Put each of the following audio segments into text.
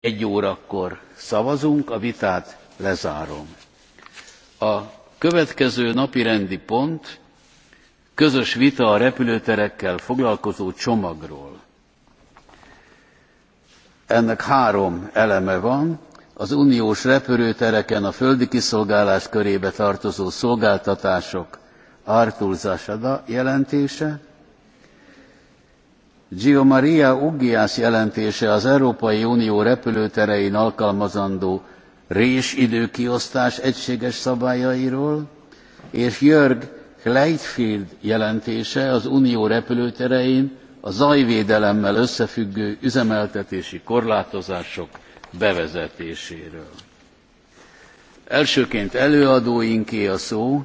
egy órakor szavazunk, a vitát lezárom. A következő napirendi pont közös vita a repülőterekkel foglalkozó csomagról. Ennek három eleme van. Az uniós repülőtereken a földi kiszolgálás körébe tartozó szolgáltatások ártulzása jelentése, Gio Maria Uggias jelentése az Európai Unió repülőterein alkalmazandó résidőkiosztás egységes szabályairól, és Jörg Leitfield jelentése az Unió repülőterein a zajvédelemmel összefüggő üzemeltetési korlátozások bevezetéséről. Elsőként előadóinké a szó,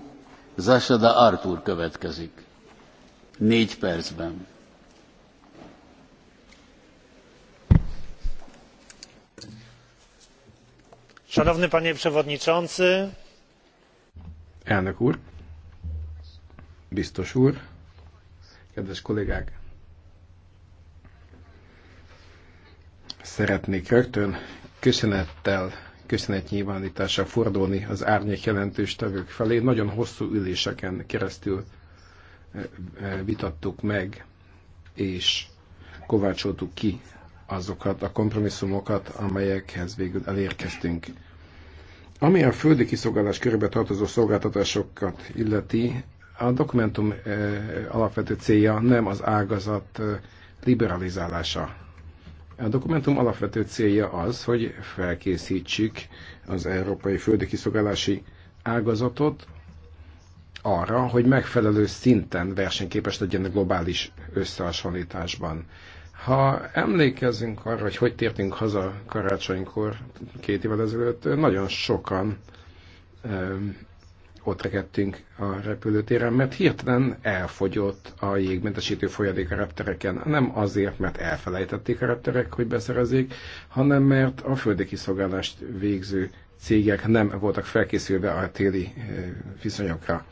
Zasada Artur következik. Négy percben. Szanowny panie przewodniczący. Elnök úr, biztos úr, kedves kollégák! Szeretnék rögtön köszönettel, köszönetnyilvánítással fordulni az árnyék jelentős tevők felé. Nagyon hosszú üléseken keresztül eh, eh, vitattuk meg és kovácsoltuk ki azokat a kompromisszumokat, amelyekhez végül elérkeztünk. Ami a földi kiszolgálás körébe tartozó szolgáltatásokat illeti, a dokumentum eh, alapvető célja nem az ágazat eh, liberalizálása. A dokumentum alapvető célja az, hogy felkészítsük az európai földi kiszolgálási ágazatot arra, hogy megfelelő szinten versenyképes legyen a globális összehasonlításban. Ha emlékezünk arra, hogy hogy tértünk haza karácsonykor két évvel ezelőtt, nagyon sokan ott rekedtünk a repülőtéren, mert hirtelen elfogyott a jégmentesítő folyadék a reptereken. Nem azért, mert elfelejtették a repterek, hogy beszerezzék, hanem mert a földi kiszolgálást végző cégek nem voltak felkészülve a téli eh, viszonyokra.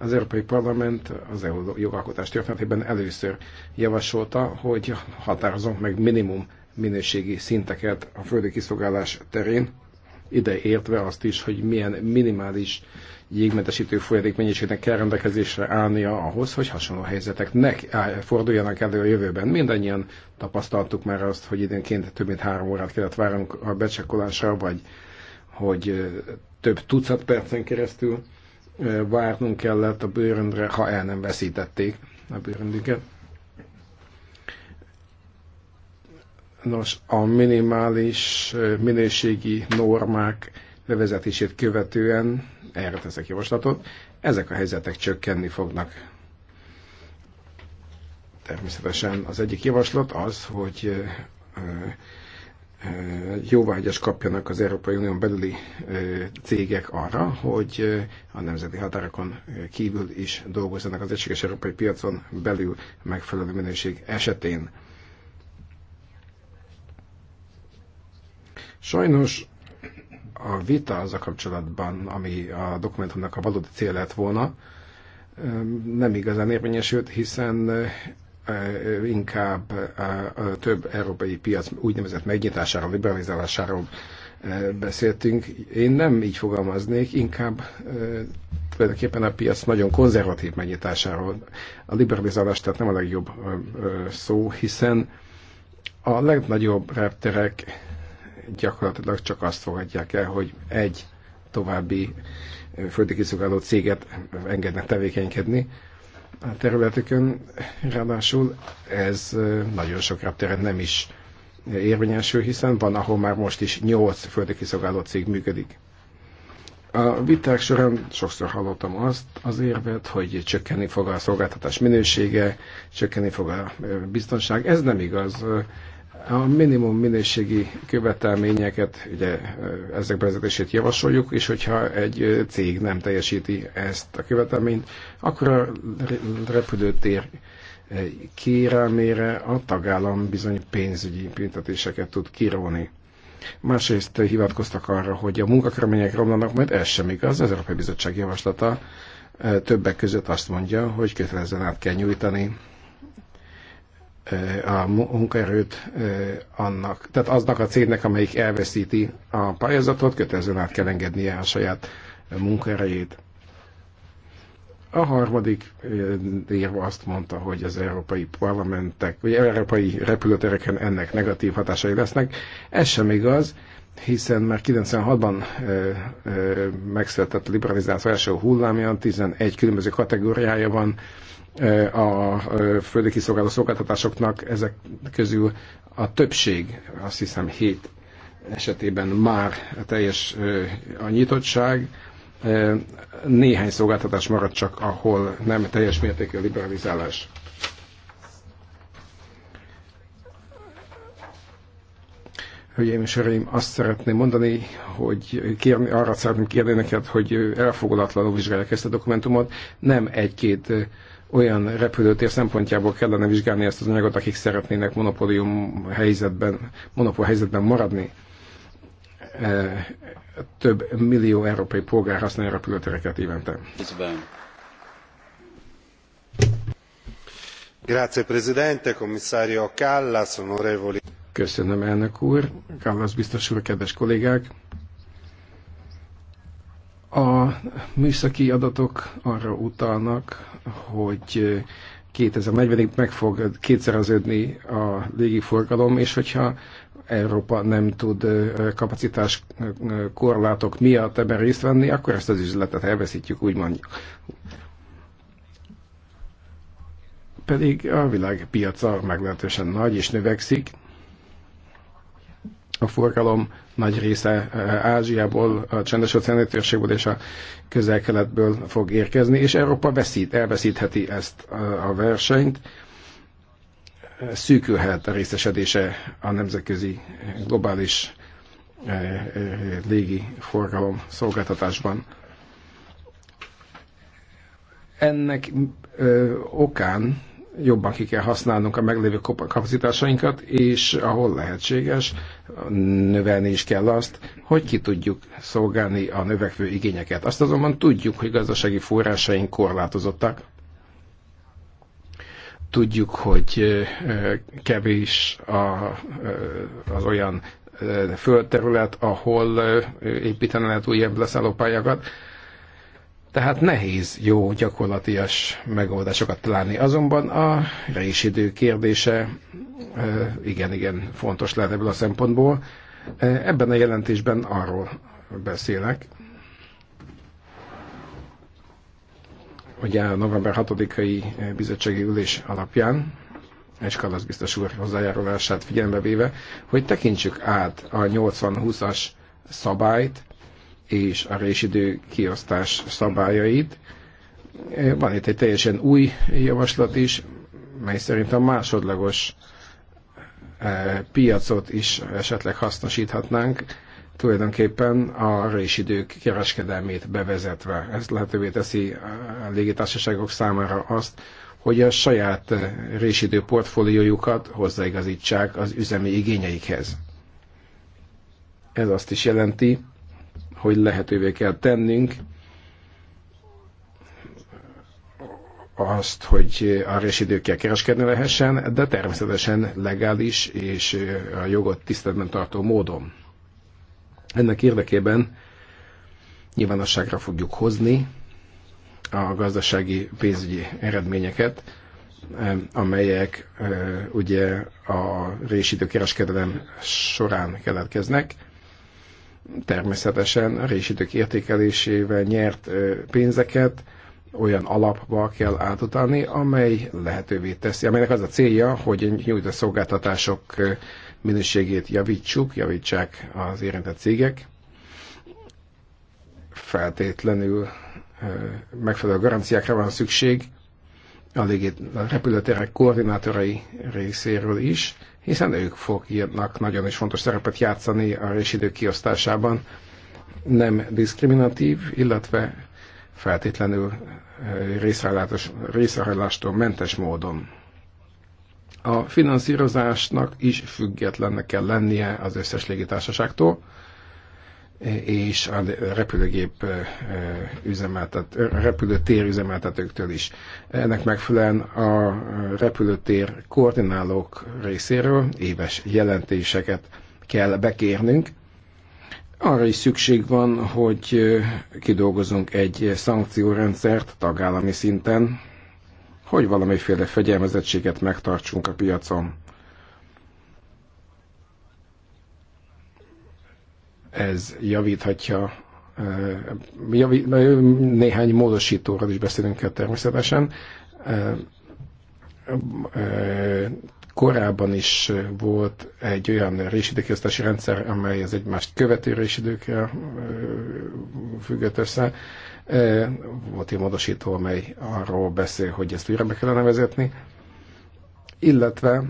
Az Európai Parlament az EU jogalkotás történetében először javasolta, hogy határozunk meg minimum minőségi szinteket a földi kiszolgálás terén, ide értve azt is, hogy milyen minimális jégmentesítő folyadék mennyiségnek kell rendelkezésre állnia ahhoz, hogy hasonló helyzetek ne forduljanak elő a jövőben. Mindannyian tapasztaltuk már azt, hogy időnként több mint három órát kellett várnunk a becsekkolásra, vagy hogy több tucat percen keresztül várnunk kellett a bőröndre, ha el nem veszítették a bőröndüket. Nos, a minimális minőségi normák bevezetését követően, erre teszek javaslatot, ezek a helyzetek csökkenni fognak. Természetesen az egyik javaslat az, hogy jóvágyas kapjanak az Európai Unión belüli cégek arra, hogy a nemzeti határokon kívül is dolgozzanak az egységes európai piacon belül megfelelő minőség esetén. Sajnos a vita az a kapcsolatban, ami a dokumentumnak a valódi cél lett volna, nem igazán érvényesült, hiszen inkább a több európai piac úgynevezett megnyitásáról, liberalizálásáról beszéltünk. Én nem így fogalmaznék, inkább tulajdonképpen a piac nagyon konzervatív megnyitásáról. A liberalizálás tehát nem a legjobb szó, hiszen a legnagyobb repterek gyakorlatilag csak azt fogadják el, hogy egy további földi kiszolgáló céget engednek tevékenykedni, a területeken, ráadásul ez nagyon sok repteren nem is érvényesül, hiszen van, ahol már most is 8 földi kiszolgáló cég működik. A viták során sokszor hallottam azt az érvet, hogy csökkenni fog a szolgáltatás minősége, csökkenni fog a biztonság. Ez nem igaz. A minimum minőségi követelményeket, ugye ezek bevezetését javasoljuk, és hogyha egy cég nem teljesíti ezt a követelményt, akkor a repülőtér kérelmére a tagállam bizony pénzügyi büntetéseket tud kiróni. Másrészt hivatkoztak arra, hogy a munkakörmények romlanak, majd ez sem igaz. Az Európai Bizottság javaslata többek között azt mondja, hogy kötelezően át kell nyújtani a munkaerőt annak, tehát aznak a cégnek, amelyik elveszíti a pályázatot, kötelezően át kell engednie a saját munkaerejét. A harmadik írva azt mondta, hogy az európai parlamentek, vagy európai repülőtereken ennek negatív hatásai lesznek. Ez sem igaz, hiszen már 96-ban megszületett a liberalizáció első hullámja, 11 különböző kategóriája van, a földi kiszolgáló szolgáltatásoknak ezek közül a többség, azt hiszem hét esetében már teljes a nyitottság, néhány szolgáltatás marad csak, ahol nem teljes mértékű a liberalizálás. Hölgyeim és Uraim, azt szeretném mondani, hogy kérni, arra szeretném kérni neked, hogy elfogadatlanul vizsgálják ezt a dokumentumot. Nem egy-két olyan repülőtér szempontjából kellene vizsgálni ezt az anyagot, akik szeretnének monopólium helyzetben, monopól helyzetben maradni. E, több millió európai polgár használja repülőtereket évente. Grazie Presidente, Commissario Callas, onorevoli. Köszönöm elnök úr, Kallas biztos úr, kedves kollégák! A műszaki adatok arra utalnak, hogy 2040-ig meg fog kétszereződni a légiforgalom, és hogyha Európa nem tud kapacitás korlátok miatt ebben részt venni, akkor ezt az üzletet elveszítjük, mondjuk. Pedig a világ piaca meglehetősen nagy és növekszik, a forgalom nagy része eh, Ázsiából, a csendes óceáni térségből és a közel-keletből fog érkezni, és Európa veszít, elveszítheti ezt eh, a versenyt. Eh, szűkülhet a részesedése a nemzetközi globális légi forgalom szolgáltatásban. Ennek okán jobban ki kell használnunk a meglévő kapacitásainkat, és ahol lehetséges, növelni is kell azt, hogy ki tudjuk szolgálni a növekvő igényeket. Azt azonban tudjuk, hogy gazdasági forrásaink korlátozottak. Tudjuk, hogy kevés a, az olyan földterület, ahol építeni lehet újabb leszállópályákat, tehát nehéz jó gyakorlatias megoldásokat találni. Azonban a idő kérdése igen-igen fontos lehet ebből a szempontból. Ebben a jelentésben arról beszélek, ugye a november 6-ai bizottsági ülés alapján, és Kalasz biztos úr hozzájárulását figyelembe véve, hogy tekintsük át a 80-20-as szabályt, és a résidő kiosztás szabályait. Van itt egy teljesen új javaslat is, mely szerint a másodlagos eh, piacot is esetleg hasznosíthatnánk, tulajdonképpen a résidők kereskedelmét bevezetve. Ez lehetővé teszi a légitársaságok számára azt, hogy a saját eh, résidő portfóliójukat hozzáigazítsák az üzemi igényeikhez. Ez azt is jelenti, hogy lehetővé kell tennünk azt, hogy a résidőkkel kereskedni lehessen, de természetesen legális és a jogot tiszteletben tartó módon. Ennek érdekében nyilvánosságra fogjuk hozni a gazdasági pénzügyi eredményeket, amelyek ugye a résidőkereskedelem során keletkeznek, természetesen a résidők értékelésével nyert pénzeket olyan alapba kell átutalni, amely lehetővé teszi, amelynek az a célja, hogy nyújtott szolgáltatások minőségét javítsuk, javítsák az érintett cégek. Feltétlenül megfelelő garanciákra van szükség a, a repülőterek koordinátorai részéről is, hiszen ők fognak nagyon is fontos szerepet játszani a résidők kiosztásában. Nem diszkriminatív, illetve feltétlenül részrehajlástól mentes módon. A finanszírozásnak is függetlennek kell lennie az összes légitársaságtól, és a repülőgép üzemeltet, repülőtér üzemeltetőktől is. Ennek megfelelően a repülőtér koordinálók részéről éves jelentéseket kell bekérnünk. Arra is szükség van, hogy kidolgozunk egy szankciórendszert tagállami szinten, hogy valamiféle fegyelmezettséget megtartsunk a piacon ez javíthatja, javít, néhány módosítóról is beszélünk el természetesen. Korábban is volt egy olyan résidőkiosztási rendszer, amely az egymást követő résidőkre függött össze. Volt egy módosító, amely arról beszél, hogy ezt újra be kellene vezetni. Illetve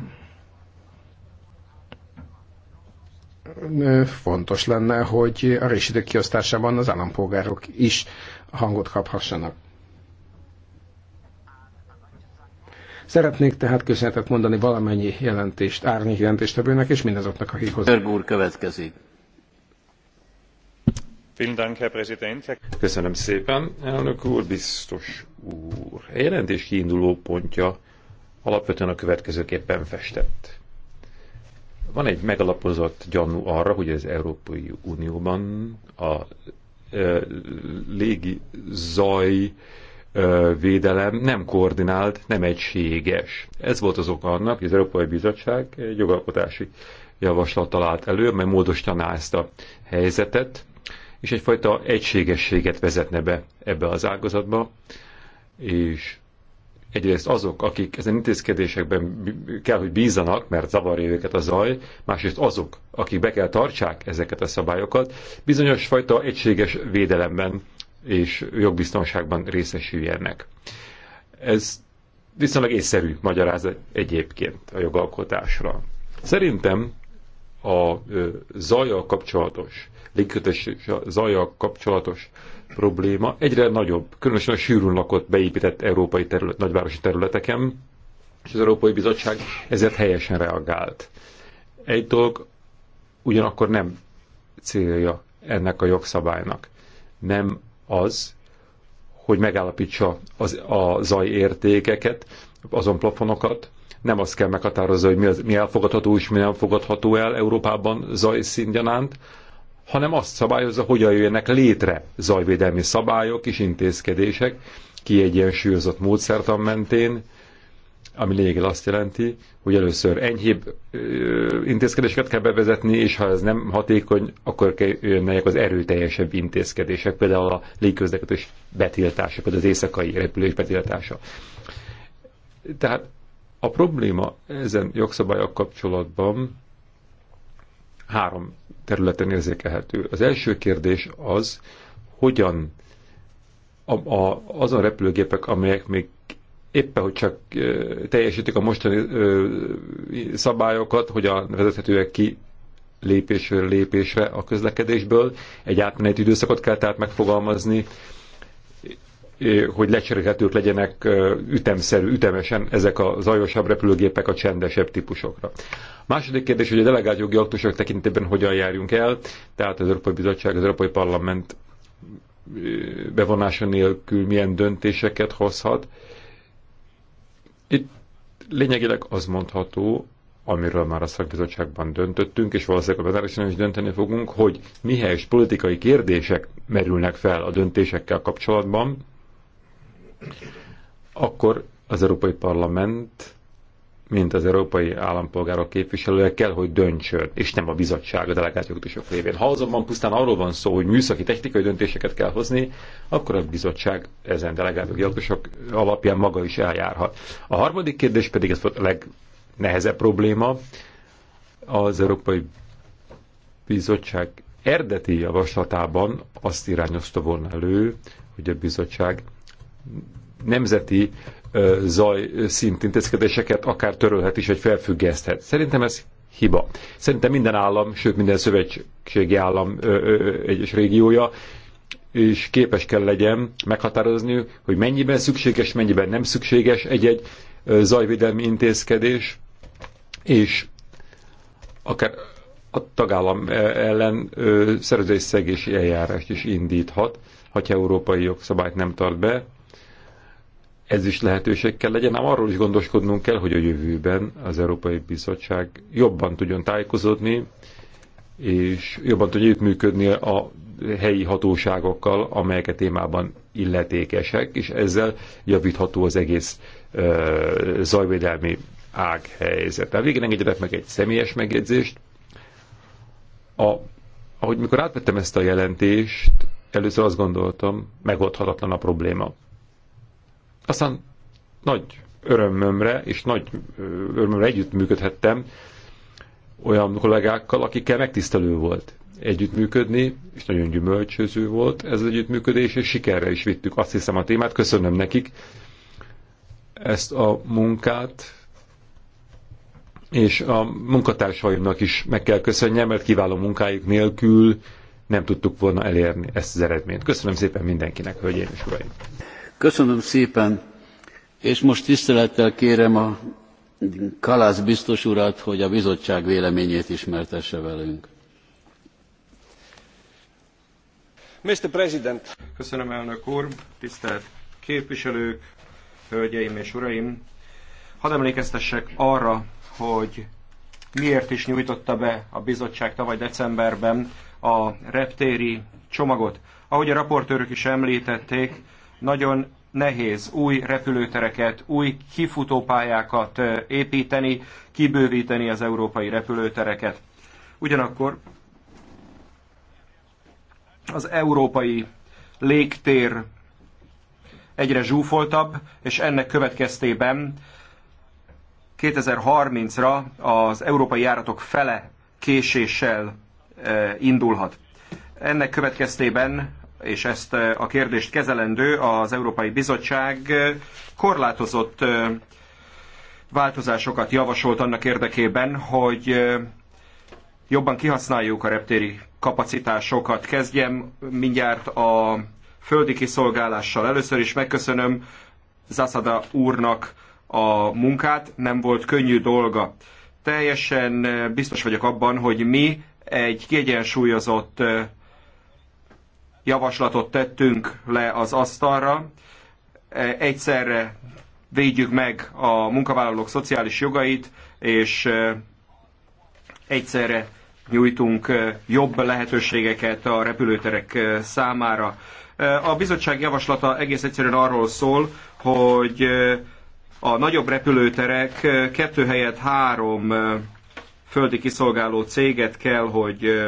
fontos lenne, hogy a résidők kiosztásában az állampolgárok is hangot kaphassanak. Szeretnék tehát köszönetet mondani valamennyi jelentést, árnyék jelentéstevőnek és mindazoknak, akik hozzá. Örg úr következik. Köszönöm szépen, elnök úr, biztos úr. A jelentés kiinduló pontja alapvetően a következőképpen festett van egy megalapozott gyanú arra, hogy az Európai Unióban a e, légi zaj e, védelem nem koordinált, nem egységes. Ez volt az oka annak, hogy az Európai Bizottság egy jogalkotási javaslat talált elő, mely módosítaná ezt a helyzetet, és egyfajta egységességet vezetne be ebbe az ágazatba, és egyrészt azok, akik ezen intézkedésekben kell, hogy bízanak, mert zavarja őket a zaj, másrészt azok, akik be kell tartsák ezeket a szabályokat, bizonyos fajta egységes védelemben és jogbiztonságban részesüljenek. Ez viszonylag észszerű magyarázat egyébként a jogalkotásra. Szerintem a zajjal kapcsolatos, légkötés zajjal kapcsolatos probléma egyre nagyobb, különösen a sűrűn lakott, beépített európai terület, nagyvárosi területeken, és az Európai Bizottság ezért helyesen reagált. Egy dolog ugyanakkor nem célja ennek a jogszabálynak. Nem az, hogy megállapítsa az, a értékeket, azon plafonokat, nem azt kell meghatározni, hogy mi, az, mi elfogadható és mi nem fogadható el Európában zaj szintjanánt, hanem azt szabályozza, hogyan jöjjenek létre zajvédelmi szabályok és intézkedések kiegyensúlyozott módszertan mentén, ami lényegében azt jelenti, hogy először enyhébb intézkedéseket kell bevezetni, és ha ez nem hatékony, akkor jönnek az erőteljesebb intézkedések, például a légközlekedés betiltása, például az éjszakai repülés betiltása. Tehát a probléma ezen jogszabályok kapcsolatban három területen érzékelhető. Az első kérdés az, hogyan a, a, azon repülőgépek, amelyek még éppen, hogy csak ö, teljesítik a mostani ö, szabályokat, hogyan vezethetőek ki lépésről lépésre a közlekedésből. Egy átmeneti időszakot kell tehát megfogalmazni, hogy lecserélhetők legyenek ütemszerű, ütemesen ezek a zajosabb repülőgépek a csendesebb típusokra. Második kérdés, hogy a delegált jogi aktusok tekintetében hogyan járjunk el, tehát az Európai Bizottság, az Európai Parlament bevonása nélkül milyen döntéseket hozhat. Itt lényegileg az mondható, amiről már a szakbizottságban döntöttünk, és valószínűleg a bezáráson is dönteni fogunk, hogy mihelyes politikai kérdések merülnek fel a döntésekkel kapcsolatban, akkor az Európai Parlament, mint az európai állampolgárok képviselője kell, hogy döntsön, és nem a bizottság a delegációkutusok révén. Ha azonban pusztán arról van szó, hogy műszaki technikai döntéseket kell hozni, akkor a bizottság ezen jogosok alapján maga is eljárhat. A harmadik kérdés pedig, ez volt a legnehezebb probléma, az Európai Bizottság eredeti javaslatában azt irányozta volna elő, hogy a bizottság nemzeti zaj szintintézkedéseket akár törölhet is, vagy felfüggeszthet. Szerintem ez hiba. Szerintem minden állam, sőt minden szövetségi állam ö, ö, egyes régiója és képes kell legyen meghatározni, hogy mennyiben szükséges, mennyiben nem szükséges egy-egy zajvédelmi intézkedés, és akár a tagállam ellen szerződésszegési eljárást is indíthat, ha európai jogszabályt nem tart be, ez is lehetőségkel legyen, ám arról is gondoskodnunk kell, hogy a jövőben az Európai Bizottság jobban tudjon tájékozódni, és jobban tudja működni a helyi hatóságokkal, amelyek a témában illetékesek, és ezzel javítható az egész ö, zajvédelmi ág helyzet. A végén engedjetek meg egy személyes megjegyzést. A, ahogy mikor átvettem ezt a jelentést, először azt gondoltam, megoldhatatlan a probléma. Aztán nagy örömömre és nagy örömömre együttműködhettem olyan kollégákkal, akikkel megtisztelő volt együttműködni, és nagyon gyümölcsöző volt ez az együttműködés, és sikerre is vittük azt hiszem a témát. Köszönöm nekik ezt a munkát, és a munkatársaimnak is meg kell köszönjem, mert kiváló munkájuk nélkül nem tudtuk volna elérni ezt az eredményt. Köszönöm szépen mindenkinek, hölgyeim és uraim! Köszönöm szépen, és most tisztelettel kérem a Kalász biztos urat, hogy a bizottság véleményét ismertesse velünk. Mr. President. Köszönöm, elnök úr, tisztelt képviselők, hölgyeim és uraim. Hadd emlékeztessek arra, hogy miért is nyújtotta be a bizottság tavaly decemberben a reptéri csomagot. Ahogy a raportőrök is említették, nagyon nehéz új repülőtereket, új kifutópályákat építeni, kibővíteni az európai repülőtereket. Ugyanakkor az európai légtér egyre zsúfoltabb, és ennek következtében 2030-ra az európai járatok fele késéssel indulhat. Ennek következtében és ezt eh, a kérdést kezelendő az Európai Bizottság eh, korlátozott eh, változásokat javasolt annak érdekében, hogy jobban kihasználjuk a reptéri kapacitásokat. Kezdjem mindjárt a földi kiszolgálással. Először is megköszönöm Zasada úrnak a munkát, nem volt könnyű dolga. Teljesen biztos vagyok abban, hogy mi egy kiegyensúlyozott javaslatot tettünk le az asztalra. E, egyszerre védjük meg a munkavállalók szociális jogait, és e, egyszerre nyújtunk e, jobb lehetőségeket a repülőterek számára. A bizottság javaslata egész egyszerűen arról szól, hogy a nagyobb repülőterek kettő helyett három földi kiszolgáló céget kell, hogy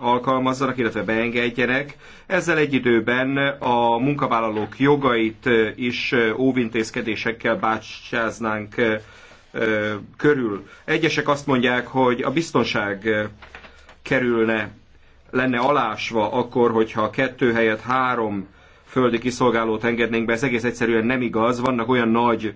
alkalmazzanak, illetve beengedjenek. Ezzel egy időben a munkavállalók jogait is óvintézkedésekkel bácsáznánk körül. Egyesek azt mondják, hogy a biztonság kerülne, lenne alásva akkor, hogyha kettő helyett három földi kiszolgálót engednénk be, ez egész egyszerűen nem igaz. Vannak olyan nagy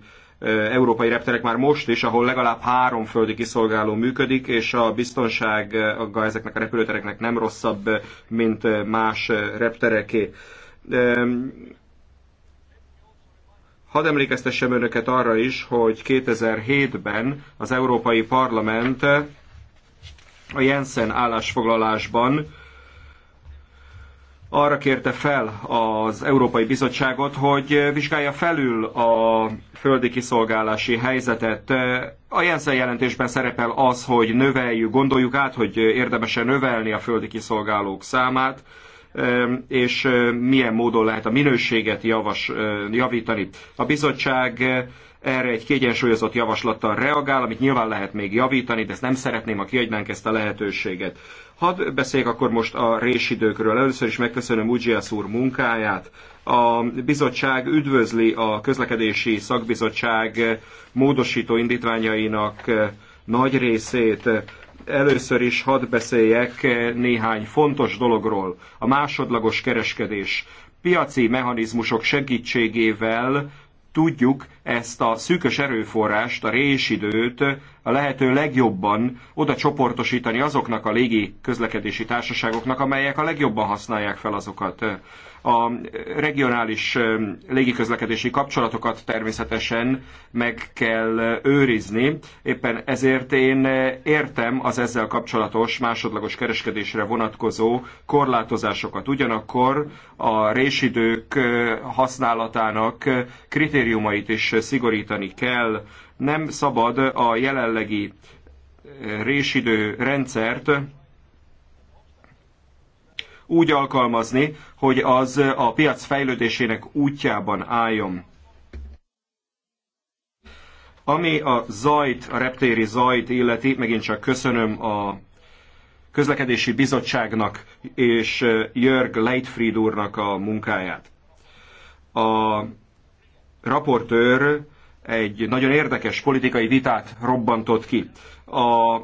európai repterek már most is, ahol legalább három földi kiszolgáló működik, és a biztonsága ezeknek a repülőtereknek nem rosszabb, mint más reptereké. Hadd emlékeztessem önöket arra is, hogy 2007-ben az Európai Parlament a Jensen állásfoglalásban arra kérte fel az Európai Bizottságot, hogy vizsgálja felül a földi kiszolgálási helyzetet. A Jensen jelentésben szerepel az, hogy növeljük, gondoljuk át, hogy érdemesen növelni a földi kiszolgálók számát, és milyen módon lehet a minőséget javas, javítani. A bizottság erre egy kiegyensúlyozott javaslattal reagál, amit nyilván lehet még javítani, de ezt nem szeretném, ha kiadnánk ezt a lehetőséget. Hadd beszéljek akkor most a résidőkről. Először is megköszönöm Ugyász úr munkáját. A bizottság üdvözli a közlekedési szakbizottság módosító indítványainak nagy részét. Először is hadd beszéljek néhány fontos dologról. A másodlagos kereskedés piaci mechanizmusok segítségével tudjuk ezt a szűkös erőforrást, a résidőt a lehető legjobban oda csoportosítani azoknak a légi közlekedési társaságoknak, amelyek a legjobban használják fel azokat. A regionális légiközlekedési kapcsolatokat természetesen meg kell őrizni, éppen ezért én értem az ezzel kapcsolatos másodlagos kereskedésre vonatkozó korlátozásokat. Ugyanakkor a résidők használatának kritériumait is szigorítani kell. Nem szabad a jelenlegi résidő rendszert úgy alkalmazni, hogy az eh, a piac fejlődésének útjában álljon. Ami a zajt, a reptéri zajt illeti, megint csak köszönöm a közlekedési bizottságnak és eh, Jörg Leitfried úrnak a munkáját. A raportőr egy nagyon érdekes politikai vitát robbantott ki. A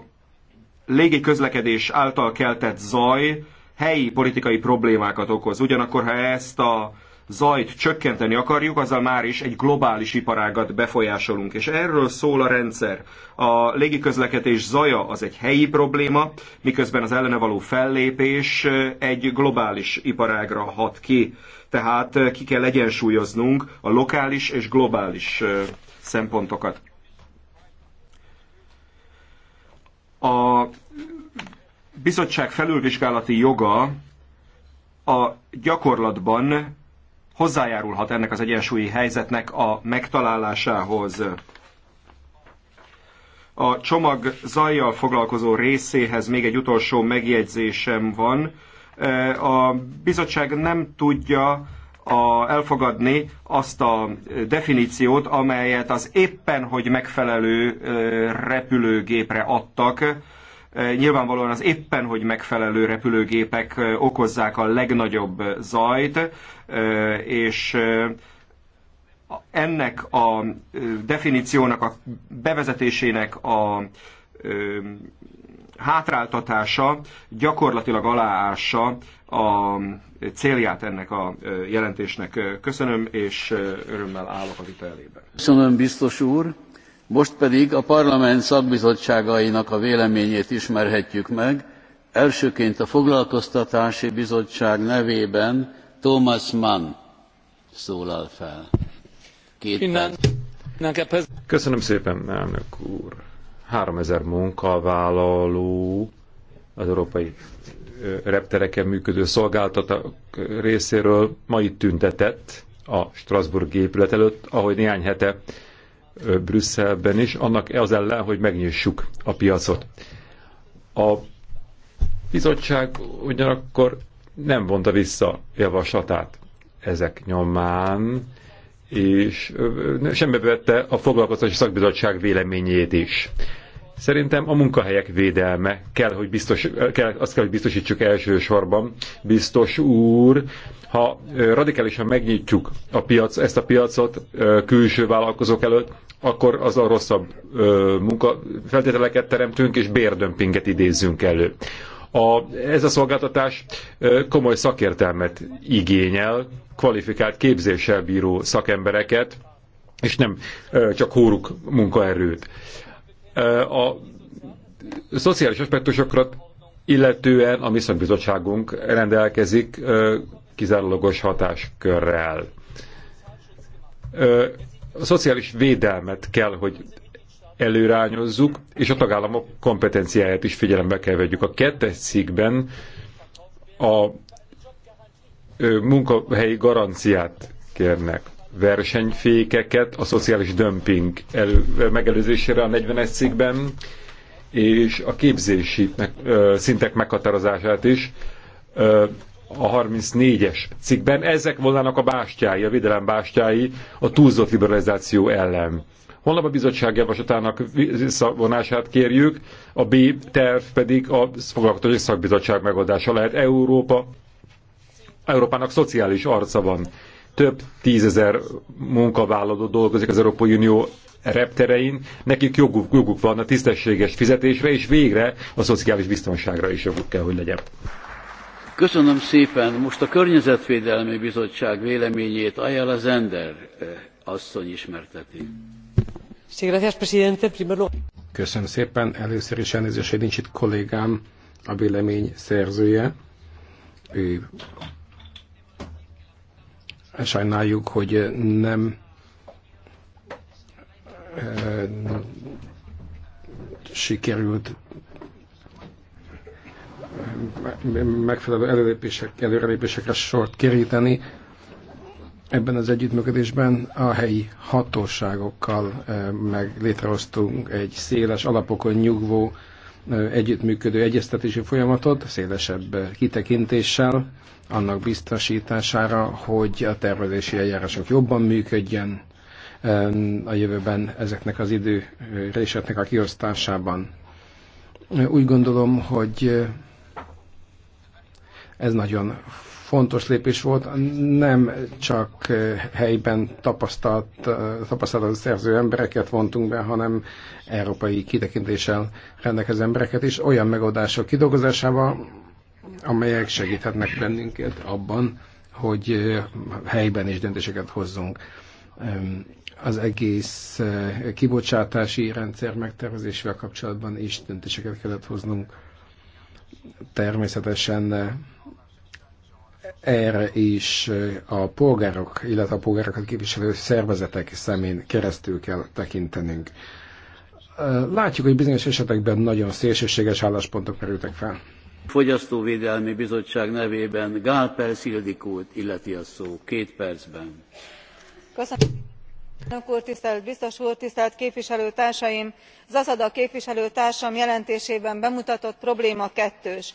légi közlekedés által keltett zaj helyi politikai problémákat okoz. Ugyanakkor, ha ezt a zajt csökkenteni akarjuk, azzal már is egy globális iparágat befolyásolunk. És erről szól a rendszer. A légiközlekedés zaja az egy helyi probléma, miközben az ellene való fellépés egy globális iparágra hat ki. Tehát eh, ki kell egyensúlyoznunk a lokális és globális eh, szempontokat. A bizottság felülvizsgálati joga a gyakorlatban hozzájárulhat ennek az egyensúlyi helyzetnek a megtalálásához. A csomag zajjal foglalkozó részéhez még egy utolsó megjegyzésem van. A bizottság nem tudja a, elfogadni azt a definíciót, amelyet az éppen hogy megfelelő repülőgépre adtak, Nyilvánvalóan az éppen, hogy megfelelő repülőgépek okozzák a legnagyobb zajt, és ennek a definíciónak, a bevezetésének a hátráltatása gyakorlatilag aláássa a célját ennek a jelentésnek. Köszönöm, és örömmel állok a vita elébe. Köszönöm, biztos úr most pedig a parlament szakbizottságainak a véleményét ismerhetjük meg elsőként a foglalkoztatási bizottság nevében thomas mann szólal fel. Két perc. Köszönöm szépen, elnök úr. 3000 munkavállaló az európai reptereken működő szolgáltatók részéről ma itt tüntetett a Strasbourg épület előtt, ahogy néhány hete Brüsszelben is, annak e az ellen, hogy megnyissuk a piacot. A bizottság ugyanakkor nem vonta vissza javaslatát ezek nyomán, és semmibe vette a foglalkoztatási szakbizottság véleményét is. Szerintem a munkahelyek védelme kell, hogy biztos, kell, azt kell, hogy biztosítsuk elsősorban. Biztos úr, ha radikálisan megnyitjuk a piac, ezt a piacot külső vállalkozók előtt, akkor az a rosszabb munkafeltételeket teremtünk, és bérdömpinget idézzünk elő. A, ez a szolgáltatás komoly szakértelmet igényel, kvalifikált képzéssel bíró szakembereket, és nem csak hóruk munkaerőt. A szociális aspektusokra illetően a Viszont Bizottságunk rendelkezik kizárólagos hatáskörrel. A szociális védelmet kell, hogy előrányozzuk, és a tagállamok kompetenciáját is figyelembe kell vegyük. A kettes cikkben a munkahelyi garanciát kérnek versenyfékeket a szociális dömping elő, megelőzésére a 41 cikkben, és a képzési meg, ö, szintek meghatározását is ö, a 34-es cikkben. Ezek volnának a bástyái, a védelem bástyái a túlzott liberalizáció ellen. Holnap a bizottság javaslatának visszavonását kérjük, a B terv pedig a foglalkoztatási szakbizottság megoldása lehet. Európa, Európának szociális arca van több tízezer munkavállaló dolgozik az Európai Unió repterein, nekik joguk, joguk van a tisztességes fizetésre, és végre a szociális biztonságra is joguk kell, hogy legyen. Köszönöm szépen. Most a Környezetvédelmi Bizottság véleményét Ayala Zender eh, asszony ismerteti. Köszönöm szépen. Először is elnézést, hogy nincs itt kollégám, a vélemény szerzője. Ő Sajnáljuk, hogy nem eh, sikerült eh, megfelelő előrelépések, előrelépésekre sort keríteni ebben az együttműködésben a helyi hatóságokkal eh, meg létrehoztunk egy széles alapokon nyugvó együttműködő egyeztetési folyamatot szélesebb kitekintéssel, annak biztosítására, hogy a tervezési eljárások jobban működjen a jövőben ezeknek az időréseknek a kiosztásában. Úgy gondolom, hogy ez nagyon fontos lépés volt, nem csak eh, helyben tapasztalt, eh, tapasztalat szerző embereket vontunk be, hanem európai kitekintéssel rendelkező embereket is, olyan megoldások kidolgozásával, amelyek segíthetnek bennünket abban, hogy eh, helyben is döntéseket hozzunk. Az egész kibocsátási rendszer megtervezésével kapcsolatban is döntéseket kellett hoznunk. Természetesen erre is a polgárok, illetve a polgárokat képviselő szervezetek szemén keresztül kell tekintenünk. Látjuk, hogy bizonyos esetekben nagyon szélsőséges álláspontok merültek fel. Fogyasztóvédelmi Bizottság nevében Gál Persz Ildikót illeti a szó két percben. Köszönöm elnök úr tisztelt biztos úr tisztelt képviselőtársaim! zasada képviselőtársam jelentésében bemutatott probléma kettős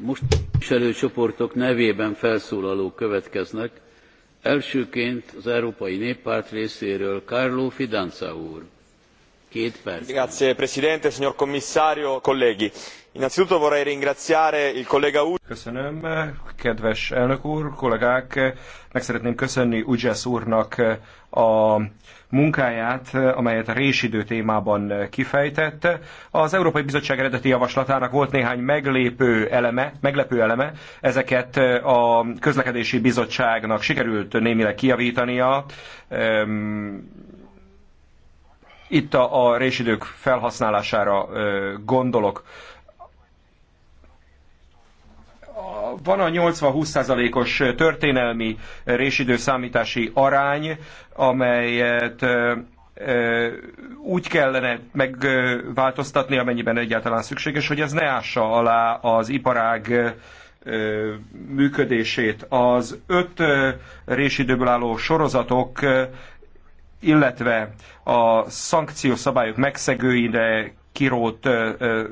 Most képviselőcsoportok nevében felszólalók következnek. Elsőként az Európai Néppárt részéről Carlo Fidanza úr signor presidente signor commissario colleghi innanzitutto vorrei ringraziare il collega Köszönöm, kedves elnök Meg szeretném köszönni Ugyász úrnak a munkáját, amelyet a résidő témában kifejtett. Az Európai Bizottság eredeti javaslatának volt néhány meglépő eleme, meglepő eleme, ezeket a közlekedési bizottságnak sikerült némileg kijavítania ehm, itt a, a résidők felhasználására gondolok. Van a 80-20%-os történelmi résidő számítási arány, amelyet úgy kellene megváltoztatni, amennyiben egyáltalán szükséges, hogy ez ne ássa alá az iparág működését. Az öt résidőből álló sorozatok illetve a szankciószabályok megszegőire kirót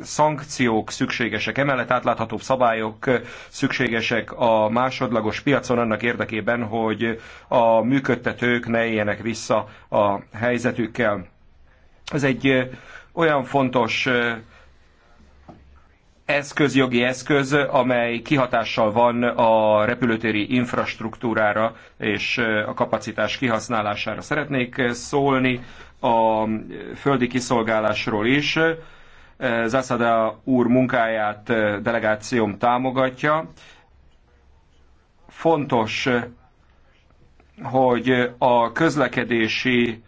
szankciók szükségesek, emellett átláthatóbb szabályok szükségesek a másodlagos piacon annak érdekében, hogy a működtetők ne éljenek vissza a helyzetükkel. Ez egy olyan fontos eszköz, jogi eszköz, amely kihatással van a repülőtéri infrastruktúrára és a kapacitás kihasználására. Szeretnék szólni a földi kiszolgálásról is. Zászada úr munkáját delegációm támogatja. Fontos, hogy a közlekedési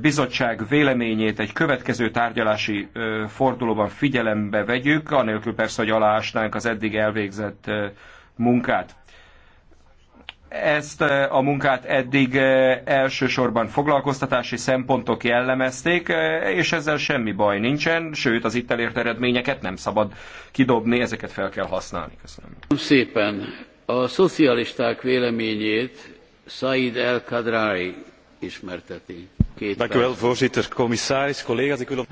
bizottság véleményét egy következő tárgyalási fordulóban figyelembe vegyük, anélkül persze, hogy aláásnánk az eddig elvégzett munkát. Ezt a munkát eddig elsősorban foglalkoztatási szempontok jellemezték, és ezzel semmi baj nincsen, sőt az itt elért eredményeket nem szabad kidobni, ezeket fel kell használni. Köszönöm. Szépen a szocialisták véleményét Said el kadrai ismerteti. voorzitter commissaris collega's ik wil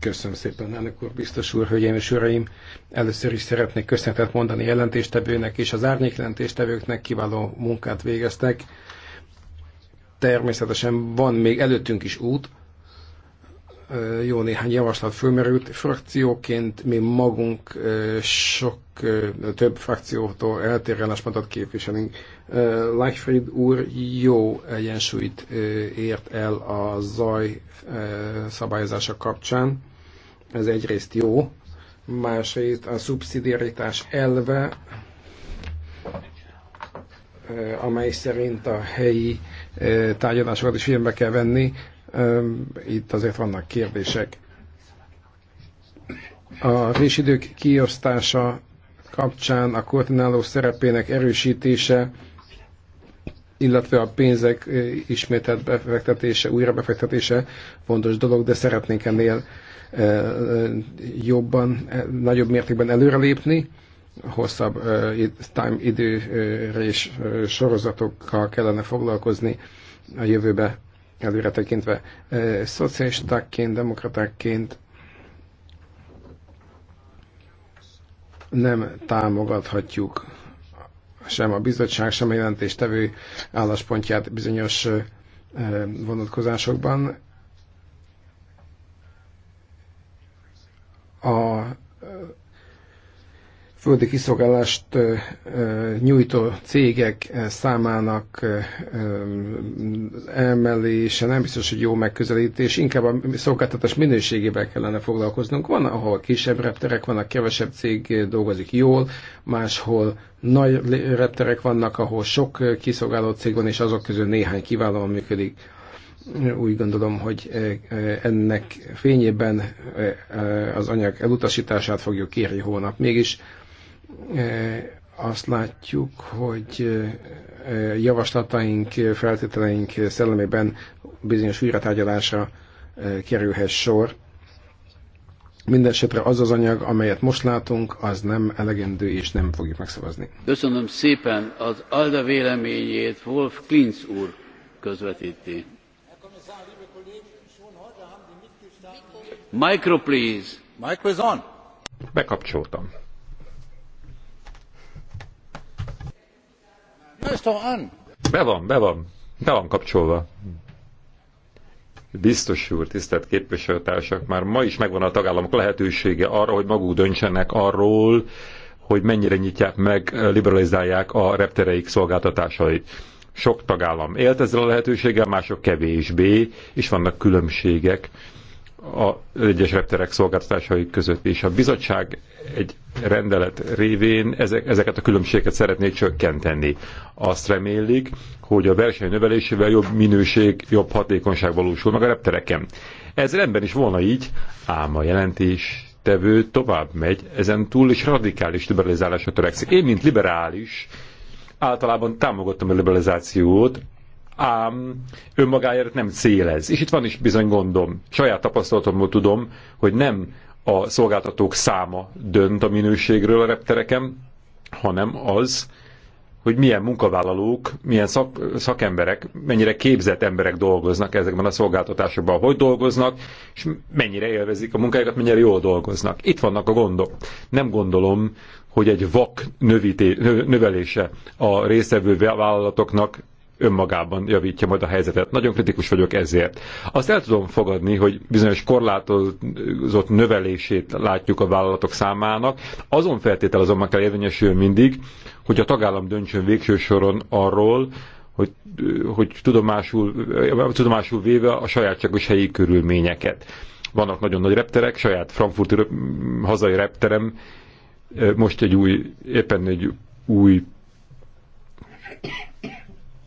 Köszönöm szépen, elnök úr, biztos úr, hölgyeim és uraim! Először is szeretnék köszönetet mondani jelentéstevőnek és az árnyék jelentéstevőknek kiváló munkát végeztek. Természetesen van még előttünk is út, jó néhány javaslat fölmerült. Frakcióként mi magunk sok több frakciótól a spontat képviselünk. Leichfried úr jó egyensúlyt ért el a zaj szabályozása kapcsán. Ez egyrészt jó, másrészt a szubszidiaritás elve, amely szerint a helyi tárgyalásokat is figyelembe kell venni, itt azért vannak kérdések. A résidők kiosztása kapcsán a koordináló szerepének erősítése, illetve a pénzek ismételt befektetése, újra befektetése fontos dolog, de szeretnénk ennél jobban, e, nagyobb mértékben előrelépni, hosszabb time időre és sorozatokkal kellene foglalkozni a jövőbe előre tekintve. Szocialistákként, demokratákként nem támogathatjuk sem a bizottság, sem a jelentéstevő álláspontját bizonyos vonatkozásokban. A földi kiszolgálást nyújtó cégek számának emelése nem biztos, hogy jó megközelítés, inkább a szolgáltatás minőségével kellene foglalkoznunk. Van, ahol kisebb repterek vannak, kevesebb cég dolgozik jól, máshol nagy repterek vannak, ahol sok kiszolgáló cég van, és azok közül néhány kiválóan működik úgy gondolom, hogy ennek fényében az anyag elutasítását fogjuk kérni hónap. Mégis azt látjuk, hogy javaslataink, feltételeink szellemében bizonyos újratárgyalása kerülhet sor. Mindenesetre az az anyag, amelyet most látunk, az nem elegendő, és nem fogjuk megszavazni. Köszönöm szépen az Alda véleményét Wolf Klinz úr közvetíti. Micro, please. Micro was on. Bekapcsoltam. Be van, be van. Be van kapcsolva. Biztos úr, tisztelt képviselőtársak, már ma is megvan a tagállamok lehetősége arra, hogy maguk döntsenek arról, hogy mennyire nyitják meg, liberalizálják a reptereik szolgáltatásait. Sok tagállam élt ezzel a lehetőséggel, mások kevésbé, és vannak különbségek az egyes repterek szolgáltatásai között is. A bizottság egy rendelet révén ezek, ezeket a különbségeket szeretné csökkenteni. Azt remélik, hogy a verseny növelésével jobb minőség, jobb hatékonyság valósul meg a reptereken. Ez rendben is volna így, ám a jelentés tevő tovább megy, ezen túl is radikális liberalizálásra törekszik. Én, mint liberális, általában támogattam a liberalizációt, ám önmagáért nem célez. És itt van is bizony gondom. Saját tapasztalatomból tudom, hogy nem a szolgáltatók száma dönt a minőségről a reptereken, hanem az, hogy milyen munkavállalók, milyen szak, szakemberek, mennyire képzett emberek dolgoznak ezekben a szolgáltatásokban, hogy dolgoznak, és mennyire élvezik a munkájukat, mennyire jól dolgoznak. Itt vannak a gondok. Nem gondolom, hogy egy vak növelése a részevő vállalatoknak önmagában javítja majd a helyzetet. Nagyon kritikus vagyok ezért. Azt el tudom fogadni, hogy bizonyos korlátozott növelését látjuk a vállalatok számának. Azon feltétel azonban kell érvényesüljön mindig, hogy a tagállam döntsön végső soron arról, hogy, hogy tudomásul, tudomásul véve a sajátságos helyi körülményeket. Vannak nagyon nagy repterek, saját frankfurti hazai repterem, eh, most egy új, éppen egy új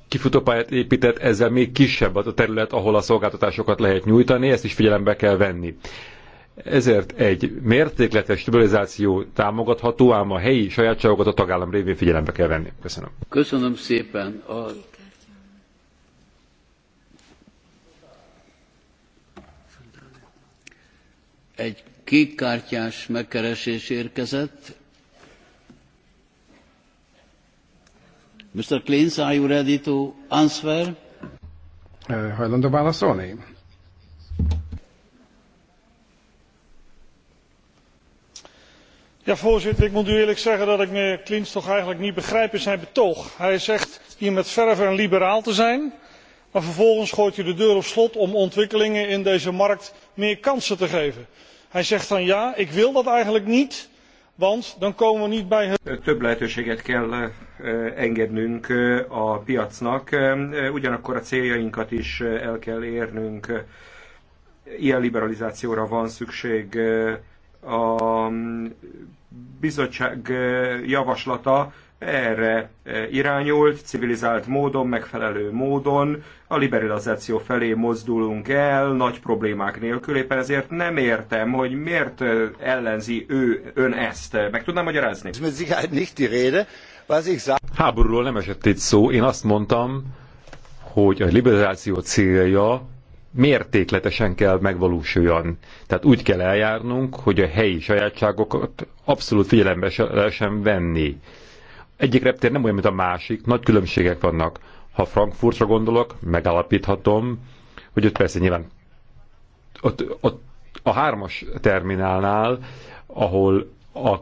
kifutópályát épített, ezzel még kisebb az a terület, ahol a szolgáltatásokat lehet nyújtani, ezt is figyelembe kell venni. Ezért egy mértékletes stabilizáció támogatható, ám a helyi sajátságokat a tagállam révén figyelembe kell venni. Köszönöm. Köszönöm szépen. A... Egy kártyás megkeresés érkezett. Mr. Klintz, are you ready to answer? Hajlandó válaszolni? Ja, voorzitter, ik moet u eerlijk zeggen dat ik meneer Klintz toch eigenlijk niet begrijp in zijn betoog. Hij zegt hier met verve een liberaal te zijn, maar vervolgens gooit hij de deur op slot om ontwikkelingen in deze markt meer kansen te geven. Hij zegt dan ja, ik wil dat eigenlijk niet, want dan komen we niet bij het... Eh, több lehetőséget kell eh, engednünk eh, a piacnak, ugyanakkor a céljainkat is el kell érnünk. Ilyen liberalizációra van szükség. A mm, bizottság javaslata erre eh, irányult, civilizált módon, megfelelő módon a liberalizáció felé mozdulunk el, nagy problémák nélkül, éppen ezért nem értem, hogy miért eh, ellenzi ő ön ezt. Meg tudnám magyarázni? Háborúról nem esett itt szó, én azt mondtam, hogy a liberalizáció célja mértékletesen kell megvalósuljon. Tehát úgy kell eljárnunk, hogy a helyi sajátságokat abszolút figyelembe sem venni egyik reptér nem olyan, mint a másik, nagy különbségek vannak. Ha Frankfurtra gondolok, megállapíthatom, hogy ott persze nyilván ott, ott a hármas terminálnál, ahol a, a,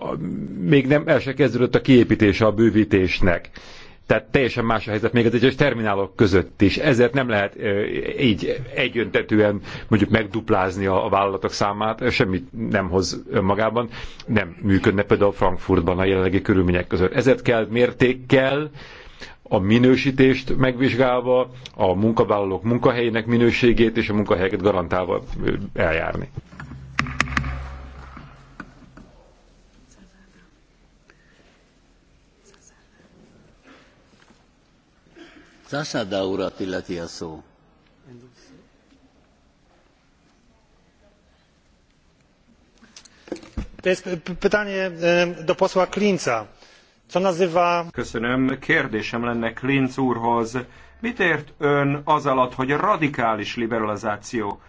a, még nem el se kezdődött a kiépítése a bővítésnek tehát teljesen más a helyzet még az egyes terminálok között is. Ezért nem lehet így egyöntetően mondjuk megduplázni a, a vállalatok számát, semmit nem hoz önmagában. Nem működne például Frankfurtban a jelenlegi körülmények között. Ezért kell mértékkel, a minősítést megvizsgálva, a munkavállalók munkahelyének minőségét és a munkahelyeket garantálva eljárni. Zasada urat illeti a szó. To jest pytanie do posła Klinca. Co nazywa... Köszönöm. Kérdésem lenne Klinc úrhoz. Mit ért ön az alatt, hogy radikális liberalizáció?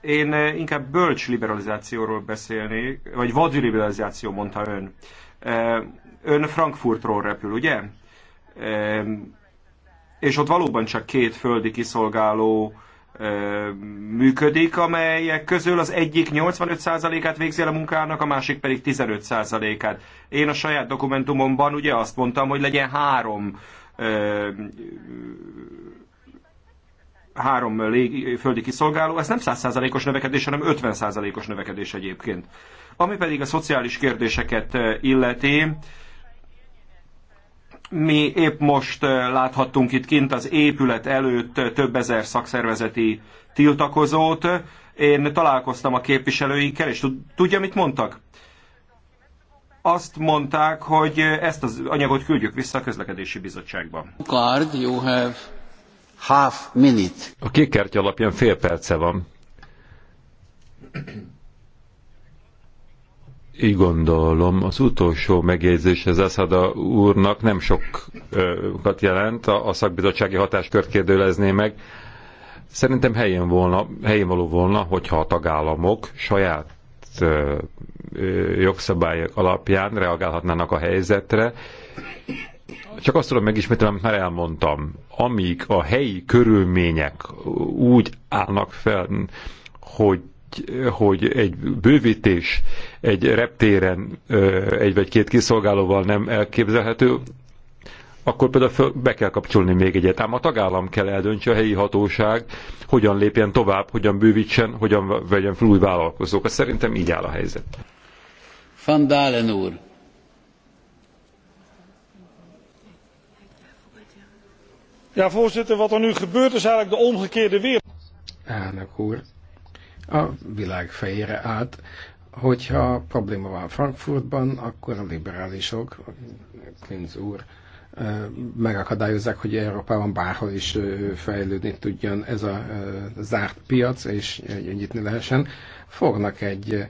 Én eh, inkább bölcs liberalizációról beszélni, vagy vadű liberalizáció, mondta ön. Eh, ön Frankfurtról repül, ugye? Eh, és ott valóban csak két földi kiszolgáló működik, amelyek közül az egyik 85%-át végzi el a munkának, a másik pedig 15%-át. Én a saját dokumentumomban ugye azt mondtam, hogy legyen három ö, három légi, földi kiszolgáló, ez nem 100%-os növekedés, hanem 50%-os növekedés egyébként. Ami pedig a szociális kérdéseket illeti, mi épp most láthattunk itt kint az épület előtt több ezer szakszervezeti tiltakozót. Én találkoztam a képviselőinkkel, és tudja, mit mondtak? Azt mondták, hogy ezt az anyagot küldjük vissza a közlekedési bizottságba. Card, you have half minute. A kékkártya alapján fél perce van. Így gondolom, az utolsó megjegyzés az Eszada úrnak nem sokat jelent, a, a szakbizottsági hatáskört kérdőlezné meg. Szerintem helyén, volna, helyén való volna, hogyha a tagállamok saját jogszabályok alapján reagálhatnának a helyzetre. Csak azt tudom megismételni, amit már elmondtam. Amíg a helyi körülmények úgy állnak fel, hogy hogy egy bővítés egy reptéren egy vagy két kiszolgálóval nem elképzelhető, akkor például be kell kapcsolni még egyet. Ám a tagállam kell eldöntse, a helyi hatóság hogyan lépjen tovább, hogyan bővítsen, hogyan vegyen fel új vállalkozókat. Szerintem így áll a helyzet. Van Dálen úr. Ja, voorzitter, wat er nu gebeurt is eigenlijk de omgekeerde wereld. Elnök úr, a világ fejére át. Hogyha probléma van Frankfurtban, akkor a liberálisok, Klinz úr, megakadályozzák, hogy Európában bárhol is fejlődni tudjon ez a zárt piac, és nyitni lehessen. Fognak egy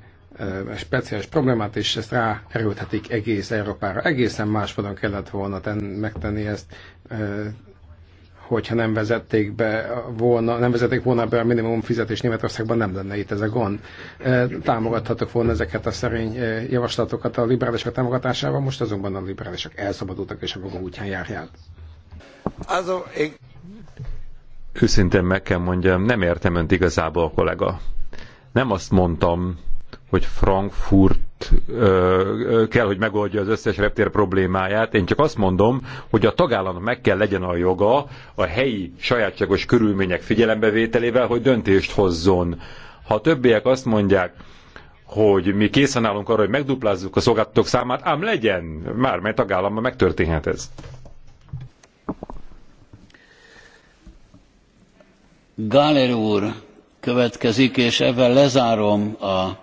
speciális problémát, és ezt ráerőthetik egész Európára. Egészen másmódon kellett volna ten, megtenni ezt hogyha nem vezették be volna, nem vezették volna be a minimum fizetés Németországban, nem lenne itt ez a gond. Támogathatok volna ezeket a szerény javaslatokat a liberálisok támogatásával, most azonban a liberálisok elszabadultak és a maga útján járják. én... Őszintén meg kell mondjam, nem értem önt igazából, kollega. Nem azt mondtam, hogy Frankfurt kell, hogy megoldja az összes reptér problémáját. Én csak azt mondom, hogy a tagállamnak meg kell legyen a joga a helyi sajátságos körülmények figyelembevételével, hogy döntést hozzon. Ha a többiek azt mondják, hogy mi készen állunk arra, hogy megduplázzuk a szolgáltatók számát, ám legyen, már mely tagállamban megtörténhet ez. Gáler úr következik, és ebben lezárom a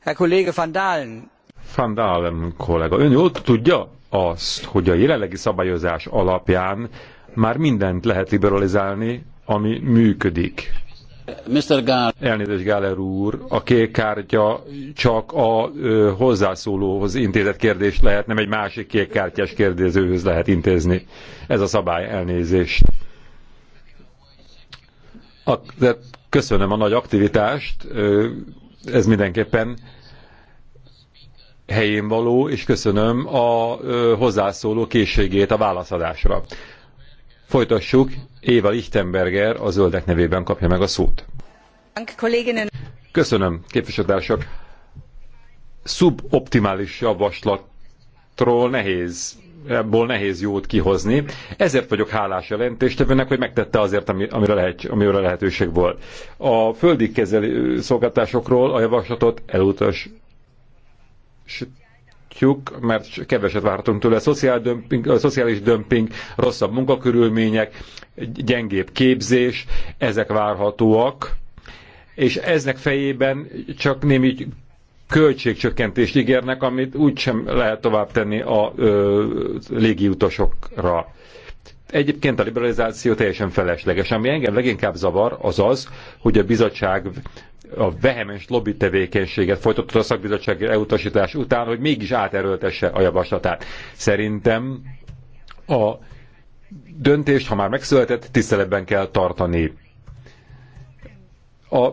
Herr Kollege van Dalen. Van Dalen kollega, ön jól tudja azt, hogy a jelenlegi szabályozás alapján már mindent lehet liberalizálni, ami működik. Mr. Gall. Elnézést, Gáler úr, a kék kártya csak a ö, hozzászólóhoz intézett kérdést lehet, nem egy másik kék kártyás kérdezőhöz lehet intézni. Ez a szabály elnézést. A, de köszönöm a nagy aktivitást, ö, ez mindenképpen helyén való, és köszönöm a hozzászóló készségét a válaszadásra. Folytassuk, Éva Lichtenberger a Zöldek nevében kapja meg a szót. Köszönöm, képviselőtársak. Szuboptimális javaslatról nehéz ebből nehéz jót kihozni. Ezért vagyok hálás jelentéstevőnek, hogy megtette azért, amire, lehet, amire lehetőség volt. A földi kezelő szolgáltásokról a javaslatot elutas mert keveset vártunk tőle, szociál dömping, a szociális dömping, rosszabb munkakörülmények, gyengébb képzés, ezek várhatóak, és eznek fejében csak némi költségcsökkentést ígérnek, amit úgysem lehet tovább tenni a ö, légiutasokra. Egyébként a liberalizáció teljesen felesleges. Ami engem leginkább zavar, az az, hogy a bizottság a vehemens lobby tevékenységet folytatott a szakbizottsági elutasítás után, hogy mégis áterőltesse a javaslatát. Szerintem a döntést, ha már megszületett, tiszteletben kell tartani. A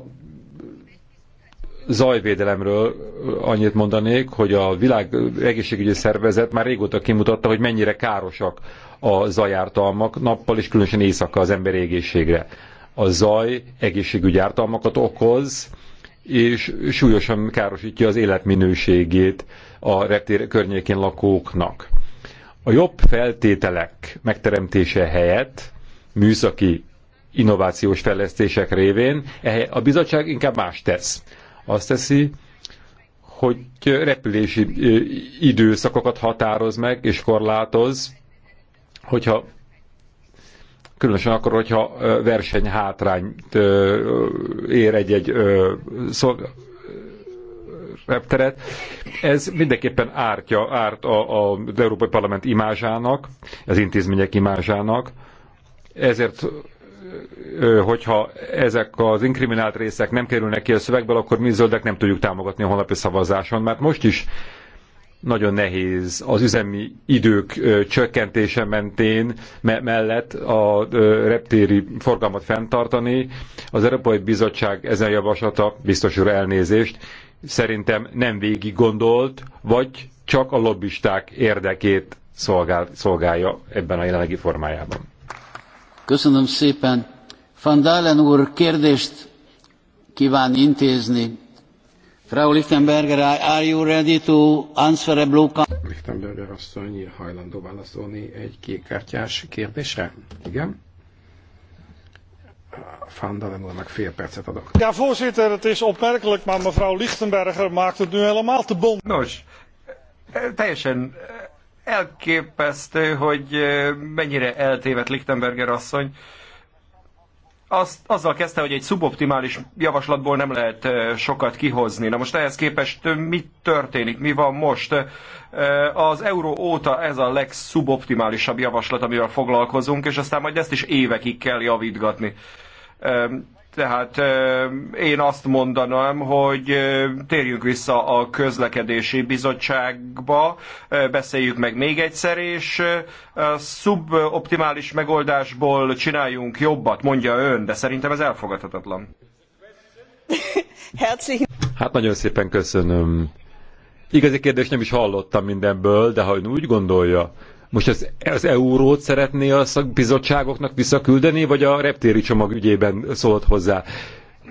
zajvédelemről annyit mondanék, hogy a világ egészségügyi szervezet már régóta kimutatta, hogy mennyire károsak a zajártalmak nappal és különösen éjszaka az ember egészségre. A zaj egészségügyi ártalmakat okoz, és súlyosan károsítja az életminőségét a reptér környékén lakóknak. A jobb feltételek megteremtése helyett műszaki innovációs fejlesztések révén a bizottság inkább más tesz azt teszi, hogy repülési időszakokat határoz meg és korlátoz, hogyha különösen akkor, hogyha versenyhátrányt ér egy-egy repteret. Ez mindenképpen ártja, árt a, a, az Európai Parlament imázsának, az intézmények imázsának, ezért hogyha ezek az inkriminált részek nem kerülnek ki a szövegből, akkor mi zöldek nem tudjuk támogatni a holnapi szavazáson, mert most is nagyon nehéz az üzemi idők csökkentése mentén me mellett a reptéri forgalmat fenntartani. Az Európai Bizottság ezen javaslata, biztos úr elnézést, szerintem nem végig gondolt, vagy csak a lobbisták érdekét szolgál, szolgálja ebben a jelenlegi formájában. Köszönöm szépen. Van Dalen úr kérdést kíván intézni. Frau Lichtenberger, are you ready to answer a blue card? Lichtenberger asszony hajlandó válaszolni egy kékkártyás kérdésre? Igen? Ja, voorzitter, het is opmerkelijk, maar mevrouw Lichtenberger maakt het nu helemaal te bond. Nos, eh, teljesen eh, elképesztő, hogy mennyire eltévedt Lichtenberger asszony. Azt, azzal kezdte, hogy egy szuboptimális javaslatból nem lehet sokat kihozni. Na most ehhez képest mi történik, mi van most? Az euró óta ez a legszuboptimálisabb javaslat, amivel foglalkozunk, és aztán majd ezt is évekig kell javítgatni tehát én azt mondanám, hogy térjünk vissza a közlekedési bizottságba, beszéljük meg még egyszer, és a szuboptimális megoldásból csináljunk jobbat, mondja ön, de szerintem ez elfogadhatatlan. Hát nagyon szépen köszönöm. Igazi kérdést nem is hallottam mindenből, de ha ön úgy gondolja, most az, az eurót szeretné a bizottságoknak visszaküldeni, vagy a reptéri csomag ügyében szólt hozzá?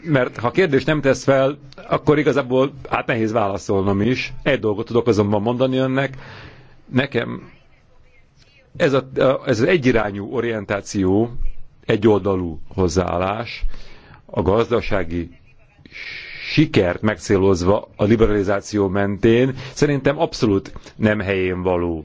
Mert ha kérdést nem tesz fel, akkor igazából hát nehéz válaszolnom is. Egy dolgot tudok azonban mondani önnek. Nekem ez, a, ez az egyirányú orientáció, egyoldalú hozzáállás, a gazdasági sikert megcélozva a liberalizáció mentén, szerintem abszolút nem helyén való.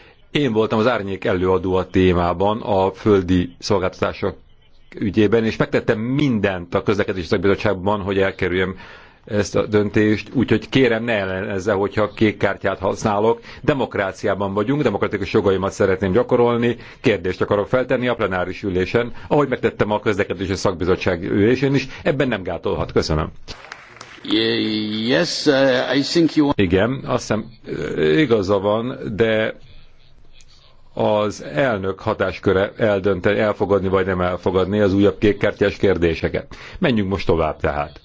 Én voltam az árnyék előadó a témában, a földi szolgáltatások ügyében, és megtettem mindent a közlekedési szakbizottságban, hogy elkerüljem ezt a döntést, úgyhogy kérem ne ellenezze, hogyha kék kártyát használok. Demokráciában vagyunk, demokratikus jogaimat szeretném gyakorolni, kérdést akarok feltenni a plenáris ülésen, ahogy megtettem a közlekedési szakbizottság ülésén is, ebben nem gátolhat. Köszönöm. Yes, uh, I think you... Igen, azt hiszem igaza van, de az elnök hatásköre eldönteni, elfogadni vagy nem elfogadni az újabb kékkártyás kérdéseket. Menjünk most tovább tehát.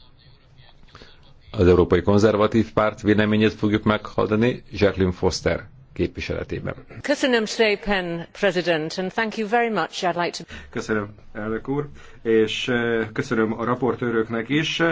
Az Európai Konzervatív Párt véleményét fogjuk meghallani Jacqueline Foster képviseletében. Köszönöm szépen, President, and thank you very much. I'd like to... Köszönöm, elnök úr, és eh, köszönöm a raportőröknek is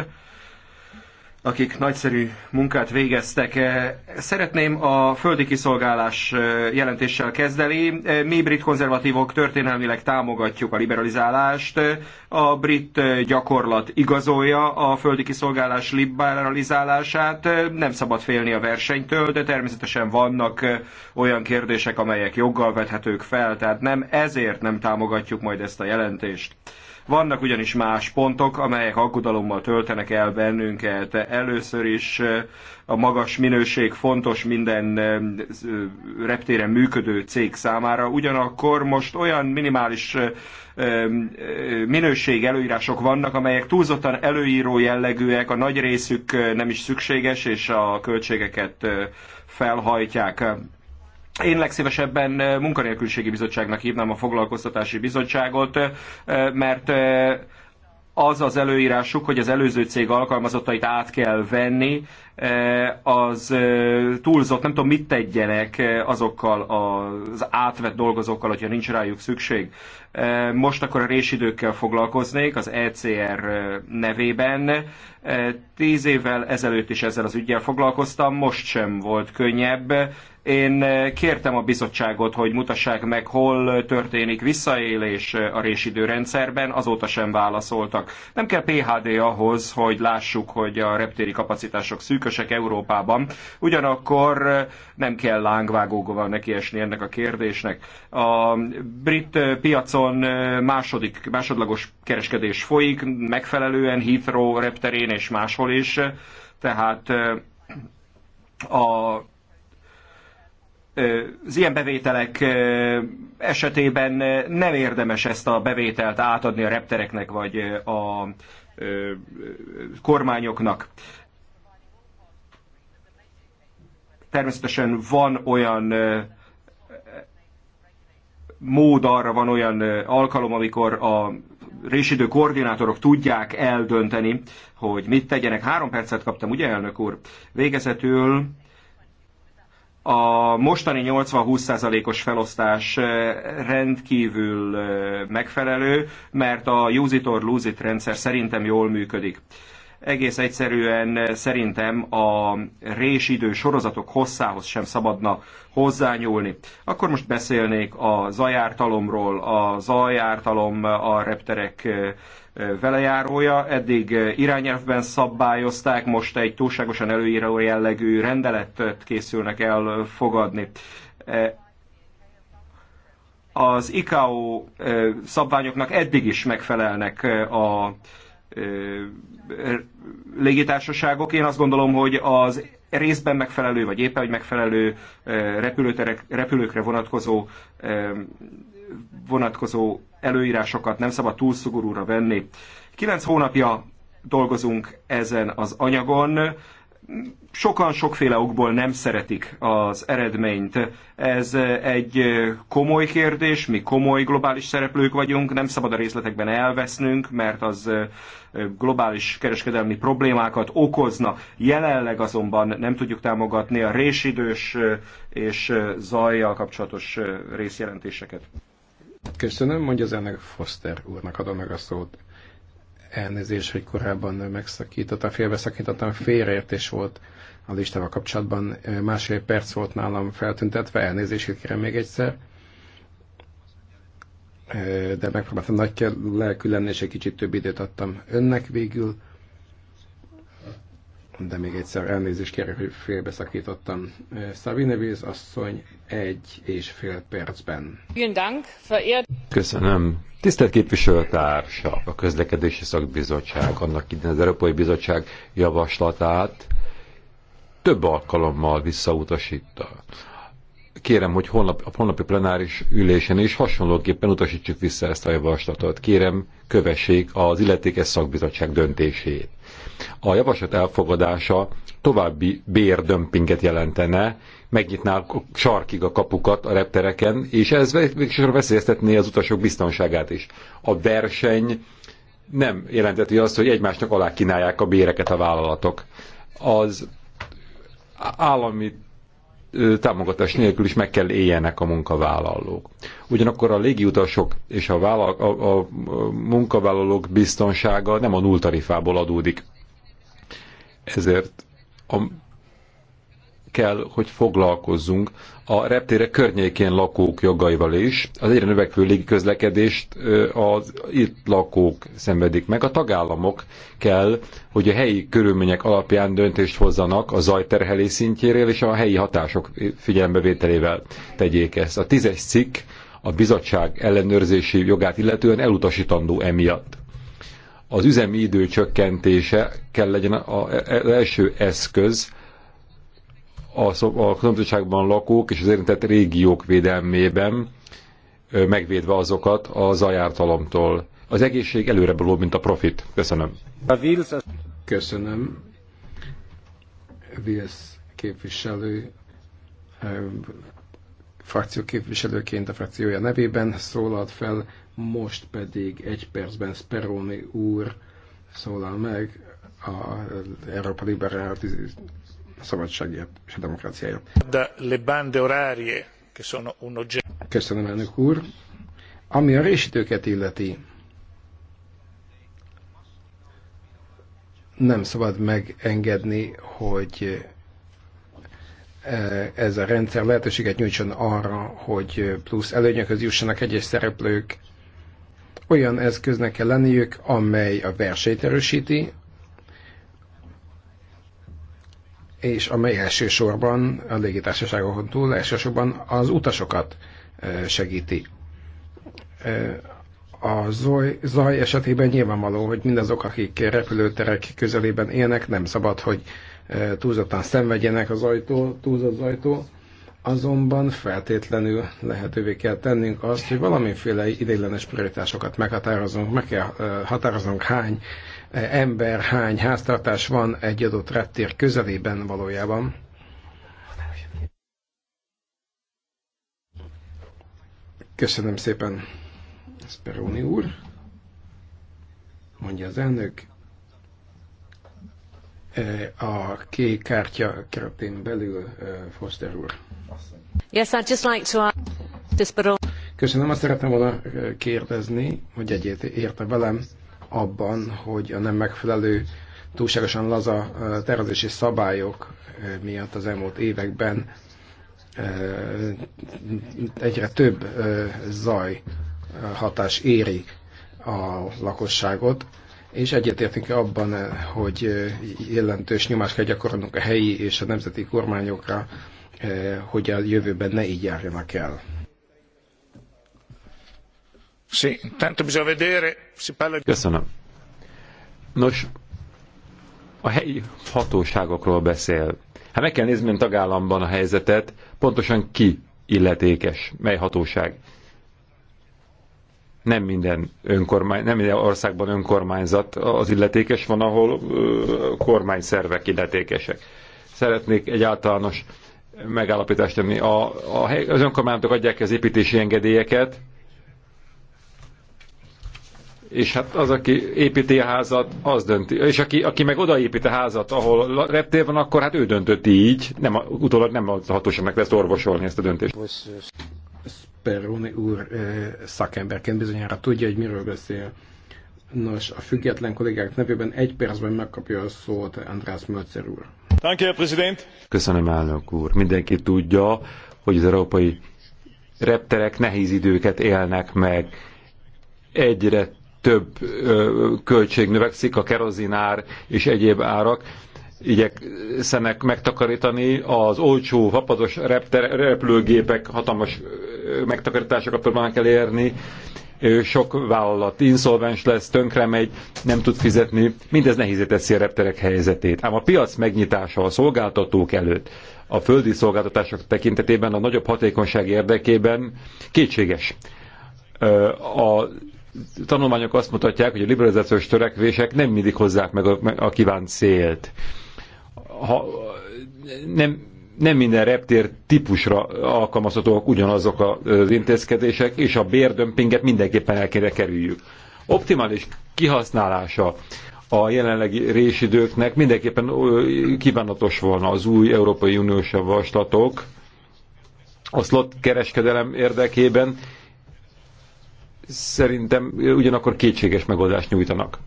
akik nagyszerű munkát végeztek. Eh, szeretném a földi kiszolgálás eh, jelentéssel kezdeni. Eh, mi brit konzervatívok történelmileg támogatjuk a liberalizálást. A brit gyakorlat igazolja a földi kiszolgálás liberalizálását. Nem szabad félni a versenytől, de természetesen vannak olyan kérdések, amelyek joggal vethetők fel, tehát nem ezért nem támogatjuk majd ezt a jelentést. Vannak ugyanis más pontok, amelyek aggodalommal töltenek el bennünket. Először is a magas minőség fontos minden reptéren működő cég számára. Ugyanakkor most olyan minimális minőség előírások vannak, amelyek túlzottan előíró jellegűek, a nagy részük nem is szükséges, és a költségeket felhajtják. Én legszívesebben munkanélküliségi bizottságnak hívnám a foglalkoztatási bizottságot, mert az az előírásuk, hogy az előző cég alkalmazottait át kell venni, az túlzott, nem tudom, mit tegyenek azokkal az átvett dolgozókkal, hogyha nincs rájuk szükség. Most akkor a résidőkkel foglalkoznék az ECR nevében. Tíz évvel ezelőtt is ezzel az ügyel foglalkoztam, most sem volt könnyebb. Én eh, kértem a bizottságot, hogy mutassák meg, hol történik visszaélés eh, a résidőrendszerben, azóta sem válaszoltak. Nem kell PHD ahhoz, hogy lássuk, hogy a reptéri kapacitások szűkösek Európában, ugyanakkor eh, nem kell lángvágóval nekiesni ennek a kérdésnek. A brit piacon második, másodlagos kereskedés folyik, megfelelően Heathrow repterén és máshol is, tehát a az ilyen bevételek esetében nem érdemes ezt a bevételt átadni a reptereknek vagy a kormányoknak. Természetesen van olyan mód arra, van olyan alkalom, amikor a résidő koordinátorok tudják eldönteni, hogy mit tegyenek. Három percet kaptam, ugye elnök úr? Végezetül a mostani 80-20%-os felosztás rendkívül megfelelő, mert a use it or lose it rendszer szerintem jól működik egész egyszerűen szerintem a résidő sorozatok hosszához sem szabadna hozzányúlni. Akkor most beszélnék a zajártalomról, a zajártalom a repterek velejárója. Eddig eh, irányelvben szabályozták, most egy túlságosan előíró jellegű rendeletet készülnek el fogadni. Eh, az ICAO eh, szabványoknak eddig is megfelelnek a légitársaságok. Én azt gondolom, hogy az részben megfelelő, vagy éppen hogy megfelelő repülőterek, repülőkre vonatkozó vonatkozó előírásokat nem szabad túl venni. Kilenc hónapja dolgozunk ezen az anyagon. Sokan sokféle okból nem szeretik az eredményt. Ez egy komoly kérdés, mi komoly globális szereplők vagyunk, nem szabad a részletekben elvesznünk, mert az globális kereskedelmi problémákat okozna. Jelenleg azonban nem tudjuk támogatni a résidős és zajjal kapcsolatos részjelentéseket. Köszönöm, mondja az ennek Foster úrnak adom meg a szót. Elnézést, hogy korábban megszakítottam, félbeszakítottam, félreértés volt a listával kapcsolatban. Másfél perc volt nálam feltüntetve, elnézést kérem még egyszer. De megpróbáltam nagy lelkű lenni, és egy kicsit több időt adtam önnek végül de még egyszer elnézést kérek, hogy félbeszakítottam. Sabine asszony egy és fél percben. Köszönöm. Tisztelt képviselőtársa, a közlekedési szakbizottság, annak idén az Európai Bizottság javaslatát több alkalommal visszautasítta kérem, hogy holnap, a holnapi plenáris ülésen is hasonlóképpen utasítsuk vissza ezt a javaslatot. Kérem, kövessék az illetékes szakbizottság döntését. A javaslat elfogadása további bérdömpinget jelentene, megnyitná sarkig a kapukat a reptereken, és ez végsősorban veszélyeztetné az utasok biztonságát is. A verseny nem jelenteti azt, hogy egymásnak alá kínálják a béreket a vállalatok. Az állami támogatás nélkül is meg kell éljenek a munkavállalók. Ugyanakkor a légiutasok és a, vállal, a, a munkavállalók biztonsága nem a nulltarifából adódik. Ezért a kell, hogy foglalkozzunk a reptére környékén lakók jogaival is. Az egyre növekvő légiközlekedést az itt lakók szenvedik meg. A tagállamok kell, hogy a helyi körülmények alapján döntést hozzanak a zajterhelés szintjéről, és a helyi hatások figyelembevételével tegyék ezt. A tízes cikk a bizottság ellenőrzési jogát illetően elutasítandó emiatt az üzemi idő csökkentése kell legyen az első eszköz a, a szomszédságban lakók és az érintett régiók védelmében, megvédve azokat a zajártalomtól. Az egészség előre való, mint a profit. Köszönöm. Köszönöm. Vils képviselő, frakció képviselőként a frakciója nevében szólalt fel, most pedig egy percben Speroni úr szólal meg, a Európa Liberális szabadságért és a demokráciáért. De le bande orarie, che sono un oggetto. Köszönöm, elnök úr. Ami a résítőket illeti, nem szabad megengedni, hogy eh, ez a rendszer lehetőséget nyújtson arra, hogy plusz előnyökhöz jussanak egyes szereplők. Olyan eszköznek kell lenniük, amely a versenyt erősíti, és amely elsősorban a légitársaságokon túl elsősorban az utasokat segíti. A zaj, zaj esetében nyilvánvaló, hogy mindazok, akik repülőterek közelében élnek, nem szabad, hogy túlzottan szenvedjenek az ajtó, túlzott ajtó, azonban feltétlenül lehetővé kell tennünk azt, hogy valamiféle ideiglenes prioritásokat meghatározunk, meg kell határozunk hány ember, hány háztartás van egy adott reptér közelében valójában. Köszönöm szépen, Speroni úr, mondja az elnök. E, a kék kártya keretén belül e, Foster úr. Yes, I'd just like to ask Köszönöm, azt szeretném volna kérdezni, hogy egyet érte velem, abban, hogy a nem megfelelő, túlságosan laza tervezési szabályok miatt az elmúlt években egyre több zaj hatás éri a lakosságot, és egyetértünk abban, hogy jelentős nyomást kell gyakorolnunk a helyi és a nemzeti kormányokra, hogy a jövőben ne így járjanak el. Köszönöm. Nos, a helyi hatóságokról beszél. Hát meg kell nézni, mint tagállamban a helyzetet, pontosan ki illetékes, mely hatóság. Nem minden, önkormány, nem minden országban önkormányzat az illetékes, van, ahol kormány kormányszervek illetékesek. Szeretnék egy általános megállapítást tenni. A, a, az önkormányzatok adják az építési engedélyeket, és hát az, aki építi a házat, az dönti. És aki, aki meg odaépít a házat, ahol reptér van, akkor hát ő döntött így. Nem, utólag nem a hatóságnak lesz orvosolni ezt a döntést. Speroni úr eh, szakemberként bizonyára tudja, hogy miről beszél. Nos, a független kollégák nevében egy percben megkapja a szót András Mölcer úr. Köszönöm, elnök úr. Mindenki tudja, hogy az európai repterek nehéz időket élnek meg. Egyre több költség növekszik, a kerozinár és egyéb árak, igyekszenek megtakarítani, az olcsó, vapados repülőgépek hatalmas megtakarításokat próbálnak elérni, sok vállalat insolvens lesz, tönkre megy, nem tud fizetni, mindez nehézé teszi a repterek helyzetét. Ám a piac megnyitása a szolgáltatók előtt, a földi szolgáltatások tekintetében a nagyobb hatékonyság érdekében kétséges. A tanulmányok azt mutatják, hogy a liberalizációs törekvések nem mindig hozzák meg a, a kívánt célt. Ha, nem, nem minden reptér típusra alkalmazhatóak ugyanazok az intézkedések, és a bérdömpinget mindenképpen el kéne kerüljük. Optimális kihasználása a jelenlegi résidőknek mindenképpen kívánatos volna az új Európai Uniós javaslatok a slot kereskedelem érdekében, szerintem ugyanakkor kétséges megoldást nyújtanak.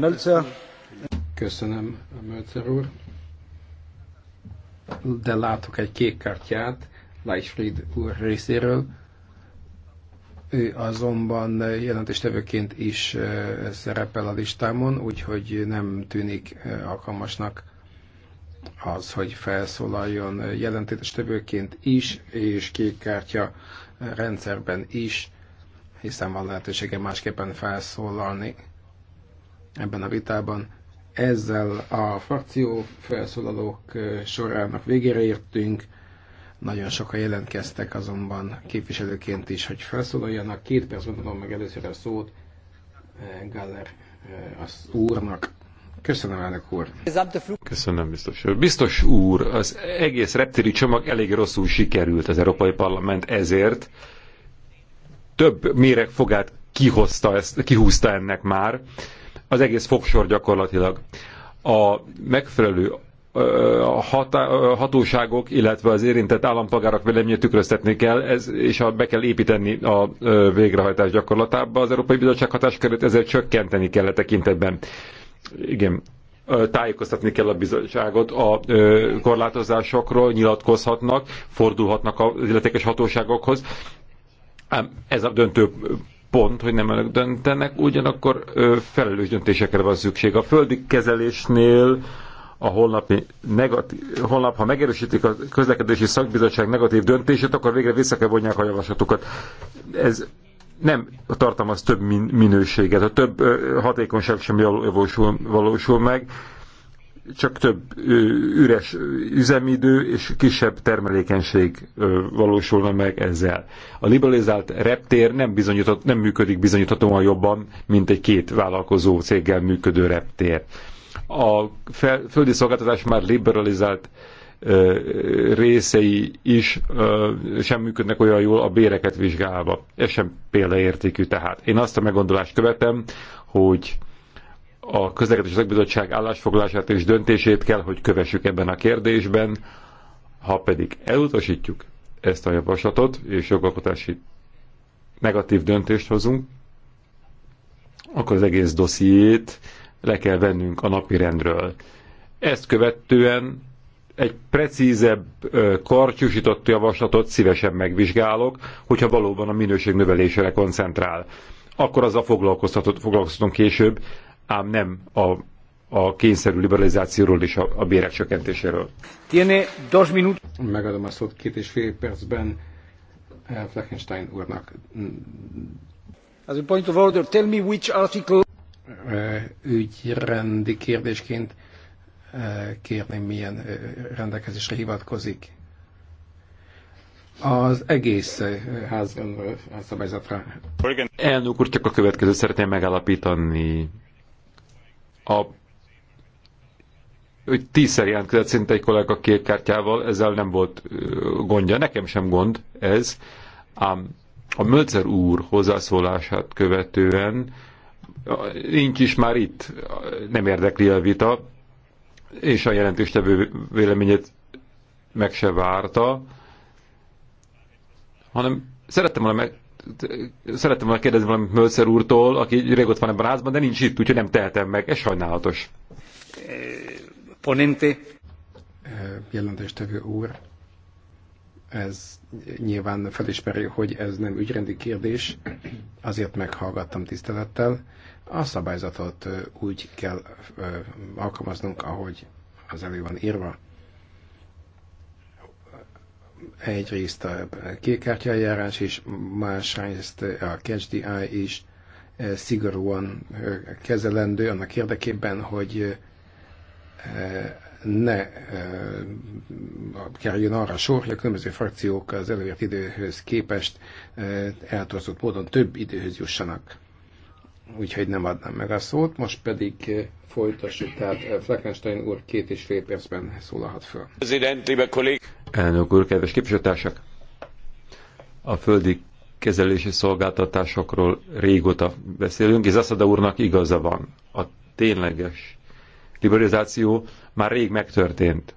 Melzer. Köszönöm, Melzer úr. De látok egy kék kártyát Leichfried úr részéről. Ő azonban jelentéstevőként is szerepel a listámon, úgyhogy nem tűnik alkalmasnak az, hogy felszólaljon jelentéstevőként is, és kék kártya rendszerben is hiszen van lehetősége másképpen felszólalni ebben a vitában. Ezzel a frakció felszólalók sorának végére értünk. Nagyon sokan jelentkeztek azonban képviselőként is, hogy felszólaljanak. Két percben adom meg először a szót Galler az úrnak. Köszönöm, elnök úr. Köszönöm, biztos úr. Biztos úr, az egész reptéri csomag elég rosszul sikerült az Európai Parlament ezért több méregfogát kihozta ezt, kihúzta ennek már, az egész fogsor gyakorlatilag. A megfelelő hatá, hatóságok, illetve az érintett állampolgárok véleményét tükröztetni kell, ez, és a, be kell építeni a végrehajtás gyakorlatába. Az Európai Bizottság hatáskörét ezért csökkenteni kell a e tekintetben. Igen, tájékoztatni kell a bizottságot a korlátozásokról, nyilatkozhatnak, fordulhatnak az illetékes hatóságokhoz, Ám ez a döntő pont, hogy nem önök döntenek, ugyanakkor felelős döntésekre van szükség. A földi kezelésnél a holnapi negatív, holnap, ha megerősítik a közlekedési szakbizottság negatív döntését, akkor végre vissza kell vonják a javaslatokat. Ez nem tartalmaz több min- minőséget, a több hatékonyság sem valósul, valósul meg, csak több üres üzemidő és kisebb termelékenység valósulna meg ezzel. A liberalizált reptér nem, bizonyított, nem működik bizonyíthatóan jobban, mint egy két vállalkozó céggel működő reptér. A fel, földi szolgáltatás már liberalizált részei is sem működnek olyan jól a béreket vizsgálva. Ez sem példaértékű tehát. Én azt a meggondolást követem, hogy a közlekedési szakbizottság állásfoglalását és döntését kell, hogy kövessük ebben a kérdésben. Ha pedig elutasítjuk ezt a javaslatot, és jogalkotási negatív döntést hozunk, akkor az egész dossziét le kell vennünk a napi rendről. Ezt követően egy precízebb, karcsúsított javaslatot szívesen megvizsgálok, hogyha valóban a minőség növelésére koncentrál. Akkor azzal foglalkoztatunk később, ám nem a, a kényszerű liberalizációról és a, a bérek csökkentéséről. Tiene dos minut. Megadom a szót két és fél percben eh, Fleckenstein úrnak. As a point of order, tell me which article... Eh, ügyrendi kérdésként eh, kérném, milyen rendelkezésre hivatkozik az egész szabályzatra. Elnök úr, csak a következőt szeretném megállapítani a hogy tízszer jelentkezett szinte egy kollega két kártyával, ezzel nem volt gondja. Nekem sem gond ez, ám a Mölzer úr hozzászólását követően nincs is már itt, nem érdekli a vita, és a jelentéstevő véleményét meg se várta, hanem szerettem volna meg szerettem volna kérdezni valamit Mölszer úrtól, aki régóta van ebben a házban, de nincs itt, úgyhogy nem tehetem meg. Ez sajnálatos. Ponente. Jelentéstevő úr, ez nyilván felismeri, hogy ez nem ügyrendi kérdés, azért meghallgattam tisztelettel. A szabályzatot úgy kell alkalmaznunk, ahogy az elő van írva egyrészt a kékkártya is, másrészt a CatchDI is eh, szigorúan eh, kezelendő annak érdekében, hogy eh, ne kerüljön arra sor, hogy a különböző frakciók az előért időhöz képest eltorzott módon több időhöz jussanak. Úgyhogy nem adnám meg a szót, most pedig folytassuk, tehát Fleckenstein úr két és fél percben szólalhat föl. Elnök úr, kedves képviselőtársak! A földi kezelési szolgáltatásokról régóta beszélünk, és Zaszada úrnak igaza van. A tényleges liberalizáció már rég megtörtént,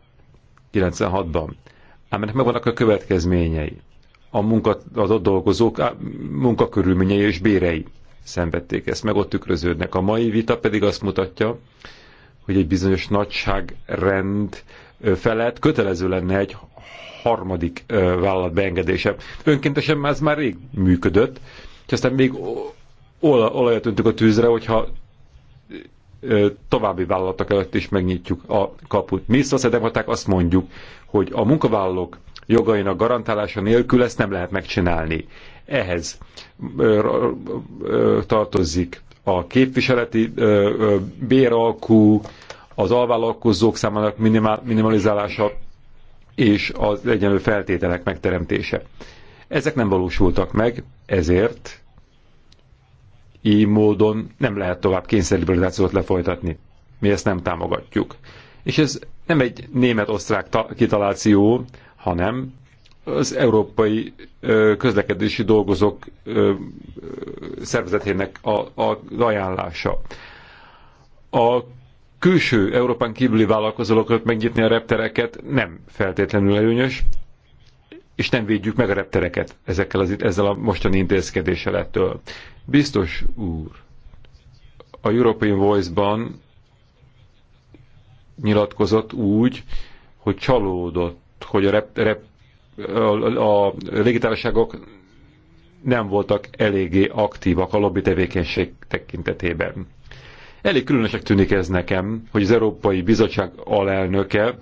96-ban. Ám ennek megvannak a következményei. A munka, az ott dolgozók munkakörülményei és bérei szenvedték ezt, meg ott tükröződnek. A mai vita pedig azt mutatja, hogy egy bizonyos nagyságrend felett kötelező lenne egy harmadik vállalat beengedése. Önkéntesen ez már rég működött, és aztán még olajat öntük a tűzre, hogyha további vállalatok előtt is megnyitjuk a kaput. Mi szociáldemokraták azt mondjuk, hogy a munkavállalók jogainak garantálása nélkül ezt nem lehet megcsinálni. Ehhez tartozik a képviseleti béralkú, az alvállalkozók számának minimalizálása, és az egyenlő feltételek megteremtése. Ezek nem valósultak meg, ezért így módon nem lehet tovább kényszerliberalizációt lefolytatni. Mi ezt nem támogatjuk. És ez nem egy német-osztrák kitaláció, hanem az európai közlekedési dolgozók szervezetének a, a, ajánlása. A külső Európán kívüli vállalkozókat megnyitni a reptereket nem feltétlenül előnyös, és nem védjük meg a reptereket ezekkel az, ezzel a mostani intézkedéssel ettől. Biztos úr, a European Voice-ban nyilatkozott úgy, hogy csalódott, hogy a, rep, rep, a, a légitársaságok nem voltak eléggé aktívak a lobby tevékenység tekintetében. Elég különösek tűnik ez nekem, hogy az Európai Bizottság alelnöke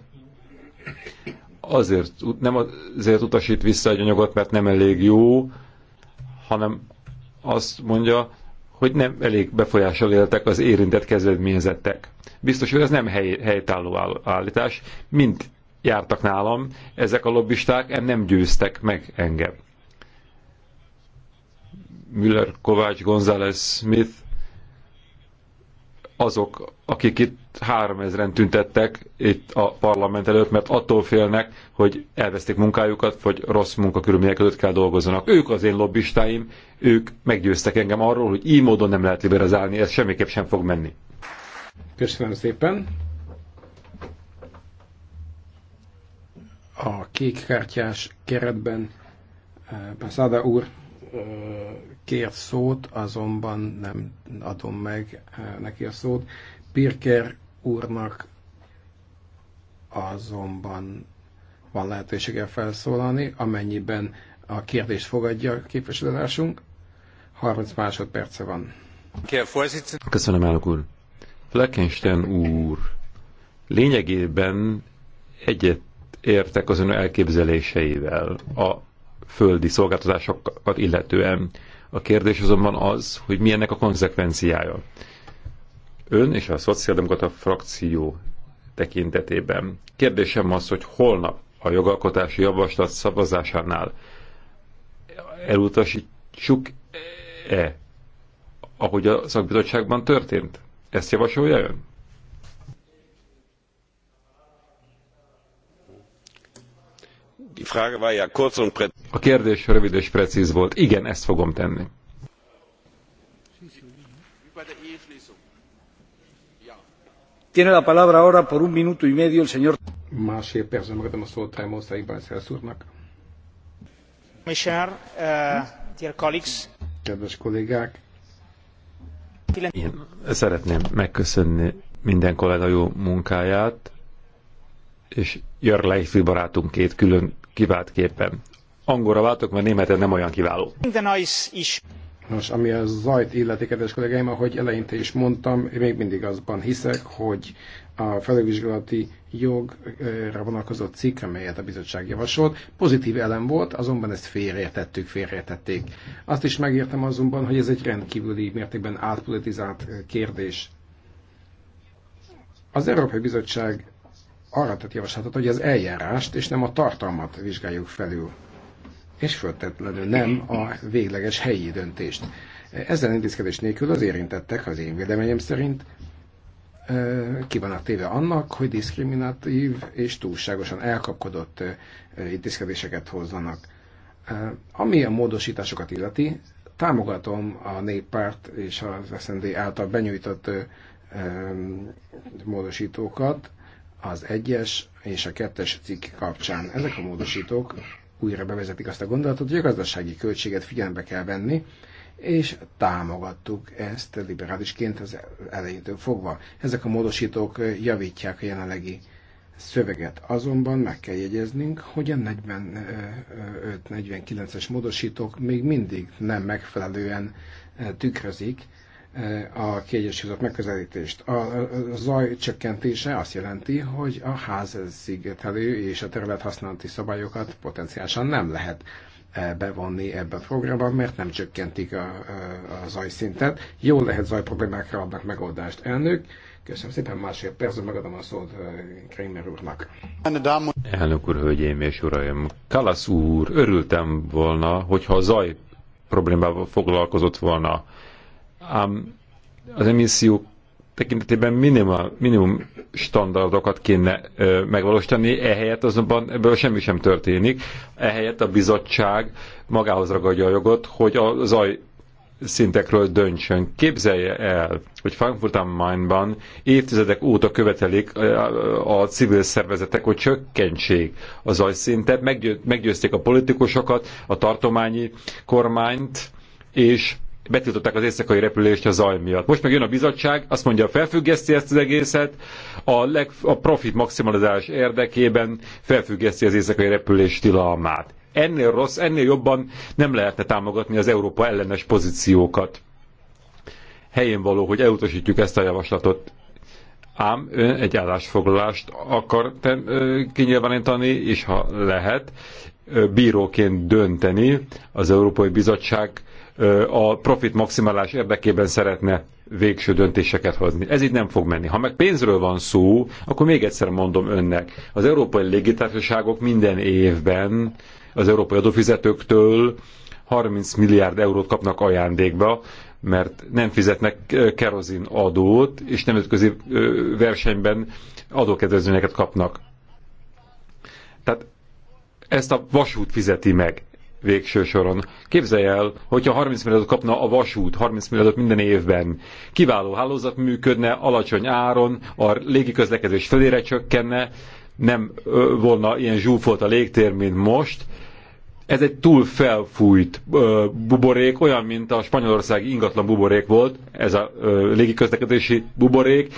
azért, nem azért utasít vissza egy anyagot, mert nem elég jó, hanem azt mondja, hogy nem elég befolyással éltek az érintett kezdeményezettek. Biztos, hogy ez nem hely, helytálló állítás. mint jártak nálam, ezek a lobbisták em nem győztek meg engem. Müller, Kovács, González, Smith azok, akik itt 3000-en tüntettek itt a parlament előtt, mert attól félnek, hogy elvesztik munkájukat, vagy rossz munkakörülmények között kell dolgozzanak. Ők az én lobbistáim, ők meggyőztek engem arról, hogy így módon nem lehet liberalizálni, ez semmiképp sem fog menni. Köszönöm szépen. A kék kártyás keretben Pászáda eh, úr kér szót, azonban nem adom meg eh, neki a szót. Pirker úrnak azonban van lehetősége felszólalni, amennyiben a kérdést fogadja a képviselőtársunk. 30 másodperce van. Köszönöm, elnök úr. Fleckenstein úr, lényegében egyet értek az ön elképzeléseivel. A földi szolgáltatásokat illetően. A kérdés azonban az, hogy milyennek a konzekvenciája. Ön és a Szociáldemokrata frakció tekintetében. Kérdésem az, hogy holnap a jogalkotási javaslat szavazásánál elutasítsuk-e, ahogy a szakbizottságban történt? Ezt javasolja ön? A kérdés rövid és precíz volt. Igen, ezt fogom tenni. Tiene la palabra ahora por un minuto y medio el señor. a Commissioner, uh, dear colleagues. Kedves kollégák. Én szeretném megköszönni minden kollega jó munkáját, és Jörg Leifi barátunk két külön kiváltképpen. Angolra váltok, mert németen nem olyan kiváló. is Nos, ami a zajt illeti, kedves kollégáim, ahogy eleinte is mondtam, még mindig azban hiszek, hogy a felülvizsgálati jogra vonatkozó cikk, amelyet a bizottság javasolt, pozitív elem volt, azonban ezt félreértettük, félreértették. Azt is megértem azonban, hogy ez egy rendkívüli mértékben átpolitizált kérdés. Az Európai Bizottság arra tett javaslatot, hogy az eljárást és nem a tartalmat vizsgáljuk felül, és föltetlenül nem a végleges helyi döntést. Ezen intézkedés nélkül az érintettek, az én véleményem szerint, ki a téve annak, hogy diszkriminatív és túlságosan elkapkodott intézkedéseket hozzanak. Ami a módosításokat illeti, támogatom a néppárt és az SZND által benyújtott módosítókat, az egyes és a kettes cikk kapcsán. Ezek a módosítók újra bevezetik azt a gondolatot, hogy a gazdasági költséget figyelembe kell venni, és támogattuk ezt liberálisként az elejétől fogva. Ezek a módosítók javítják a jelenlegi szöveget. Azonban meg kell jegyeznünk, hogy a 45-49-es módosítók még mindig nem megfelelően tükrözik a kiegyensúlyozott megközelítést. A zaj csökkentése azt jelenti, hogy a ház szigetelő és a területhasználati szabályokat potenciálisan nem lehet e, bevonni ebbe a programba, mert nem csökkentik a, e, a zajszintet. Jól lehet zajproblémákra adnak megoldást. Elnök, köszönöm szépen, másfél percben megadom a szót e, Kramer úrnak. Elnök úr, hölgyeim és uraim, Kalasz úr, örültem volna, hogyha a zaj problémával foglalkozott volna ám az emisszió tekintetében minimum, minimum standardokat kéne ö, megvalósítani, ehelyett azonban ebből semmi sem történik, ehelyett a bizottság magához ragadja a jogot, hogy a zaj szintekről döntsön. Képzelje el, hogy Frankfurt am Mainban évtizedek óta követelik a civil szervezetek, hogy csökkentsék a zajszintet, meggyőzték a politikusokat, a tartományi kormányt, és betiltották az éjszakai repülést a zaj miatt. Most meg jön a bizottság, azt mondja, felfüggeszti ezt az egészet, a, leg, a profit maximalizálás érdekében felfüggeszti az éjszakai repülés tilalmát. Ennél rossz, ennél jobban nem lehetne támogatni az Európa ellenes pozíciókat. Helyén való, hogy elutasítjuk ezt a javaslatot ám ön egy állásfoglalást akar kinyilvánítani, és ha lehet, bíróként dönteni az Európai Bizottság a profit maximálás érdekében szeretne végső döntéseket hozni. Ez így nem fog menni. Ha meg pénzről van szó, akkor még egyszer mondom önnek, az európai légitársaságok minden évben az európai adófizetőktől 30 milliárd eurót kapnak ajándékba, mert nem fizetnek kerozin adót, és nemzetközi versenyben adókedvezményeket kapnak. Tehát ezt a vasút fizeti meg végső soron. Képzelj el, hogyha 30 milliárdot kapna a vasút, 30 milliárdot minden évben. Kiváló hálózat működne, alacsony áron, a légiközlekedés fölére csökkenne, nem volna ilyen zsúfolt a légtér, mint most. Ez egy túl felfújt ö, buborék, olyan, mint a spanyolországi ingatlan buborék volt, ez a ö, légiközlekedési buborék,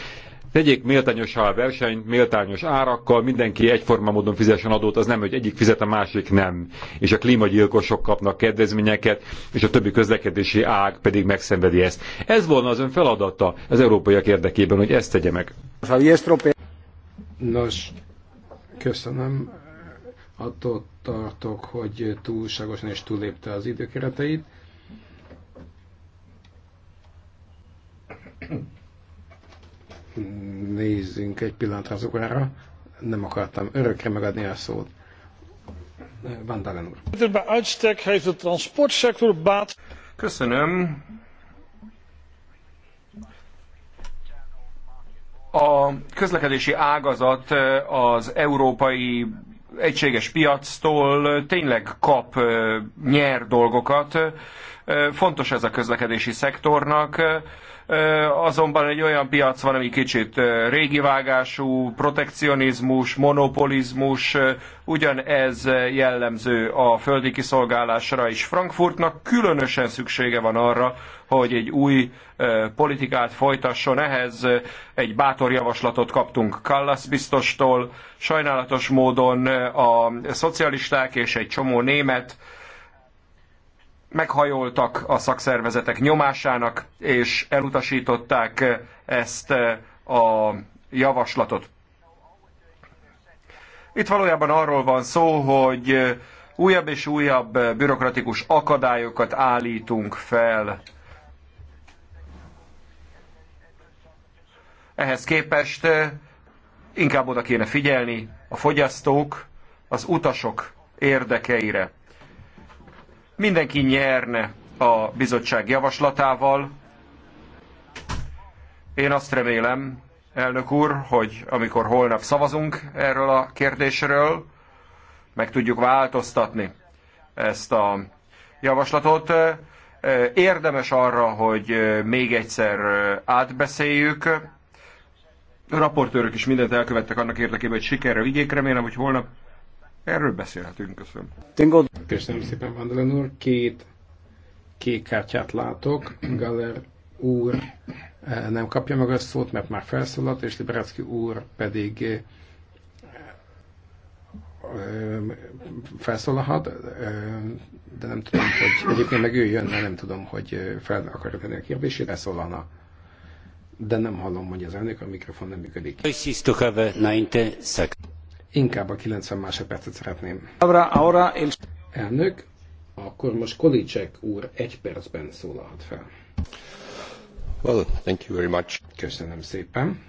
Tegyék méltányosá a versenyt, méltányos árakkal, mindenki egyforma módon fizessen adót, az nem, hogy egyik fizet, a másik nem. És a klímagyilkosok kapnak kedvezményeket, és a többi közlekedési ág pedig megszenvedi ezt. Ez volna az ön feladata az európaiak érdekében, hogy ezt tegye meg. Nos, köszönöm. Attól tartok, hogy túlságosan és túlépte az időkereteit nézzünk egy pillanatra az órára. Nem akartam örökre megadni a szót. Van Dalen úr. Köszönöm. A közlekedési ágazat eh, az európai egységes piactól tényleg kap, eh, nyer dolgokat. Eh, fontos ez a közlekedési szektornak azonban egy olyan piac van, ami kicsit régi vágású, protekcionizmus, monopolizmus, ugyanez jellemző a földi kiszolgálásra is. Frankfurtnak különösen szüksége van arra, hogy egy új politikát folytasson. Ehhez egy bátor javaslatot kaptunk Kallas biztostól. Sajnálatos módon a szocialisták és egy csomó német meghajoltak a szakszervezetek nyomásának, és elutasították ezt eh, a javaslatot. Itt valójában arról van szó, hogy eh, újabb és újabb eh, bürokratikus akadályokat állítunk fel. Ehhez képest inkább oda kéne figyelni a fogyasztók, az utasok érdekeire. Mindenki nyerne a bizottság javaslatával. Én azt remélem, elnök úr, hogy amikor holnap szavazunk erről a kérdésről, meg tudjuk változtatni ezt a javaslatot. Érdemes arra, hogy még egyszer átbeszéljük. A raportőrök is mindent elkövettek annak érdekében, hogy sikerre vigyék. Remélem, hogy holnap Erről beszélhetünk, köszönöm. Köszönöm szépen, Vandelen úr. Két kék kártyát látok. Galler úr eh, nem kapja meg a szót, mert már felszólalt, és Liberecki úr pedig eh, eh, felszólalhat, de nem tudom, hogy egyébként meg ő jön, mert nem tudom, hogy fel akarja tenni a kérdését, elszólalna. De nem hallom, hogy az elnök, a mikrofon nem működik. Inkább a 90 másodpercet szeretném. Abra, ahora el... Elnök, akkor most Kolicek úr egy percben szólalhat fel. Well, thank you very much. Köszönöm szépen.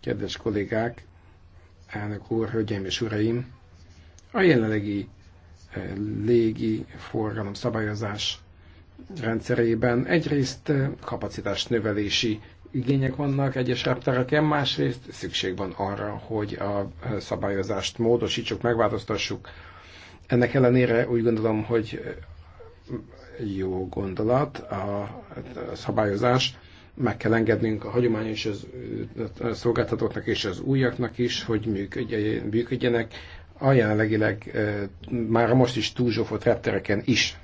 Kedves kollégák, elnök úr, hölgyeim és uraim, a jelenlegi eh, légi forgalom szabályozás rendszerében egyrészt eh, kapacitás növelési igények vannak egyes reptereken, másrészt szükség van arra, hogy a szabályozást módosítsuk, megváltoztassuk. Ennek ellenére úgy gondolom, hogy jó gondolat a szabályozás, meg kell engednünk a hagyományos az, a szolgáltatóknak és az újaknak is, hogy működjenek. A jelenlegileg eh, már most is túlzsófolt reptereken is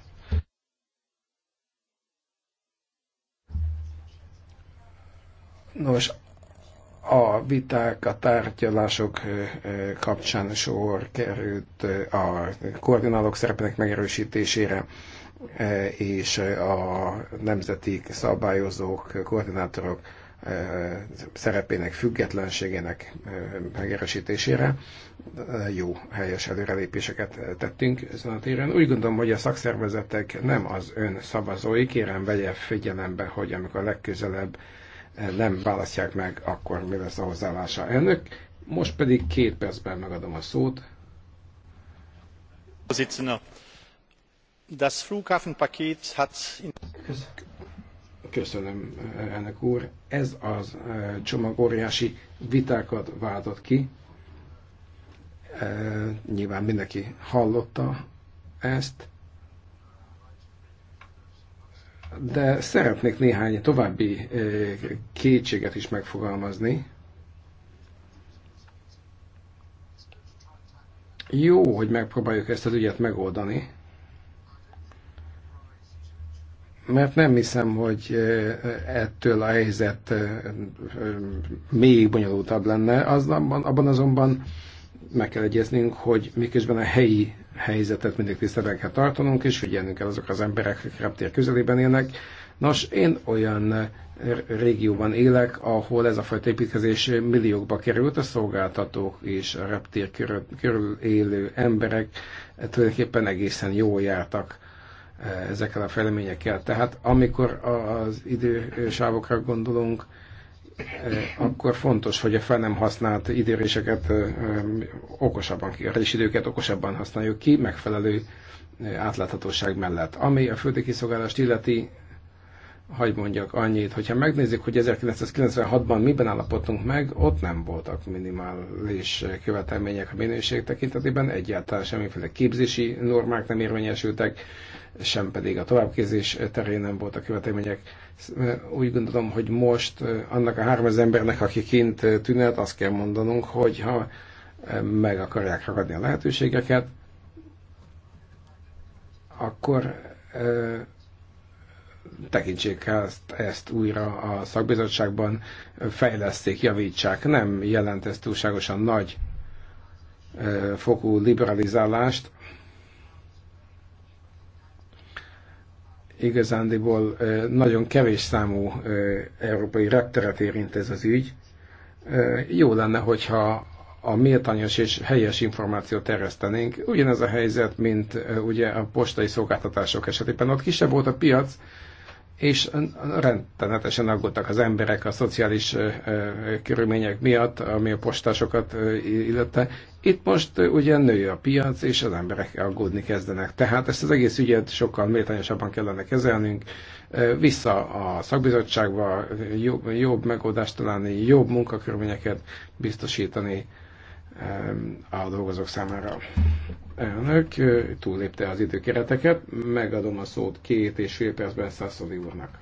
Nos, a viták, a tárgyalások kapcsán sor került a koordinálók szerepének megerősítésére és a nemzeti szabályozók, koordinátorok szerepének függetlenségének megerősítésére jó, helyes előrelépéseket tettünk ezen a téren. Úgy gondolom, hogy a szakszervezetek nem az ön szavazói. Kérem, vegye figyelembe, hogy amikor legközelebb nem választják meg, akkor mi lesz a hozzáállása ennek. Most pedig két percben megadom a szót. Das Flughafenpaket hat Köszönöm, elnök úr. Ez az csomag óriási vitákat váltott ki. Nyilván mindenki hallotta ezt de szeretnék néhány további kétséget is megfogalmazni. Jó, hogy megpróbáljuk ezt az ügyet megoldani, mert nem hiszem, hogy ettől a helyzet még bonyolultabb lenne. Azonban, abban azonban meg kell egyeznünk, hogy miközben a helyi helyzetet mindig tiszteletben kell tartanunk, és figyelnünk kell azok az emberek, akik reptér közelében élnek. Nos, én olyan régióban élek, ahol ez a fajta építkezés milliókba került, a szolgáltatók és a reptér körül, körül élő emberek eh, tulajdonképpen egészen jól jártak eh, ezekkel a fejleményekkel. Tehát amikor az idősávokra gondolunk, Eh, akkor fontos, hogy a fel nem használt időréseket eh, eh, okosabban, időket okosabban használjuk ki, megfelelő átláthatóság mellett. Ami a földi kiszolgálást illeti, hagyd mondjak annyit, hogyha megnézzük, hogy 1996-ban miben állapodtunk meg, ott nem voltak minimális követelmények a minőség tekintetében, egyáltalán semmiféle képzési normák nem érvényesültek, sem pedig a továbbképzés terén nem voltak követelmények. Úgy gondolom, hogy most annak a három embernek, aki kint tünet, azt kell mondanunk, hogy ha meg akarják ragadni a lehetőségeket, akkor tekintsék ezt, ezt újra a szakbizottságban, fejleszték, javítsák. Nem jelent ez túlságosan nagy fokú liberalizálást, igazándiból nagyon kevés számú európai rektoret érint ez az ügy. Jó lenne, hogyha a méltányos és helyes információt terjesztenénk. Ugyanez a helyzet, mint ugye a postai szolgáltatások esetében. Ott kisebb volt a piac, és rendtenetesen aggódtak az emberek a szociális körülmények miatt, ami a postásokat illette. Itt most ugye nő a piac, és az emberek aggódni kezdenek. Tehát ezt az egész ügyet sokkal méltányosabban kellene kezelnünk. Vissza a szakbizottságba, jobb, jobb megoldást találni, jobb munkakörülményeket biztosítani a dolgozók számára. Elnök, túllépte az időkereteket, megadom a szót két és fél percben Szászoli úrnak.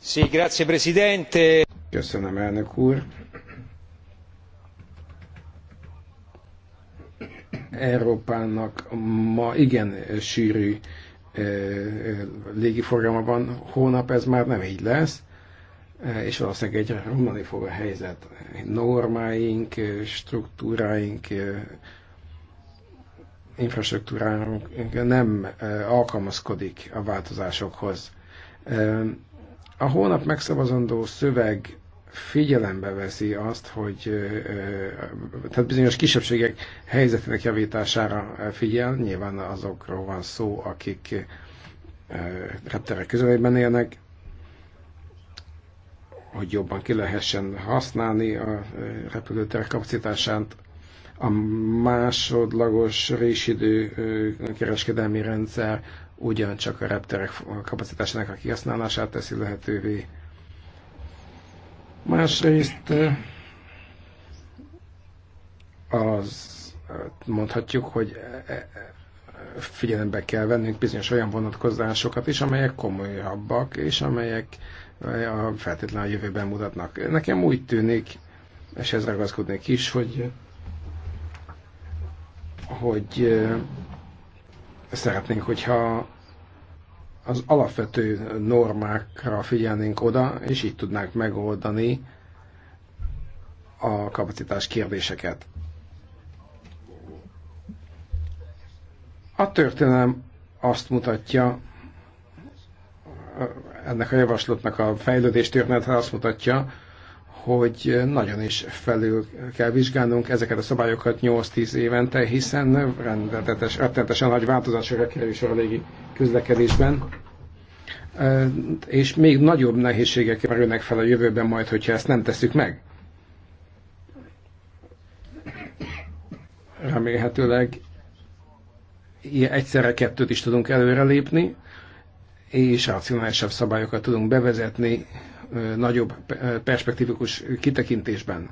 Sí, grazie, presidente. Köszönöm, elnök úr. Európának ma igen sűrű légiforgalma van, hónap ez már nem így lesz Eh, és valószínűleg egyre romlani fog a helyzet. Normáink, eh, struktúráink, eh, infrastruktúránk nem alkalmazkodik a változásokhoz. A hónap megszavazandó szöveg figyelembe veszi azt, hogy tehát bizonyos kisebbségek helyzetének javítására figyel, nyilván azokról van szó, akik repterek közelében élnek, hogy jobban ki lehessen használni a eh, repülőtér kapacitását. A másodlagos résidő eh, kereskedelmi rendszer ugyancsak a repterek kapacitásának a kihasználását teszi lehetővé. Másrészt eh, az mondhatjuk, hogy figyelembe kell vennünk bizonyos olyan vonatkozásokat is, amelyek komolyabbak, és amelyek feltétlenül a jövőben mutatnak. Nekem úgy tűnik, és ez ragaszkodnék is, hogy hogy eh, szeretnénk, hogyha az alapvető normákra figyelnénk oda, és így tudnánk megoldani a kapacitás kérdéseket. A történelem azt mutatja, ennek a javaslatnak a fejlődés története azt mutatja, hogy nagyon is felül kell vizsgálnunk ezeket a szabályokat 8-10 évente, hiszen rendetetes, rettenetesen nagy változásokra kerül sor a légi közlekedésben, és még nagyobb nehézségek merülnek fel a jövőben majd, hogyha ezt nem tesszük meg. Remélhetőleg egyszerre kettőt is tudunk előrelépni, és racionálisabb szabályokat tudunk bevezetni nagyobb perspektívikus kitekintésben.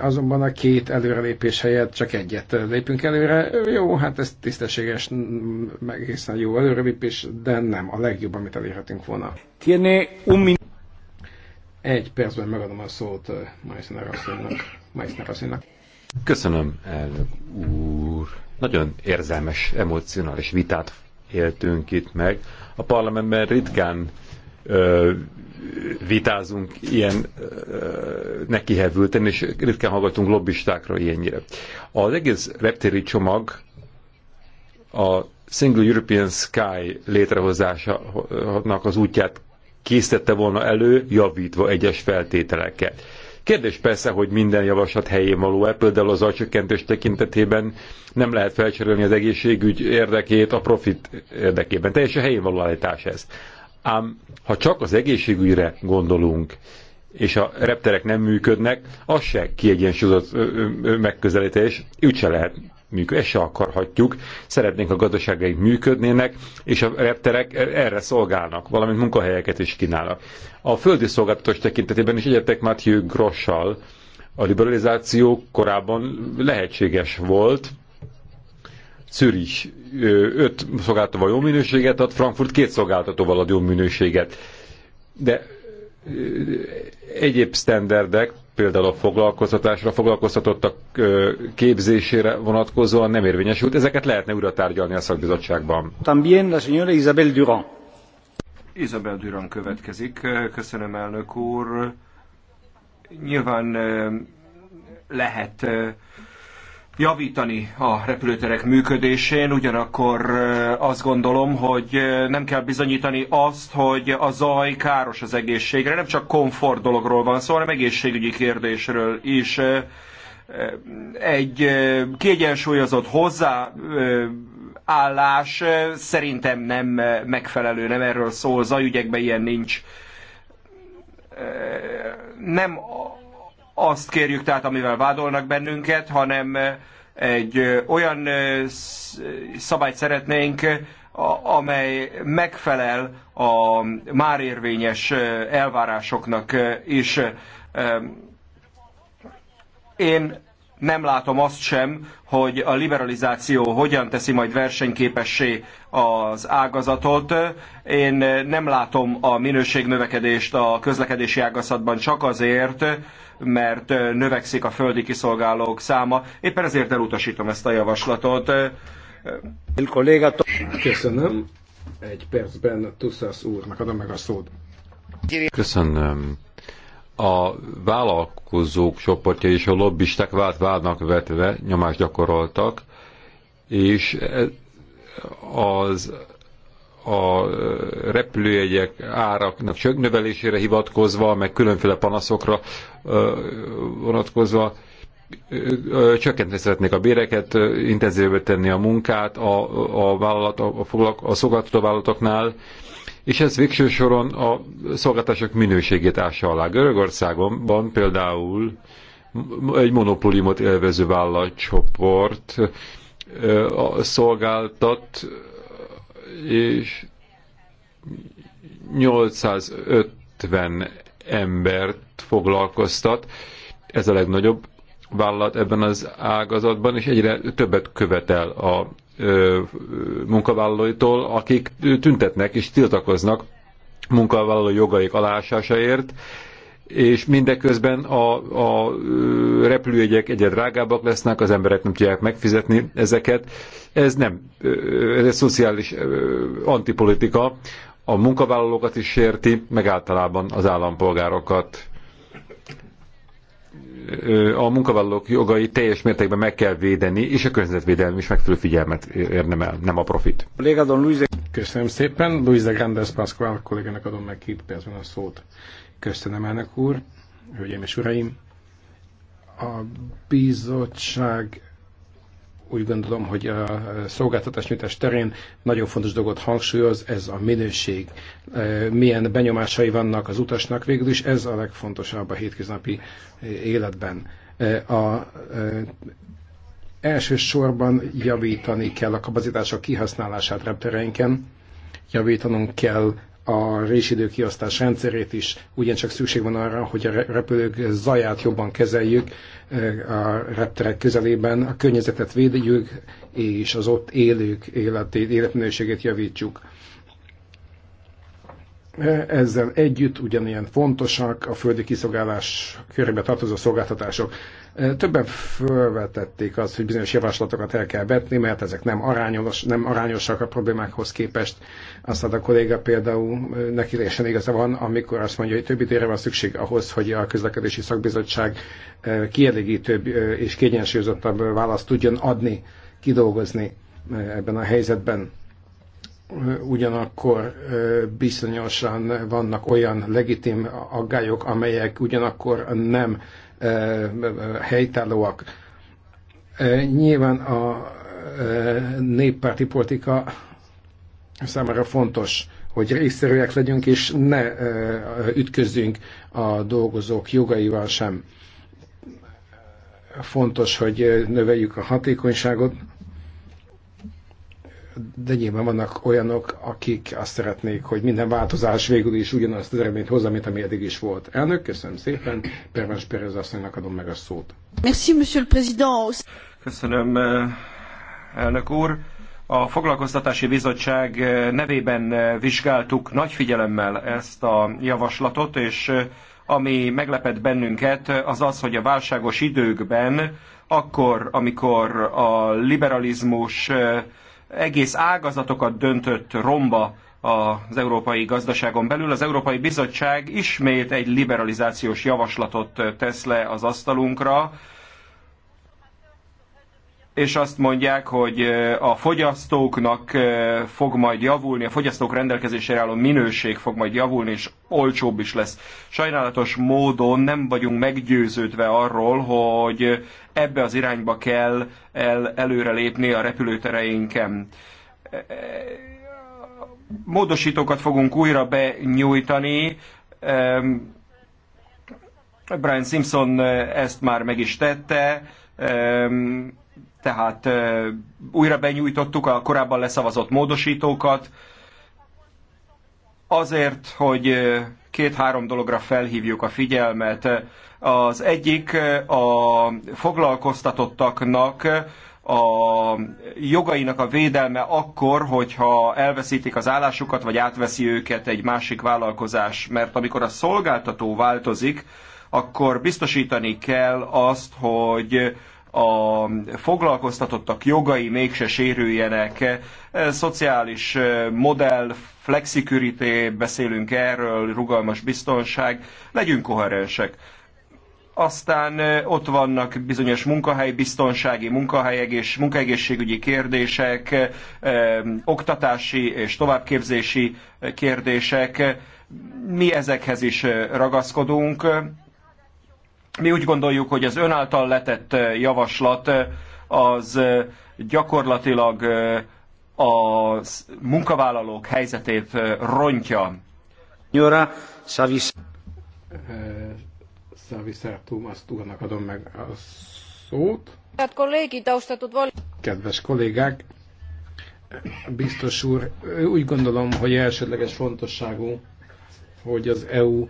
Azonban a két előrelépés helyett csak egyet lépünk előre. Jó, hát ez tisztességes, meg egészen jó előrelépés, de nem a legjobb, amit elérhetünk volna. Tiene un min- Egy percben megadom a szót Meissner Meissner asszonynak. Köszönöm, elnök úr. Nagyon érzelmes, emocionális vitát éltünk itt meg. A parlamentben ritkán ö, vitázunk ilyen ö, nekihevülten, és ritkán hallgatunk lobbistákra ilyennyire. Az egész reptéri csomag a Single European Sky létrehozásának az útját készítette volna elő, javítva egyes feltételeket. Kérdés persze, hogy minden javaslat helyén való-e, például az alcsökkentés tekintetében nem lehet felcserélni az egészségügy érdekét a profit érdekében. Teljesen helyén való állítás ez. Ám ha csak az egészségügyre gondolunk, és a repterek nem működnek, az se kiegyensúlyozott megközelítés, úgy se lehet működ, ezt se akarhatjuk. Szeretnénk, a gazdaságaink működnének, és a repterek erre szolgálnak, valamint munkahelyeket is kínálnak. A földi szolgáltatás tekintetében is egyetek Matthew Grossal, a liberalizáció korábban lehetséges volt, Zürich öt szolgáltatóval jó minőséget ad, Frankfurt két szolgáltatóval ad jó minőséget. De egyéb standardek például a foglalkoztatásra, a foglalkoztatottak képzésére vonatkozóan nem érvényesült. Ezeket lehetne újra tárgyalni a szakbizottságban. También la señora Isabel Durán. Isabel Durán következik. Köszönöm, elnök úr. Nyilván lehet javítani a repülőterek működésén, ugyanakkor azt gondolom, hogy nem kell bizonyítani azt, hogy a zaj káros az egészségre. Nem csak komfort dologról van szó, hanem egészségügyi kérdésről is. Egy kiegyensúlyozott hozzáállás szerintem nem megfelelő, nem erről szól. Zajügyekben ilyen nincs. Nem azt kérjük tehát, amivel vádolnak bennünket, hanem eh, egy eh, olyan eh, szabályt szeretnénk, amely megfelel a már érvényes elvárásoknak is. Én nem látom azt sem, hogy a liberalizáció hogyan teszi majd versenyképessé az ágazatot. Én nem látom a minőségnövekedést a közlekedési ágazatban csak azért, mert növekszik a földi kiszolgálók száma. Éppen ezért elutasítom ezt a javaslatot. Köszönöm. Egy percben Tuszasz úrnak adom meg a szót. Köszönöm a vállalkozók csoportja és a lobbisták vált válnak vetve nyomást gyakoroltak, és az a repülőjegyek áraknak csögnövelésére hivatkozva, meg különféle panaszokra vonatkozva csökkenteni szeretnék a béreket, intenzívebbé tenni a munkát a, a, vállalat, a, a, a szolgáltató vállalatoknál, és ez végső soron a szolgáltások minőségét ássa alá. Görögországban például egy monopóliumot élvező vállalatcsoport szolgáltat, és 850 embert foglalkoztat. Ez a legnagyobb vállalat ebben az ágazatban, és egyre többet követel a munkavállalóitól, akik tüntetnek és tiltakoznak munkavállaló jogaik alásásáért, és mindeközben a, a repülőjegyek egyre drágábbak lesznek, az emberek nem tudják megfizetni ezeket. Ez nem, ez egy szociális antipolitika, a munkavállalókat is sérti, meg általában az állampolgárokat a munkavállalók jogai teljes mértékben meg kell védeni, és a környezetvédelem is megfelelő figyelmet érdemel, nem a profit. Köszönöm szépen. Luis de Grandes Pascual kollégának adom meg két percben a szót. Köszönöm elnök úr, hölgyeim és uraim. A bizottság úgy gondolom, hogy a szolgáltatásnyújtás terén nagyon fontos dolgot hangsúlyoz, ez a minőség. E, milyen benyomásai vannak az utasnak végül is, ez a legfontosabb a hétköznapi életben. E, a e, elsősorban javítani kell a kapacitások kihasználását reptereinken, javítanunk kell a résidőkiasztás rendszerét is. Ugyancsak szükség van arra, hogy a repülők zaját jobban kezeljük eh, a repterek közelében, a környezetet védjük, és az ott élők életét, életminőségét javítsuk ezzel együtt ugyanilyen fontosak a földi kiszolgálás körébe tartozó szolgáltatások. E, többen felvetették azt, hogy bizonyos javaslatokat el kell vetni, mert ezek nem, arányos, nem arányosak a problémákhoz képest. Aztán a kolléga például e, neki teljesen igaza van, amikor azt mondja, hogy több időre van szükség ahhoz, hogy a közlekedési szakbizottság e, kielégítőbb és kényensúlyozottabb választ tudjon adni, kidolgozni ebben a helyzetben ugyanakkor bizonyosan vannak olyan legitim aggályok, amelyek ugyanakkor nem helytállóak. Nyilván a néppárti politika számára fontos, hogy részszerűek legyünk, és ne ütközzünk a dolgozók jogaival sem. Fontos, hogy növeljük a hatékonyságot, de nyilván vannak olyanok, akik azt szeretnék, hogy minden változás végül is ugyanazt az eredményt hozza, mint ami eddig is volt. Elnök, köszönöm szépen, Pervens Perez asszonynak adom meg a szót. Merci, monsieur le président. Köszönöm, eh, elnök úr. A Foglalkoztatási Bizottság eh, nevében eh, vizsgáltuk nagy figyelemmel ezt a javaslatot, és ami meglepett bennünket, az az, hogy a válságos időkben, akkor, amikor a liberalizmus egész ágazatokat döntött romba az európai gazdaságon belül. Az Európai Bizottság ismét egy liberalizációs javaslatot tesz le az asztalunkra, és azt mondják, hogy a fogyasztóknak fog majd javulni, a fogyasztók rendelkezésére álló minőség fog majd javulni, és olcsóbb is lesz. Sajnálatos módon nem vagyunk meggyőződve arról, hogy ebbe az irányba kell el, előrelépni a repülőtereinken módosítókat fogunk újra benyújtani. Brian Simpson ezt már meg is tette tehát újra benyújtottuk a korábban leszavazott módosítókat, azért, hogy két-három dologra felhívjuk a figyelmet. Az egyik a foglalkoztatottaknak a jogainak a védelme akkor, hogyha elveszítik az állásukat, vagy átveszi őket egy másik vállalkozás. Mert amikor a szolgáltató változik, akkor biztosítani kell azt, hogy a foglalkoztatottak jogai mégse sérüljenek. E, szociális e, modell, flexikürité, beszélünk erről, rugalmas biztonság, legyünk koherensek aztán e, ott vannak bizonyos munkahelyek munkahelyegés, munkaegészségügyi kérdések, oktatási és továbbképzési kérdések. Mi ezekhez is ragaszkodunk. Mi úgy gondoljuk, hogy az ön által letett javaslat az gyakorlatilag a munkavállalók helyzetét rontja. Nyora, Savis. Savisár Tumas adom meg a szót. Kedves kollégák, biztos úr, úgy gondolom, hogy elsődleges fontosságú, hogy az EU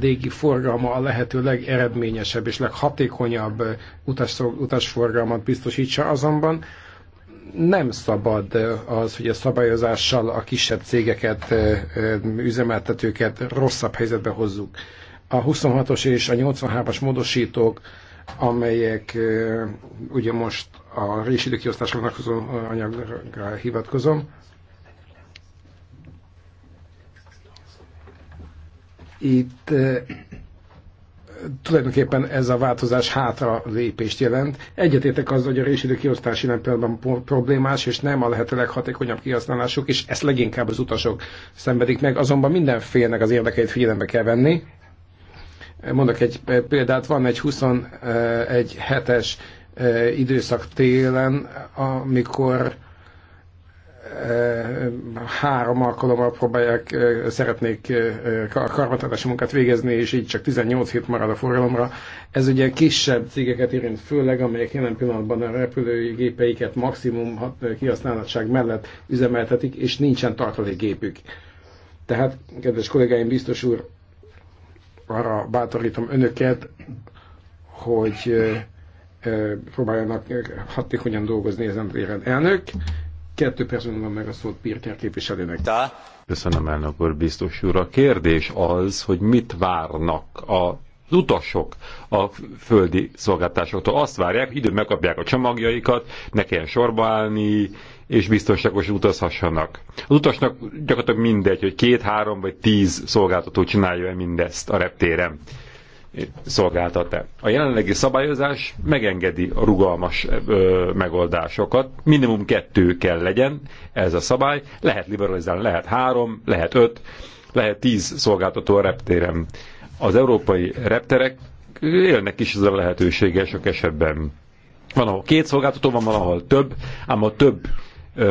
légi forgalma a lehető legeredményesebb és leghatékonyabb utas, utasforgalmat biztosítsa, azonban nem szabad az, hogy a szabályozással a kisebb cégeket, üzemeltetőket rosszabb helyzetbe hozzuk. A 26-os és a 83-as módosítók, amelyek ugye most a résidőkiosztásra vonatkozó anyagra hivatkozom, Itt eh, tulajdonképpen ez a változás hátra lépést jelent. Egyetétek az, hogy a résidő kiosztási nem például problémás, és nem a lehető leghatékonyabb kihasználásuk, és ezt leginkább az utasok szenvedik meg, azonban mindenfélnek az érdekeit figyelembe kell venni. Mondok egy példát, van egy 21 eh, hetes eh, időszak télen, amikor három alkalommal próbálják, szeretnék karbantartási munkát végezni, és így csak 18 hét marad a forgalomra. Ez ugye kisebb cégeket érint főleg, amelyek jelen pillanatban a repülőgépeiket maximum kihasználatság mellett üzemeltetik, és nincsen tartalékgépük. Tehát, kedves kollégáim, biztos úr, arra bátorítom önöket, hogy próbáljanak hatékonyan dolgozni ezen téren. Elnök, Kettő percben van meg a szót Pirker képviselőnek. Tá. Köszönöm, elnök úr, biztos úr. A kérdés az, hogy mit várnak a az utasok a földi szolgáltásoktól azt várják, időn megkapják a csomagjaikat, ne kelljen sorba állni, és biztonságos utazhassanak. Az utasnak gyakorlatilag mindegy, hogy két, három vagy tíz szolgáltató csinálja -e mindezt a reptéren szolgáltat-e. A jelenlegi szabályozás megengedi a rugalmas ö, megoldásokat, minimum kettő kell legyen ez a szabály, lehet liberalizálni, lehet három, lehet öt, lehet tíz szolgáltató a reptéren. Az európai repterek élnek is ezzel a lehetőséggel sok esetben. Van, ahol két szolgáltató van, van, ahol több, ám a több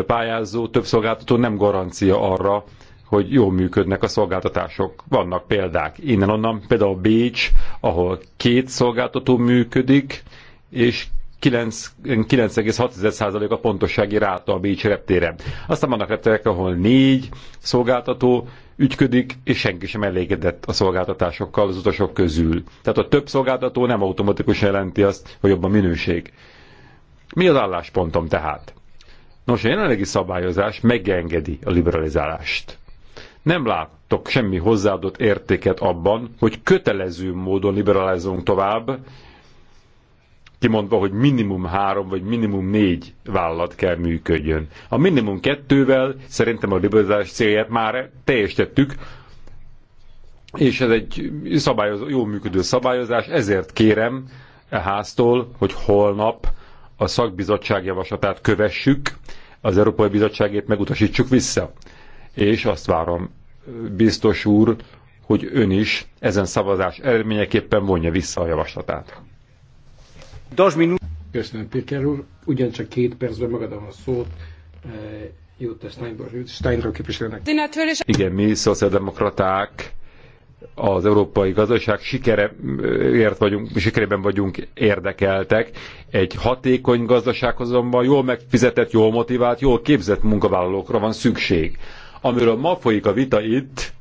pályázó, több szolgáltató nem garancia arra, hogy jól működnek a szolgáltatások. Vannak példák innen-onnan, például Bécs, ahol két szolgáltató működik, és 9,6% a pontossági ráta a Bécs reptére. Aztán vannak repterek, ahol négy szolgáltató ügyködik, és senki sem elégedett a szolgáltatásokkal az utasok közül. Tehát a több szolgáltató nem automatikusan jelenti azt, hogy jobb a minőség. Mi az álláspontom tehát? Nos, a jelenlegi szabályozás megengedi a liberalizálást nem láttok semmi hozzáadott értéket abban, hogy kötelező módon liberalizálunk tovább, kimondva, hogy minimum három vagy minimum négy vállalat kell működjön. A minimum kettővel szerintem a liberalizálás célját már teljesítettük, és ez egy szabályozó, jó működő szabályozás, ezért kérem a e háztól, hogy holnap a szakbizottság javaslatát kövessük, az Európai Bizottságét megutasítsuk vissza és azt várom, biztos úr, hogy ön is ezen szavazás eredményeképpen vonja vissza a javaslatát. Köszönöm, Péter úr. Ugyancsak két percben megadom a szót. Eh, Jutta Steinberg, képviselőnek. Igen, mi szociáldemokraták az európai gazdaság sikereért eh, vagyunk, sikerében vagyunk érdekeltek. Egy hatékony gazdasághoz azonban jól megfizetett, jól motivált, jól képzett munkavállalókra van szükség Amiről ma folyik a vita itt,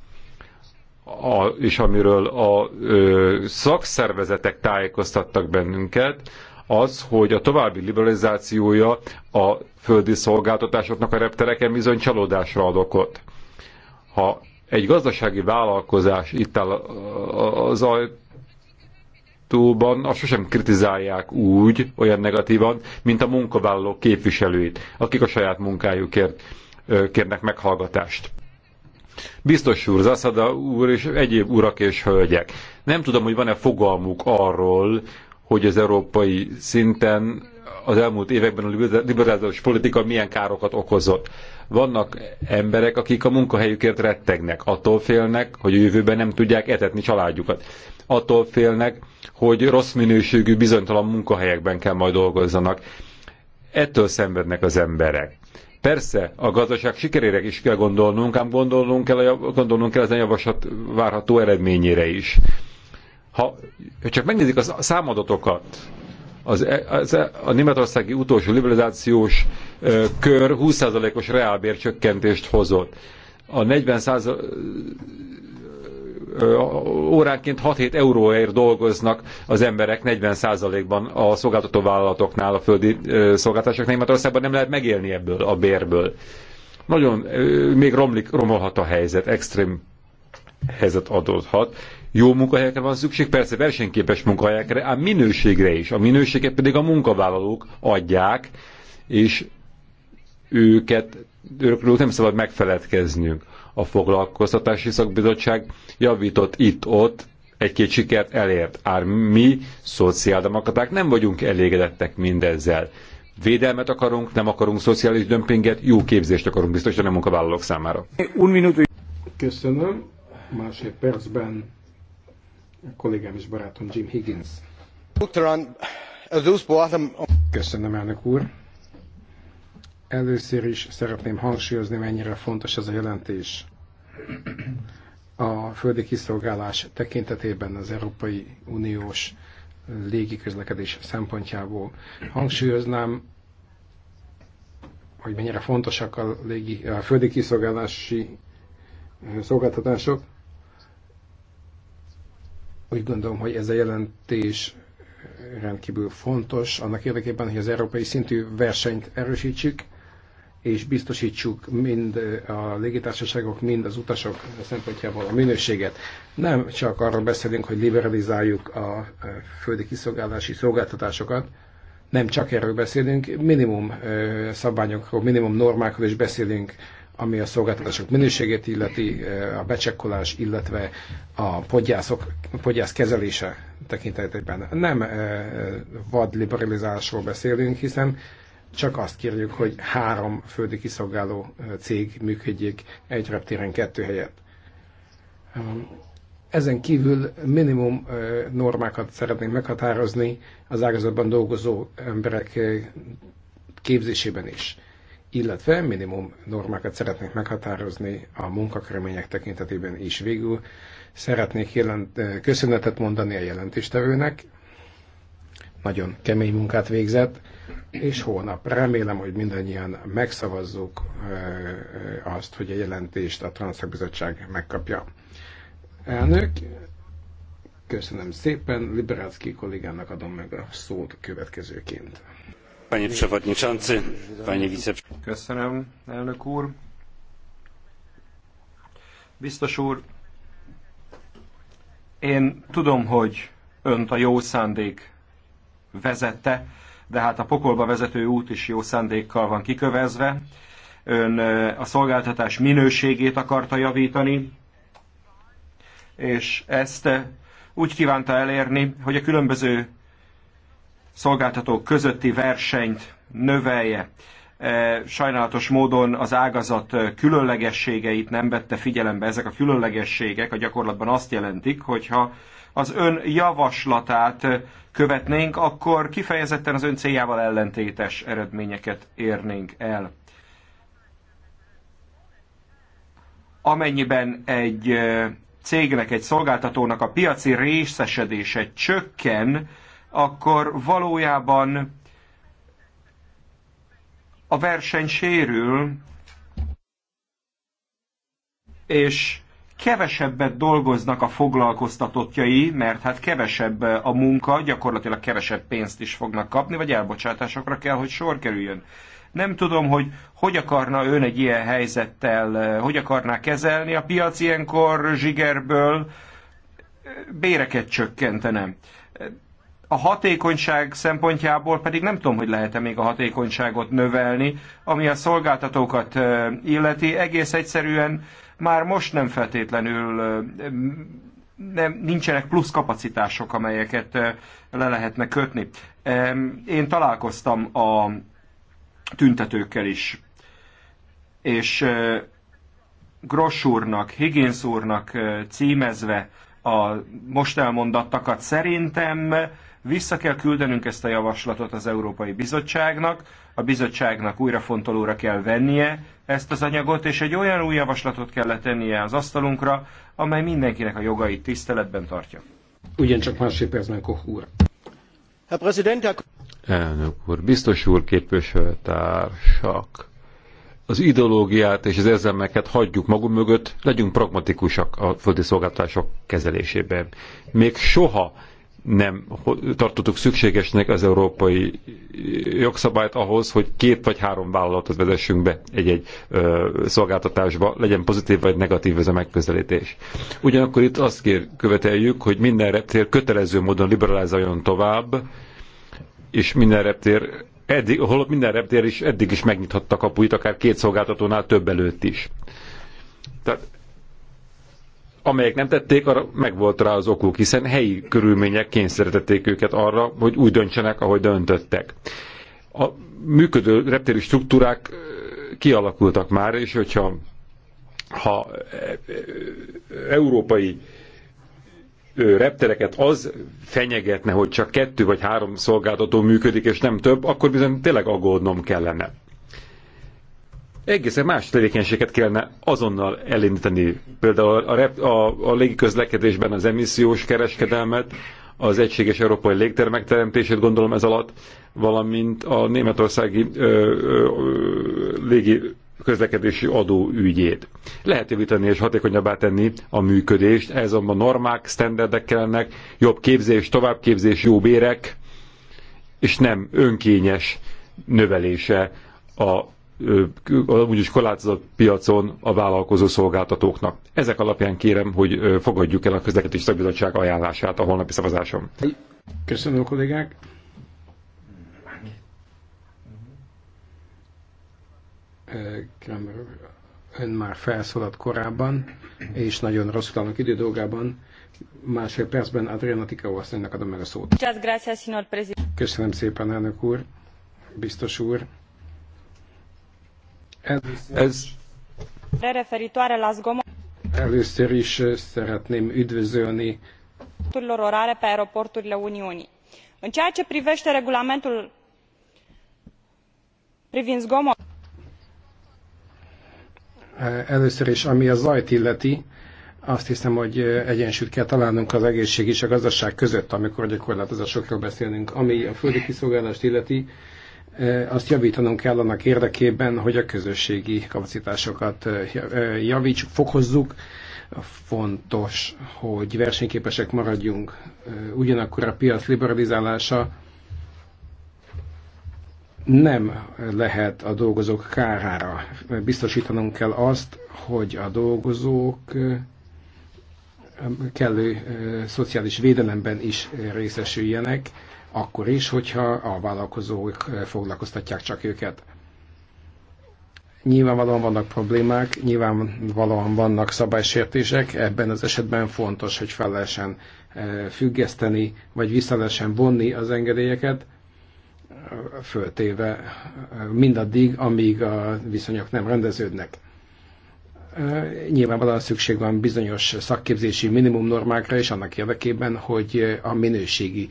a, és amiről a ö, szakszervezetek tájékoztattak bennünket, az, hogy a további liberalizációja a földi szolgáltatásoknak a reptereken bizony csalódásra ad okot. Ha egy gazdasági vállalkozás itt áll az ajtóban, azt sosem kritizálják úgy, olyan negatívan, mint a munkavállalók képviselőit, akik a saját munkájukért kérnek meghallgatást. Biztos úr, Zaszada úr és egyéb urak és hölgyek, nem tudom, hogy van-e fogalmuk arról, hogy az európai szinten az elmúlt években a liberalizációs politika milyen károkat okozott. Vannak emberek, akik a munkahelyükért rettegnek, attól félnek, hogy a jövőben nem tudják etetni családjukat. Attól félnek, hogy rossz minőségű, bizonytalan munkahelyekben kell majd dolgozzanak. Ettől szenvednek az emberek. Persze, a gazdaság sikerére is kell gondolnunk, ám gondolnunk kell, a, gondolnunk kell ezen javaslat várható eredményére is. Ha csak megnézik a számadatokat, az, e- az, e- a németországi utolsó liberalizációs ö, kör 20%-os reálbércsökkentést hozott. A 40 óránként 6-7 euróért dolgoznak az emberek 40%-ban a szolgáltató vállalatoknál, a földi szolgáltatásoknál. Németországban nem lehet megélni ebből a bérből. Nagyon még romlik, romolhat a helyzet, extrém helyzet adódhat. Jó munkahelyekre van szükség, persze versenyképes munkahelyekre, ám minőségre is. A minőséget pedig a munkavállalók adják, és őket, őkről nem szabad megfeledkeznünk a foglalkoztatási szakbizottság javított itt-ott, egy-két sikert elért. Ár mi, szociáldemokraták nem vagyunk elégedettek mindezzel. Védelmet akarunk, nem akarunk szociális dömpinget, jó képzést akarunk biztosítani a munkavállalók számára. Un minuto. Köszönöm. Másfél percben a kollégám és barátom Jim Higgins. Hát Köszönöm, elnök úr. Először is szeretném hangsúlyozni, mennyire fontos ez a jelentés. A földi kiszolgálás tekintetében az Európai Uniós légiközlekedés szempontjából hangsúlyoznám, hogy mennyire fontosak a, légi, a földi kiszolgálási szolgáltatások. Úgy gondolom, hogy ez a jelentés rendkívül fontos annak érdekében, hogy az európai szintű versenyt erősítsük, és biztosítsuk mind a légitársaságok, mind az utasok szempontjából a minőséget. Nem csak arról beszélünk, hogy liberalizáljuk a földi kiszolgálási szolgáltatásokat, nem csak erről beszélünk, minimum szabványokról, minimum normákról is beszélünk, ami a szolgáltatások minőségét illeti, a becsekkolás, illetve a podgyászok, podgyász kezelése tekintetében. Nem vad liberalizálásról beszélünk, hiszen csak azt kérjük, hogy három földi kiszolgáló cég működjék egy reptéren kettő helyett. Ezen kívül minimum normákat szeretnénk meghatározni az ágazatban dolgozó emberek képzésében is, illetve minimum normákat szeretnénk meghatározni a munkakörülmények tekintetében is. Végül szeretnék jelent, köszönetet mondani a jelentéstevőnek, nagyon kemény munkát végzett, és holnap remélem, hogy mindannyian megszavazzuk eh, eh, azt, hogy a jelentést a Transzakbizottság megkapja. Elnök, köszönöm szépen, Liberácki kollégának adom meg a szót következőként. Panie Przewodniczący, Panie Köszönöm, elnök úr. Biztos úr, én tudom, hogy önt a jó szándék vezette, de hát a pokolba vezető út is jó szándékkal van kikövezve. Ön a szolgáltatás minőségét akarta javítani, és ezt úgy kívánta elérni, hogy a különböző szolgáltatók közötti versenyt növelje. Sajnálatos módon az ágazat különlegességeit nem vette figyelembe. Ezek a különlegességek a gyakorlatban azt jelentik, hogyha az ön javaslatát követnénk, akkor kifejezetten az ön céljával ellentétes eredményeket érnénk el. Amennyiben egy cégnek, egy szolgáltatónak a piaci részesedése csökken, akkor valójában a verseny sérül, és kevesebbet dolgoznak a foglalkoztatottjai, mert hát kevesebb a munka, gyakorlatilag kevesebb pénzt is fognak kapni, vagy elbocsátásokra kell, hogy sor kerüljön. Nem tudom, hogy hogy akarna ön egy ilyen helyzettel, hogy akarná kezelni a piac ilyenkor zsigerből, béreket csökkentenem. A hatékonyság szempontjából pedig nem tudom, hogy lehet-e még a hatékonyságot növelni, ami a szolgáltatókat illeti. Egész egyszerűen már most nem feltétlenül nem, nincsenek plusz kapacitások, amelyeket le lehetne kötni. Én találkoztam a tüntetőkkel is, és Gross úrnak, Higgins úrnak címezve a most elmondattakat szerintem vissza kell küldenünk ezt a javaslatot az Európai Bizottságnak, a bizottságnak újrafontolóra kell vennie ezt az anyagot, és egy olyan új javaslatot kell letennie az asztalunkra, amely mindenkinek a jogait tiszteletben tartja. Ugyancsak másfél ez Koch úr. Herr Präsident, Elnök úr, biztos úr, képviselőtársak! Az ideológiát és az érzelmeket hagyjuk magunk mögött, legyünk pragmatikusak a földi szolgáltatások kezelésében. Még soha nem tartottuk szükségesnek az európai jogszabályt ahhoz, hogy két vagy három vállalatot vezessünk be egy-egy szolgáltatásba, legyen pozitív vagy negatív ez a megközelítés. Ugyanakkor itt azt kér, követeljük, hogy minden reptér kötelező módon liberalizáljon tovább, és minden reptér eddig, holott minden reptér is eddig is megnyithatta kapuit, akár két szolgáltatónál több előtt is. Tehát amelyek nem tették, arra megvolt rá az okuk, hiszen helyi körülmények kényszerítették őket arra, hogy úgy döntsenek, ahogy döntöttek. A működő reptéri struktúrák kialakultak már, és hogyha ha európai reptereket az fenyegetne, hogy csak kettő vagy három szolgáltató működik, és nem több, akkor bizony tényleg aggódnom kellene egészen más tevékenységet kellene azonnal elindítani. Például a, rep, a, a légiközlekedésben az emissziós kereskedelmet, az egységes európai légtér megteremtését gondolom ez alatt, valamint a németországi ö, ö, légi közlekedési adó ügyét. Lehet javítani és hatékonyabbá tenni a működést, ez a normák, sztenderdek kellenek, jobb képzés, továbbképzés, jó bérek, és nem önkényes növelése a úgyis korlátozott piacon a vállalkozó szolgáltatóknak. Ezek alapján kérem, hogy fogadjuk el a közlekedési szakbizottság ajánlását a holnapi szavazáson. Köszönöm, kollégák! ön már felszólalt korábban, és nagyon rosszul állnak idődolgában. Másfél percben Adriana Tikau azt adom meg a szót. Köszönöm szépen, elnök úr, biztos úr. Ez referitoare la zgomot. Először is eh, szeretném üdvözölni orare pe aeroporturile Uniunii. În ceea ce privește regulamentul privind zgomot. Eh, először is, ami a zajt illeti, azt hiszem, hogy eh, egyensúlyt kell találnunk az egészség és a gazdaság között, amikor sokról beszélünk. Ami a földi kiszolgálást illeti, azt javítanunk kell annak érdekében, hogy a közösségi kapacitásokat javítsuk, fokozzuk. Fontos, hogy versenyképesek maradjunk. Ugyanakkor a piac liberalizálása nem lehet a dolgozók kárára. Biztosítanunk kell azt, hogy a dolgozók kellő szociális védelemben is részesüljenek akkor is, hogyha a vállalkozók eh, foglalkoztatják csak őket. Nyilvánvalóan vannak problémák, nyilvánvalóan vannak szabálysértések, ebben az esetben fontos, hogy fel lehessen eh, függeszteni, vagy vissza lehessen vonni az engedélyeket, eh, föltéve mindaddig, amíg a viszonyok nem rendeződnek. Nyilvánvalóan szükség van bizonyos szakképzési minimum normákra, és annak érdekében, hogy a minőségi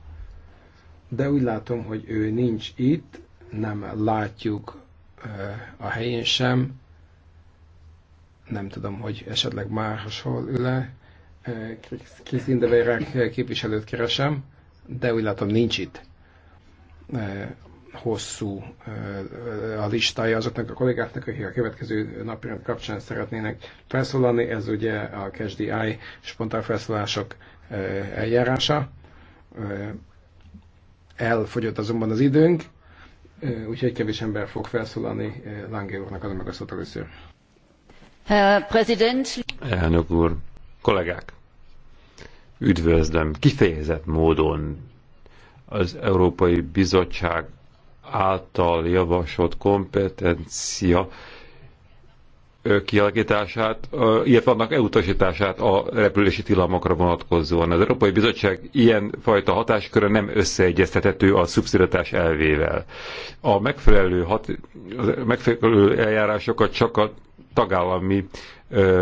de úgy látom, hogy ő nincs itt, nem látjuk a helyén sem. Nem tudom, hogy esetleg máshol ül-e. Krisztin Deveirák képviselőt keresem, de úgy látom nincs itt. Hosszú a listája azoknak a kollégáknak, akik a következő napirend kapcsán szeretnének felszólalni. Ez ugye a KSDI spontán felszólások eljárása Elfogyott azonban az időnk, úgyhogy kevés ember fog felszólalni. Lange úrnak adom meg a szót először. President. Elnök úr, kollégák, üdvözlöm kifejezett módon az Európai Bizottság által javasolt kompetencia kialakítását, illetve annak elutasítását a repülési tilalmakra vonatkozóan. Az Európai Bizottság ilyen fajta hatásköre nem összeegyeztethető a szubszidatás elvével. A megfelelő, hat, a megfelelő eljárásokat csak a tagállami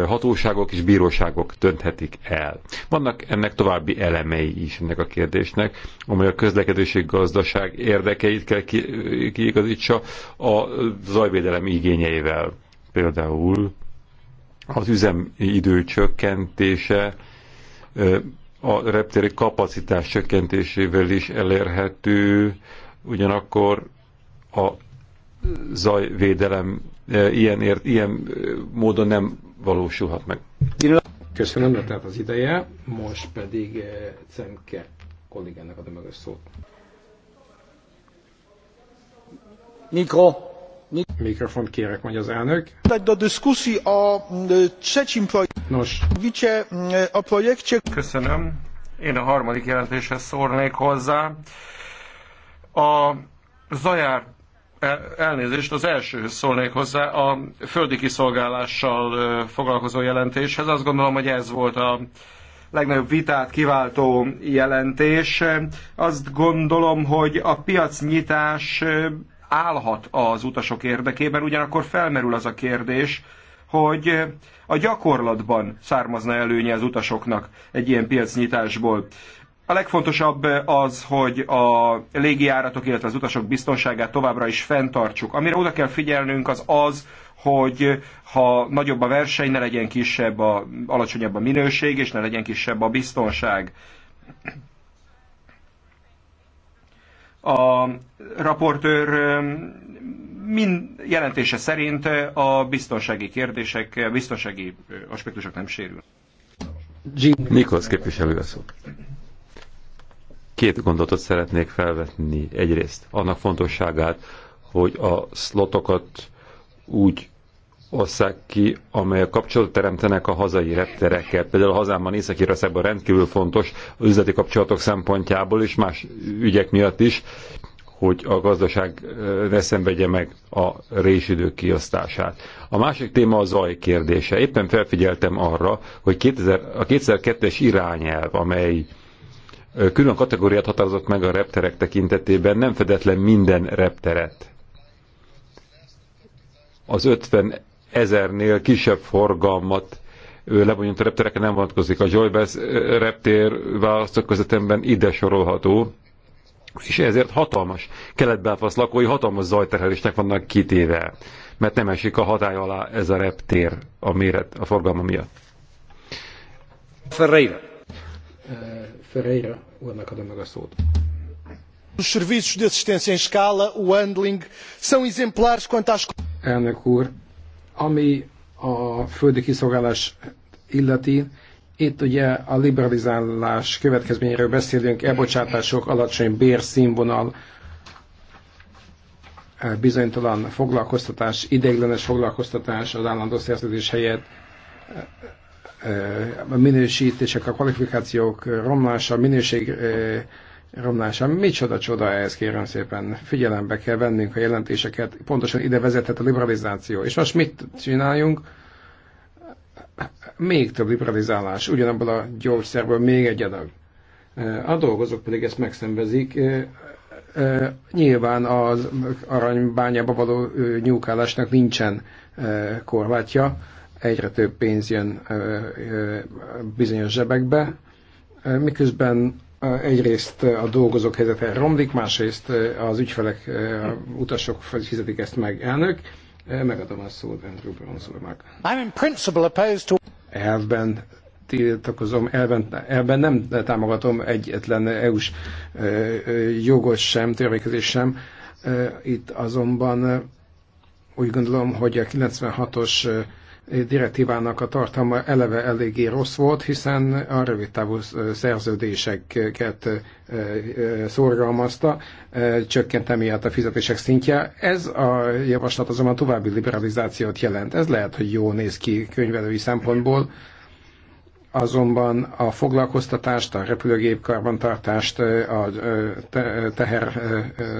hatóságok és bíróságok dönthetik el. Vannak ennek további elemei is ennek a kérdésnek, amely a közlekedési gazdaság érdekeit kell kiigazítsa a zajvédelem igényeivel. Például az üzemidő csökkentése a reptéri kapacitás csökkentésével is elérhető, ugyanakkor a zajvédelem ilyen, ért, ilyen módon nem valósulhat meg. Köszönöm, tehát az ideje, most pedig Cemke kollégának adom meg a szót. Mikro. Mikrofon kérek, mondja az elnök. Do dyskusji o trzecim Nos. o projekcie. Köszönöm. Én a harmadik jelentéshez szórnék hozzá. A Zajár elnézést, az elsőhöz szólnék hozzá, a földi kiszolgálással foglalkozó jelentéshez. Azt gondolom, hogy ez volt a legnagyobb vitát kiváltó jelentés. Azt gondolom, hogy a piacnyitás állhat az utasok érdekében, ugyanakkor felmerül az a kérdés, hogy a gyakorlatban származna előnye az utasoknak egy ilyen piacnyitásból. A legfontosabb az, hogy a légijáratok, illetve az utasok biztonságát továbbra is fenntartsuk. Amire oda kell figyelnünk az az, hogy ha nagyobb a verseny, ne legyen kisebb a, alacsonyabb a minőség, és ne legyen kisebb a biztonság. A raportőr mind jelentése szerint a biztonsági kérdések, a biztonsági aspektusok nem sérül. Mikosz képviselő a szó. Két gondotot szeretnék felvetni. Egyrészt annak fontosságát, hogy a szlotokat úgy osszák ki, a kapcsolatot teremtenek a hazai repterekkel. Például a hazámban, északi országban rendkívül fontos az üzleti kapcsolatok szempontjából és más ügyek miatt is, hogy a gazdaság ne szenvedje meg a résidők kiosztását. A másik téma a zaj kérdése. Éppen felfigyeltem arra, hogy 2000, a 2002-es irányelv, amely külön kategóriát határozott meg a repterek tekintetében, nem fedetlen minden repteret. Az 50 ezernél kisebb forgalmat lebonyolító reptereken nem vonatkozik. A Joybass reptér választott közvetemben ide sorolható, és ezért hatalmas kelet lakói hatalmas zajterhelésnek vannak kitéve, mert nem esik a hatály alá ez a reptér a méret, a forgalma miatt. Ferreira. Ferreira úrnak adom meg a szót. Os serviços de assistência em escala, o handling, são exemplares quanto às... Elnök úr, ami a földi kiszolgálás illeti, itt ugye a liberalizálás következményéről beszélünk, elbocsátások, alacsony bérszínvonal, bizonytalan foglalkoztatás, ideiglenes foglalkoztatás az állandó szerződés helyett, a minősítések, a kvalifikációk romlása, minőség romlása. Micsoda csoda ez, kérem szépen. Figyelembe kell vennünk a jelentéseket. Pontosan ide vezethet a liberalizáció. És most mit csináljunk? Még több liberalizálás. Ugyanabból a gyógyszerből még egy adag. A dolgozók pedig ezt megszenvezik. Nyilván az aranybányába való nyúkálásnak nincsen korlátja. Egyre több pénz jön bizonyos zsebekbe, miközben egyrészt a dolgozók helyzete romlik, másrészt az ügyfelek, utasok fizetik ezt meg elnök. Megadom a szót Andrew Brunzulnak. I'm in principle opposed to... Elvben tiltakozom, elben, elben nem támogatom egyetlen EU-s jogos sem, törvénykezés sem. Itt azonban úgy gondolom, hogy a 96-os direktívának a tartalma eleve eléggé rossz volt, hiszen a távú szerződéseket szorgalmazta, csökkent emiatt a fizetések szintje. Ez a javaslat azonban további liberalizációt jelent. Ez lehet, hogy jó néz ki könyvelői szempontból, azonban a foglalkoztatást, a repülőgép karbantartást, a teher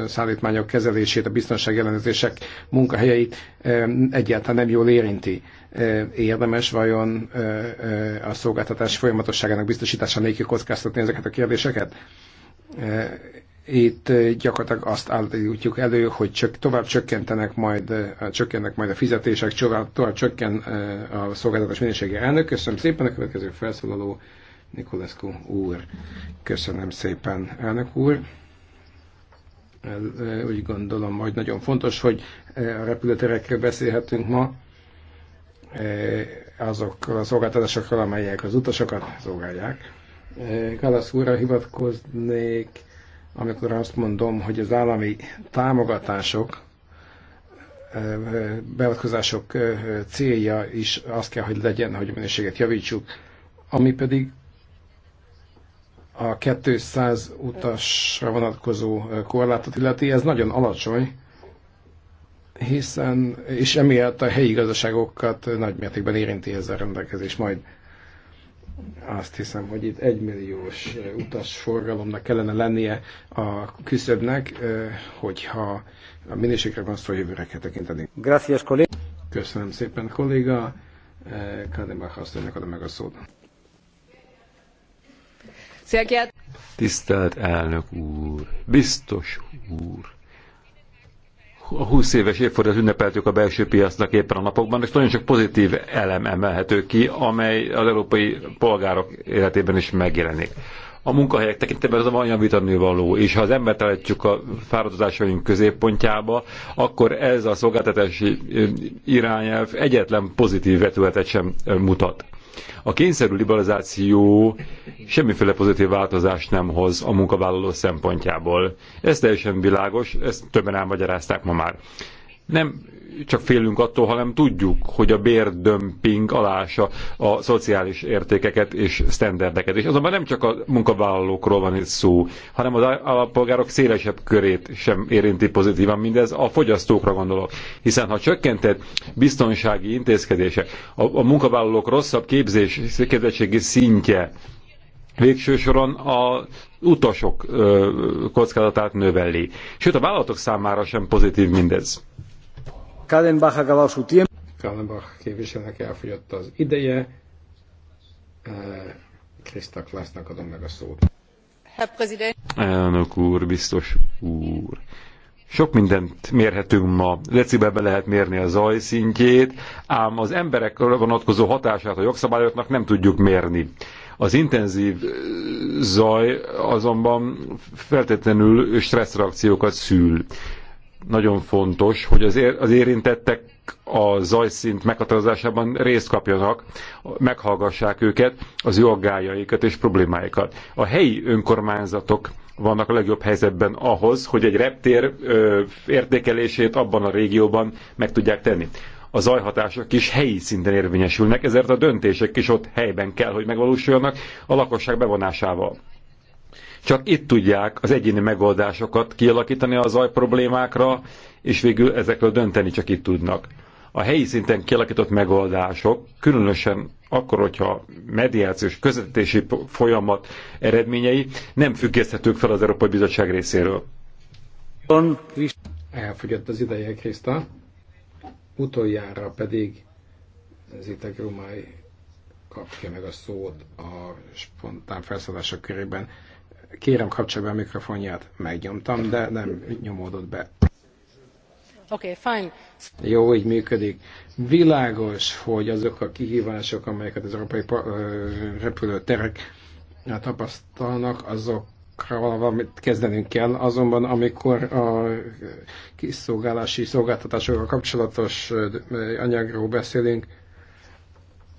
szállítmányok kezelését, a biztonság ellenőrzések munkahelyeit egyáltalán nem jól érinti érdemes vajon a szolgáltatás folyamatosságának biztosítása nélkül kockáztatni ezeket a kérdéseket? Itt gyakorlatilag azt állítjuk elő, hogy csak tovább csökkentenek majd, csökkennek majd a fizetések, tovább, csökken a szolgáltatás minősége. Elnök, köszönöm szépen a következő felszólaló Nikolescu úr. Köszönöm szépen, elnök úr úgy gondolom, hogy nagyon fontos, hogy a repülőterekről beszélhetünk ma. E, azokkal a szolgáltatásokkal, amelyek az utasokat szolgálják. E, Kalasz úrra hivatkoznék, amikor azt mondom, hogy az állami támogatások, e, beavatkozások célja is az kell, hogy legyen, hogy a minőséget javítsuk, ami pedig a 200 utasra vonatkozó korlátot illeti, ez nagyon alacsony, hiszen, és emiatt a helyi gazdaságokat nagymértékben érinti ez a rendelkezés majd. Azt hiszem, hogy itt egymilliós utasforgalomnak kellene lennie a küszöbnek, hogyha a minőségre van szó, jövőre kell tekinteni. Gracias, kolléga. Köszönöm szépen, kolléga. Kademach asszonynak adom meg a szót. Tisztelt elnök úr, biztos úr, a 20 éves évfordulat ünnepeltük a belső piacnak éppen a napokban, és nagyon sok pozitív elem emelhető ki, amely az európai polgárok életében is megjelenik. A munkahelyek tekintetében az olyan vitani való, és ha az embert állítjuk a fáradozásaink középpontjába, akkor ez a szolgáltatási irányelv egyetlen pozitív vetületet sem mutat. A kényszerű liberalizáció semmiféle pozitív változást nem hoz a munkavállaló szempontjából. Ez teljesen világos, ezt többen elmagyarázták ma már. Nem csak félünk attól, hanem tudjuk, hogy a bérdömping alása a szociális értékeket és sztenderdeket. És azonban nem csak a munkavállalókról van itt szó, hanem az állampolgárok szélesebb körét sem érinti pozitívan mindez, a fogyasztókra gondolok. Hiszen ha csökkentett biztonsági intézkedések, a, a munkavállalók rosszabb képzés, képzettségi szintje, végső soron a utasok kockázatát növeli. Sőt, a vállalatok számára sem pozitív mindez. Kallenbach ha acabado su tiempo. Kallenbach képviselőnek elfogyott az ideje. Eh, Krista Klásznak adom meg a szót. Herr Präsident. Elnök úr, biztos úr. Sok mindent mérhetünk ma. be lehet mérni a zajszintjét, ám az emberekre vonatkozó hatását a jogszabályoknak nem tudjuk mérni. Az intenzív eh, zaj azonban feltétlenül stresszreakciókat szül nagyon fontos, hogy az, ér, az érintettek a zajszint meghatározásában részt kapjanak, meghallgassák őket, az ő aggájaikat és problémáikat. A helyi önkormányzatok vannak a legjobb helyzetben ahhoz, hogy egy reptér ö, értékelését abban a régióban meg tudják tenni. A zajhatások is helyi szinten érvényesülnek, ezért a döntések is ott helyben kell, hogy megvalósuljanak a lakosság bevonásával. Csak itt tudják az egyéni megoldásokat kialakítani a zaj problémákra, és végül ezekről dönteni csak itt tudnak. A helyi szinten kialakított megoldások, különösen akkor, hogyha mediációs közvetítési folyamat eredményei nem függeszthetők fel az Európai Bizottság részéről. Elfogyott az ideje, Kriszta. Utoljára pedig Zitek Rumai kapja meg a szót a spontán felszállások körében. Kérem, kapcsolja be a mikrofonját. Megnyomtam, de nem nyomódott be. Okay, fine. Jó, így működik. Világos, hogy azok a kihívások, amelyeket az európai repülőterek tapasztalnak, azok valamit kezdenünk kell, azonban amikor a kiszolgálási szolgáltatásokkal kapcsolatos anyagról beszélünk,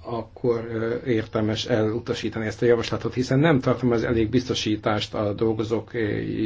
akkor értelmes elutasítani ezt a javaslatot, hiszen nem tartom az elég biztosítást a dolgozók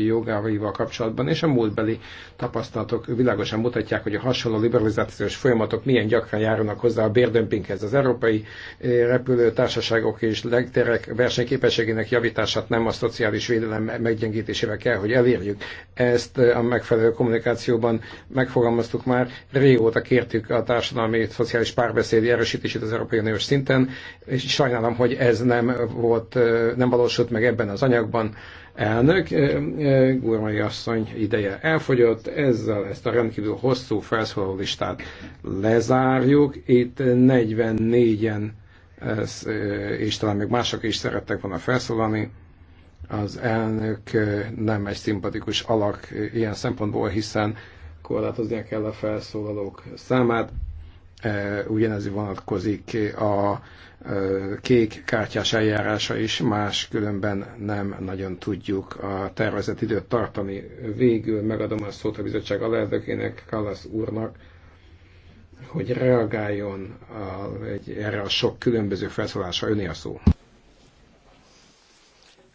jogával kapcsolatban, és a múltbeli tapasztalatok világosan mutatják, hogy a hasonló liberalizációs folyamatok milyen gyakran járnak hozzá a bérdömpinghez. Az európai repülőtársaságok és legterek versenyképességének javítását nem a szociális védelem meggyengítésével kell, hogy elérjük. Ezt a megfelelő kommunikációban megfogalmaztuk már, régóta kértük a társadalmi szociális párbeszéd erősítését az Európai Uniós szinten, és sajnálom, hogy ez nem volt, nem valósult meg ebben az anyagban. Elnök, Gurmai asszony ideje elfogyott, ezzel ezt a rendkívül hosszú felszóló listát lezárjuk. Itt 44-en, és talán még mások is szerettek volna felszólalni, az elnök nem egy szimpatikus alak ilyen szempontból, hiszen korlátoznia kell a felszólalók számát ugyanez vonatkozik a kék kártyás eljárása is, más különben nem nagyon tudjuk a tervezett időt tartani. Végül megadom a szót a bizottság alelnökének, Kallasz úrnak, hogy reagáljon a, egy, erre a sok különböző felszólásra. Öné a szó.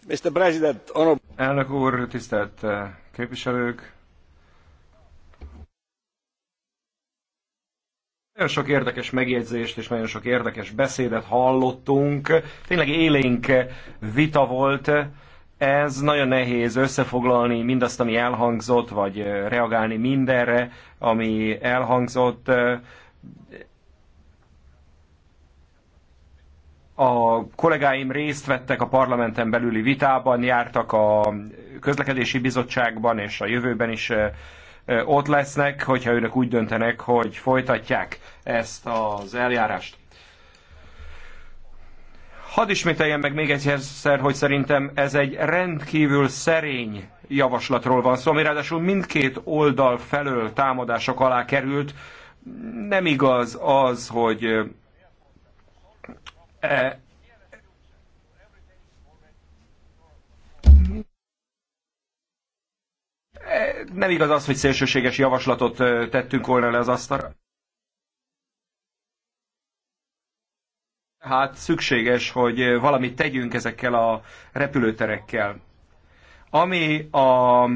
Mr. President, honorable... Elnök úr, tisztelt képviselők, Nagyon sok érdekes megjegyzést és nagyon sok érdekes beszédet hallottunk. Tényleg élénk vita volt. Ez nagyon nehéz összefoglalni mindazt, ami elhangzott, vagy reagálni mindenre, ami elhangzott. a kollégáim részt vettek a parlamenten belüli vitában, jártak a közlekedési bizottságban, és a jövőben is ott lesznek, hogyha önök úgy döntenek, hogy folytatják ezt az eljárást. Hadd ismételjem meg még egyszer, hogy szerintem ez egy rendkívül szerény javaslatról van szó, ami ráadásul mindkét oldal felől támadások alá került. Nem igaz az, hogy e, nem igaz az, hogy szélsőséges javaslatot tettünk volna le az asztalra. Hát szükséges, hogy valamit tegyünk ezekkel a repülőterekkel. Ami a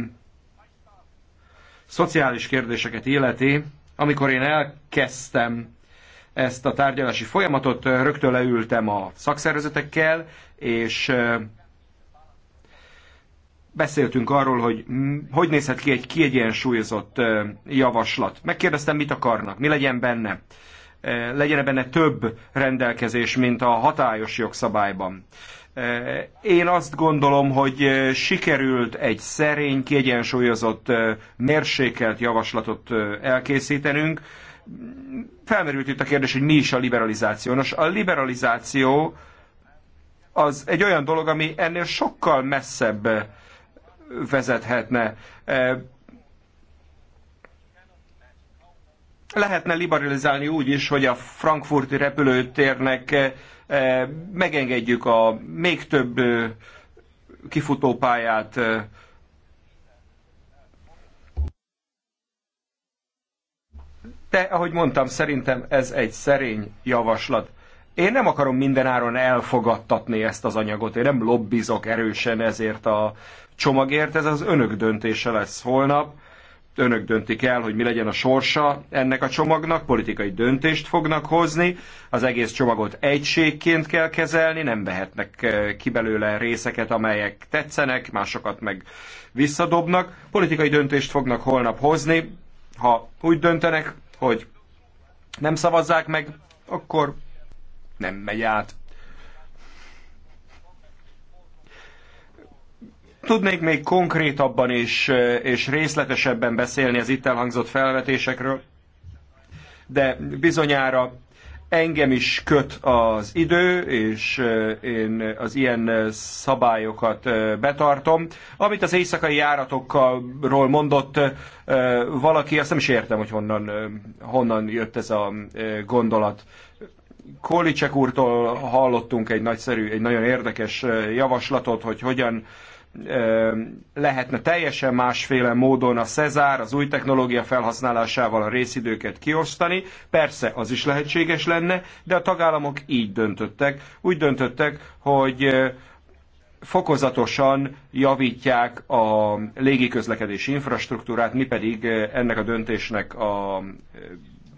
szociális kérdéseket illeti, amikor én elkezdtem ezt a tárgyalási folyamatot, rögtön leültem a szakszervezetekkel, és beszéltünk arról, hogy hogy nézhet ki egy kiegyensúlyozott javaslat. Megkérdeztem, mit akarnak, mi legyen benne. Legyen -e benne több rendelkezés, mint a hatályos jogszabályban. Én azt gondolom, hogy sikerült egy szerény, kiegyensúlyozott, mérsékelt javaslatot elkészítenünk. Felmerült itt a kérdés, hogy mi is a liberalizáció. Nos, a liberalizáció az egy olyan dolog, ami ennél sokkal messzebb vezethetne. E, lehetne liberalizálni úgy is, hogy a frankfurti repülőtérnek e, e, megengedjük a még több kifutópályát, De, ahogy mondtam, szerintem ez egy szerény javaslat. Én nem akarom mindenáron elfogadtatni ezt az anyagot, én nem lobbizok erősen ezért a csomagért, ez az önök döntése lesz holnap. Önök döntik el, hogy mi legyen a sorsa ennek a csomagnak, politikai döntést fognak hozni, az egész csomagot egységként kell kezelni, nem vehetnek eh, ki belőle részeket, amelyek tetszenek, másokat meg visszadobnak. Politikai döntést fognak holnap hozni, ha úgy döntenek, hogy nem szavazzák meg, akkor nem megy át. Tudnék még konkrétabban és, és részletesebben beszélni az itt elhangzott felvetésekről, de bizonyára engem is köt az idő, és én az ilyen szabályokat betartom. Amit az éjszakai járatokról mondott valaki, azt nem is értem, hogy honnan, honnan jött ez a gondolat. Kolicek úrtól hallottunk egy nagyszerű, egy nagyon érdekes javaslatot, hogy hogyan lehetne teljesen másféle módon a Cezár, az új technológia felhasználásával a részidőket kiosztani. Persze az is lehetséges lenne, de a tagállamok így döntöttek. Úgy döntöttek, hogy fokozatosan javítják a légiközlekedési infrastruktúrát, mi pedig ennek a döntésnek a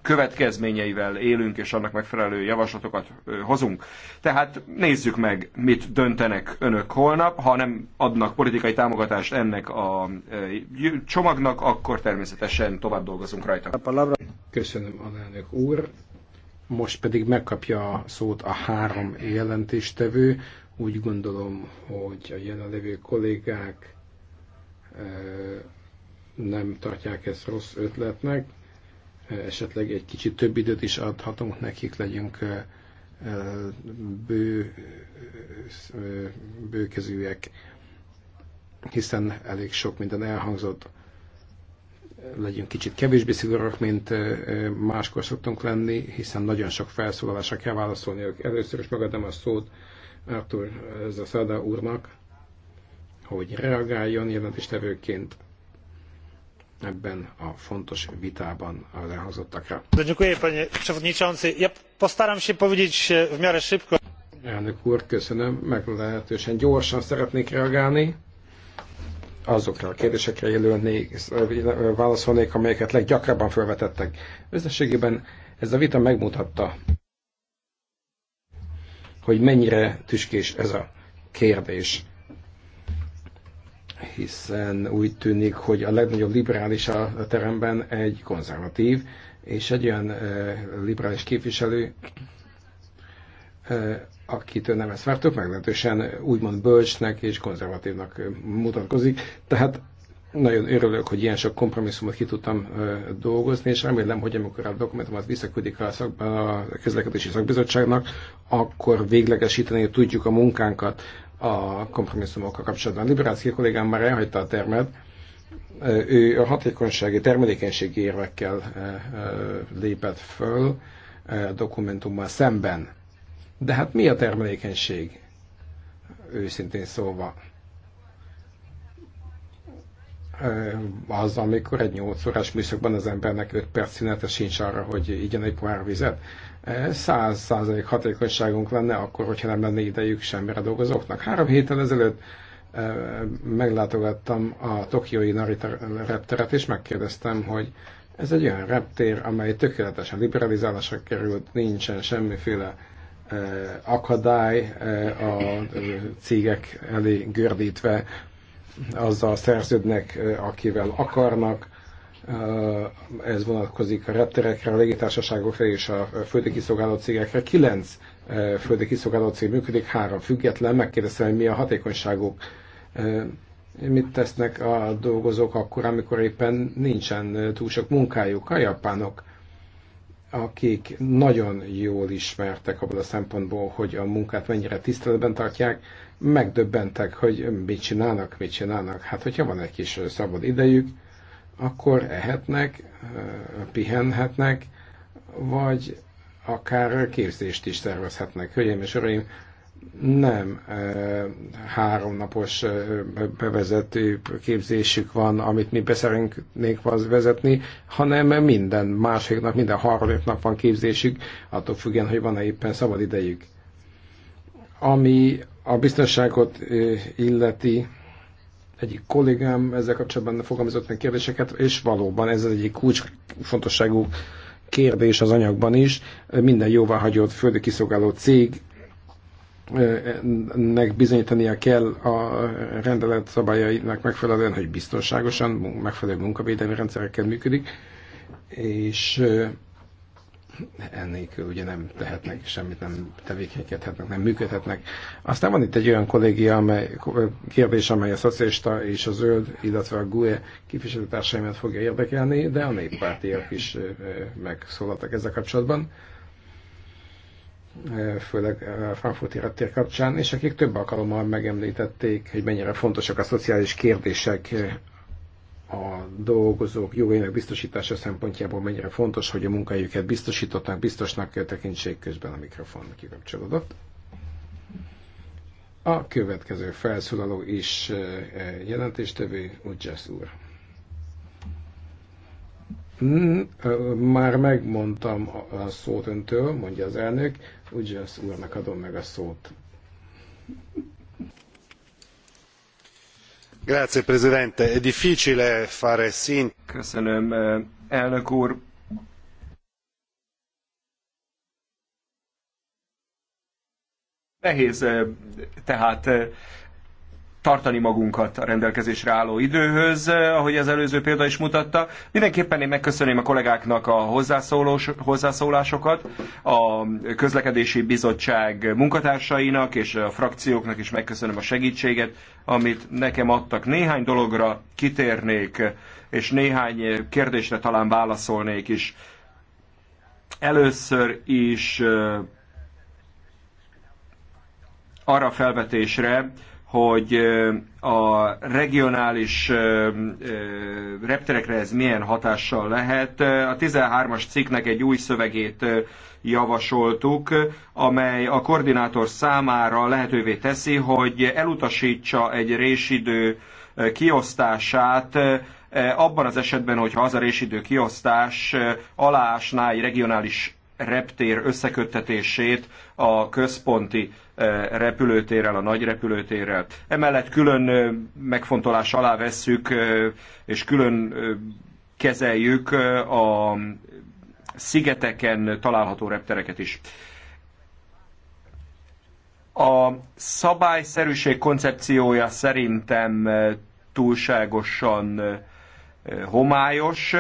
következményeivel élünk, és annak megfelelő javaslatokat hozunk. Tehát nézzük meg, mit döntenek önök holnap. Ha nem adnak politikai támogatást ennek a csomagnak, akkor természetesen tovább dolgozunk rajta. Köszönöm, alelnök úr. Most pedig megkapja a szót a három jelentéstevő. Úgy gondolom, hogy a jelenlevő kollégák nem tartják ezt rossz ötletnek esetleg egy kicsit több időt is adhatunk nekik, legyünk bő, bőkezűek, hiszen elég sok minden elhangzott. Legyünk kicsit kevésbé szigorúak, mint máskor szoktunk lenni, hiszen nagyon sok felszólalásra kell válaszolni. Először is megadom a szót Artur Zasada úrnak, hogy reagáljon jelentéstevőként ebben a fontos vitában az elhangzottakra. E, Elnök úr, köszönöm, meglehetősen gyorsan szeretnék reagálni azokra a kérdésekre jelölnék, e, e, válaszolnék, amelyeket leggyakrabban felvetettek. Összességében ez a vita megmutatta, hogy mennyire tüskés ez a kérdés hiszen úgy tűnik, hogy a legnagyobb liberális a teremben egy konzervatív, és egy olyan liberális képviselő, akitől nem ezt vártok, meglehetősen úgymond bölcsnek és konzervatívnak mutatkozik. Tehát nagyon örülök, hogy ilyen sok kompromisszumot ki tudtam dolgozni, és remélem, hogy amikor a dokumentumot visszaküldik a, szak, a közlekedési szakbizottságnak, akkor véglegesíteni tudjuk a munkánkat a kompromisszumokkal kapcsolatban. Liberácki kollégám már elhagyta a termet, ő a hatékonysági, termelékenységi érvekkel lépett föl a dokumentummal szemben. De hát mi a termelékenység? Őszintén szólva. Az, amikor egy 8 órás műszakban az embernek 5 perc szünete sincs arra, hogy igyen egy pohár vizet száz százalék hatékonyságunk lenne, akkor, hogyha nem lenne idejük semmire dolgozóknak. Három héttel ezelőtt meglátogattam a tokiói Narita repteret, és megkérdeztem, hogy ez egy olyan reptér, amely tökéletesen liberalizálásra került, nincsen semmiféle akadály a cégek elé gördítve, azzal szerződnek, akivel akarnak, Eh, ez vonatkozik a repterekre, a légitársaságokra és a földi kiszolgáló cégekre. Kilenc eh, földi kiszolgáló cég működik, három független. Megkérdeztem, hogy mi a hatékonyságuk, eh, mit tesznek a dolgozók akkor, amikor éppen nincsen túl sok munkájuk. A japánok, akik nagyon jól ismertek abban a szempontból, hogy a munkát mennyire tiszteletben tartják, megdöbbentek, hogy mit csinálnak, mit csinálnak. Hát, hogyha van egy kis szabad idejük, akkor ehetnek, pihenhetnek, vagy akár képzést is szervezhetnek. Hölgyeim és uraim, nem háromnapos bevezető képzésük van, amit mi beszeretnénk vezetni, hanem minden második nap, minden harmadik nap van képzésük, attól függően, hogy van-e éppen szabad idejük. Ami a biztonságot illeti, egyik kollégám ezzel kapcsolatban fogalmazott meg kérdéseket, és valóban ez az egyik kulcsfontosságú kérdés az anyagban is. Minden hagyott földi kiszolgáló cég eh, nek bizonyítania kell a rendelet szabályainak megfelelően, hogy biztonságosan, megfelelő munkavédelmi rendszerekkel működik, és eh, ennélkül ugye nem tehetnek semmit, nem tevékenykedhetnek, nem működhetnek. Aztán van itt egy olyan kollégia, amely, kérdés, amely a szocialista és a zöld, illetve a GUE képviselőtársaimat fogja érdekelni, de a néppártiak is megszólaltak ezzel kapcsolatban főleg a frankfurti Rettér kapcsán, és akik több alkalommal megemlítették, hogy mennyire fontosak a szociális kérdések a dolgozók jogainak biztosítása szempontjából mennyire fontos, hogy a munkájukat biztosítottnak, biztosnak tekintsék közben a mikrofon kikapcsolódott. A következő felszólaló is e, jelentéstevő, Ugyász úr. Hmm, már megmondtam a szót öntől, mondja az elnök, Ugyász úrnak adom meg a szót. Grazie, Presidente. È difficile fare Köszönöm, eh, elnök úr. Nehéz eh, tehát eh, tartani magunkat a rendelkezésre álló időhöz, eh, ahogy az előző példa is mutatta. Mindenképpen én megköszönném a kollégáknak a hozzászólós, hozzászólásokat, a közlekedési bizottság munkatársainak és a frakcióknak is megköszönöm a segítséget, amit nekem adtak. Néhány dologra kitérnék, és néhány kérdésre talán válaszolnék is. Először is eh, arra felvetésre, hogy a regionális repterekre ez milyen hatással lehet. A 13-as cikknek egy új szövegét javasoltuk, amely a koordinátor számára lehetővé teszi, hogy elutasítsa egy résidő kiosztását abban az esetben, hogyha az a résidő kiosztás aláásná egy regionális reptér összeköttetését a központi repülőtérrel, a nagy repülőtérrel. Emellett külön megfontolás alá vesszük, és külön kezeljük a szigeteken található reptereket is. A szabályszerűség koncepciója szerintem túlságosan homályos.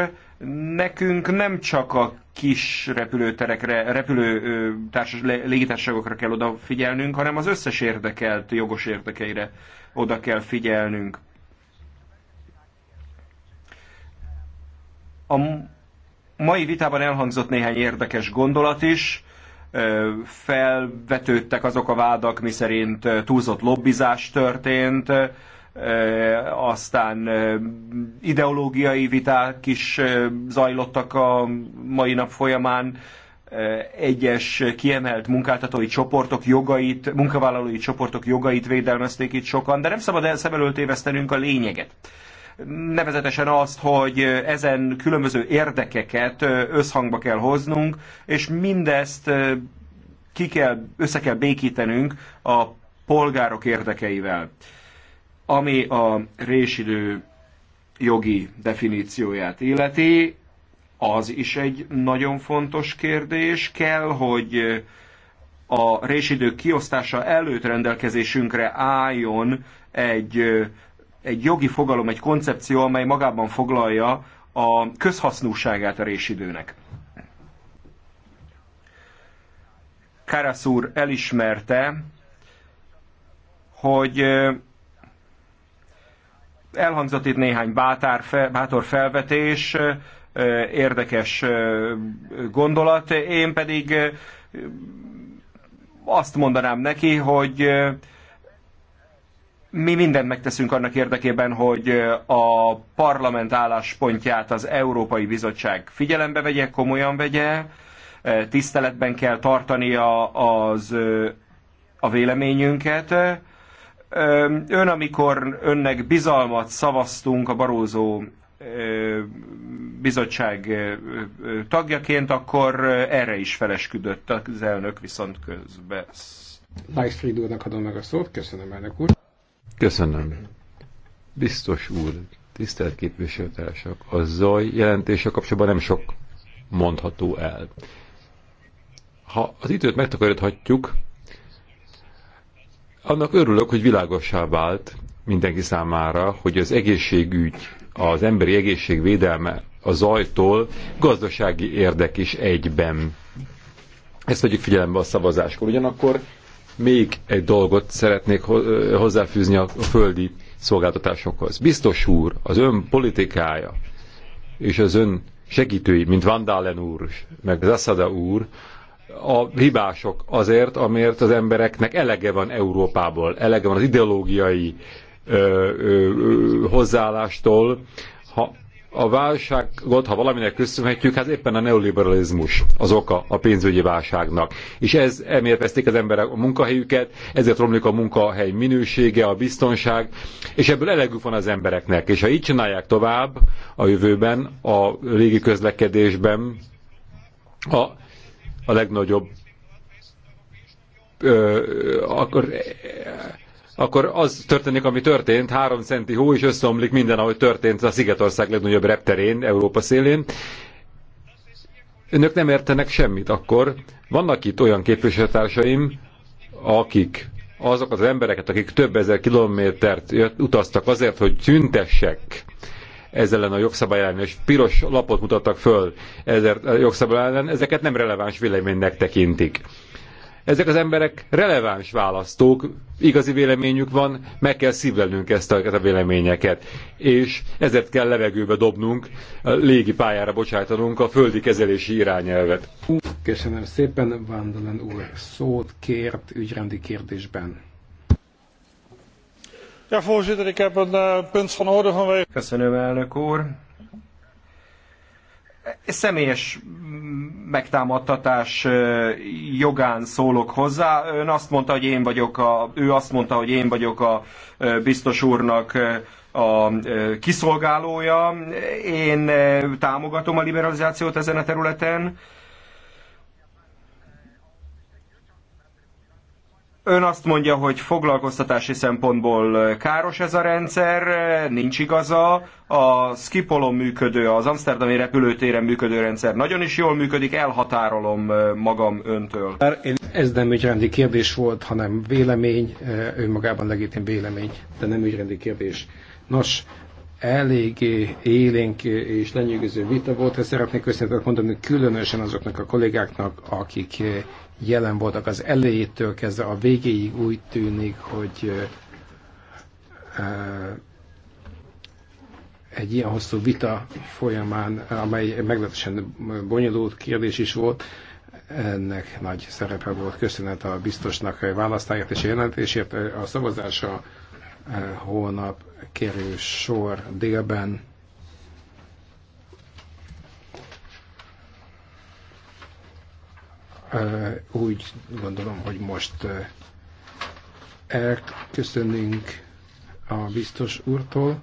Nekünk nem csak a kis repülőterekre, repülő társas, légitársaságokra kell odafigyelnünk, hanem az összes érdekelt jogos érdekeire oda kell figyelnünk. A mai vitában elhangzott néhány érdekes gondolat is, felvetődtek azok a vádak, miszerint túlzott lobbizás történt, Eh, aztán eh, ideológiai viták is eh, zajlottak a mai nap folyamán, egyes kiemelt munkáltatói csoportok jogait, munkavállalói csoportok jogait védelmezték itt sokan, de nem szabad szem előtt évesztenünk a lényeget nevezetesen azt, hogy ezen különböző érdekeket összhangba kell hoznunk, és mindezt ki kell, össze kell békítenünk a polgárok érdekeivel. Ami a résidő jogi definícióját illeti, az is egy nagyon fontos kérdés. Kell, hogy a résidő kiosztása előtt rendelkezésünkre álljon egy, egy jogi fogalom, egy koncepció, amely magában foglalja a közhasznúságát a résidőnek. Karasz úr elismerte, hogy Elhangzott itt néhány bátár, bátor felvetés, érdekes gondolat. Én pedig azt mondanám neki, hogy mi mindent megteszünk annak érdekében, hogy a parlament álláspontját az Európai Bizottság figyelembe vegye, komolyan vegye, tiszteletben kell tartania az, a véleményünket, Ön, amikor önnek bizalmat szavaztunk a Barózó bizottság tagjaként, akkor erre is felesküdött az elnök viszont közben. Lightfried úrnak adom meg a szót. Köszönöm, elnök úr. Köszönöm. Biztos úr, tisztelt képviselőtársak, a zaj jelentése kapcsolatban nem sok mondható el. Ha az időt megtakaríthatjuk, annak örülök, hogy világossá vált mindenki számára, hogy az egészségügy, az emberi egészség védelme a zajtól gazdasági érdek is egyben. Ezt vegyük figyelembe a szavazáskor. Ugyanakkor még egy dolgot szeretnék hozzáfűzni a földi szolgáltatásokhoz. Biztos úr, az ön politikája és az ön segítői, mint vandalen úr, meg Zasada úr, a hibások azért, amiért az embereknek elege van Európából, elege van az ideológiai ö, ö, ö, hozzáállástól. Ha a válságot, ha valaminek köszönhetjük, hát éppen a neoliberalizmus az oka a pénzügyi válságnak. És ez emiatt veszték az emberek a munkahelyüket, ezért romlik a munkahely minősége, a biztonság, és ebből elegük van az embereknek. És ha így csinálják tovább a jövőben, a régi közlekedésben, a a legnagyobb, ö, akkor, akkor az történik, ami történt, három centi hó, és összeomlik minden, ahogy történt a Szigetország legnagyobb repterén, Európa szélén. Önök nem értenek semmit akkor. Vannak itt olyan képviselőtársaim, akik azok az embereket, akik több ezer kilométert utaztak azért, hogy tüntessek, ezzel ellen a jogszabály ellen, és piros lapot mutattak föl ezért a jogszabály ellen, ezeket nem releváns véleménynek tekintik. Ezek az emberek releváns választók, igazi véleményük van, meg kell szívlenünk ezt a, a véleményeket. És ezért kell levegőbe dobnunk, légi pályára bocsájtanunk a földi kezelési irányelvet. Köszönöm szépen, Vandalen úr szót kért ügyrendi kérdésben voorzitter ik heb een eh, punt van orde vanwege. köszönöm elnök úr személyes megtámadtatás eh, jogán szólok hozzá. Ön azt mondta, hogy én vagyok a, ő azt mondta, hogy én vagyok a eh, biztos úrnak a kiszolgálója. Én támogatom a liberalizációt ezen a területen Ön azt mondja, hogy foglalkoztatási szempontból káros ez a rendszer, nincs igaza. A Skipolon működő, az Amsterdami repülőtéren működő rendszer nagyon is jól működik, elhatárolom eh, magam öntől. Ez nem ügyrendi kérdés volt, hanem vélemény, eh, önmagában legitim vélemény, de nem ügyrendi kérdés. Nos, elég élénk és lenyűgöző vita volt, ezt szeretnék köszönetet mondani különösen azoknak a kollégáknak, akik eh, jelen voltak az elejétől kezdve a végéig úgy tűnik, hogy egy ilyen hosszú vita folyamán, amely meglehetősen bonyolult kérdés is volt, ennek nagy szerepe volt. Köszönet a biztosnak választáját és jelentésért. A szavazása holnap kerül sor délben. Úgy gondolom, hogy most elköszönünk a biztos úrtól,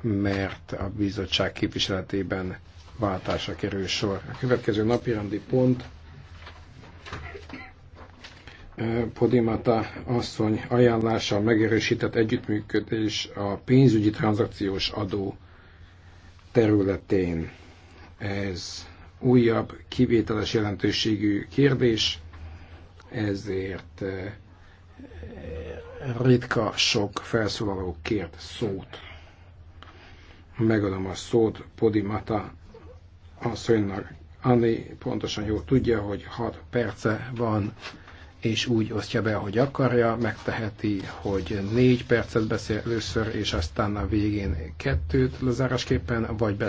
mert a bizottság képviseletében váltásra kerül sor. A következő napirendi pont Podimata asszony ajánlása megerősített együttműködés a pénzügyi tranzakciós adó területén. Ez újabb kivételes jelentőségű kérdés, ezért eh, ritka sok felszólaló kért szót. Megadom a szót Podimata asszonynak. Anni pontosan jól tudja, hogy 6 perce van, és úgy osztja be, ahogy akarja, megteheti, hogy 4 percet beszél először, és aztán a végén kettőt lezárásképpen, vagy be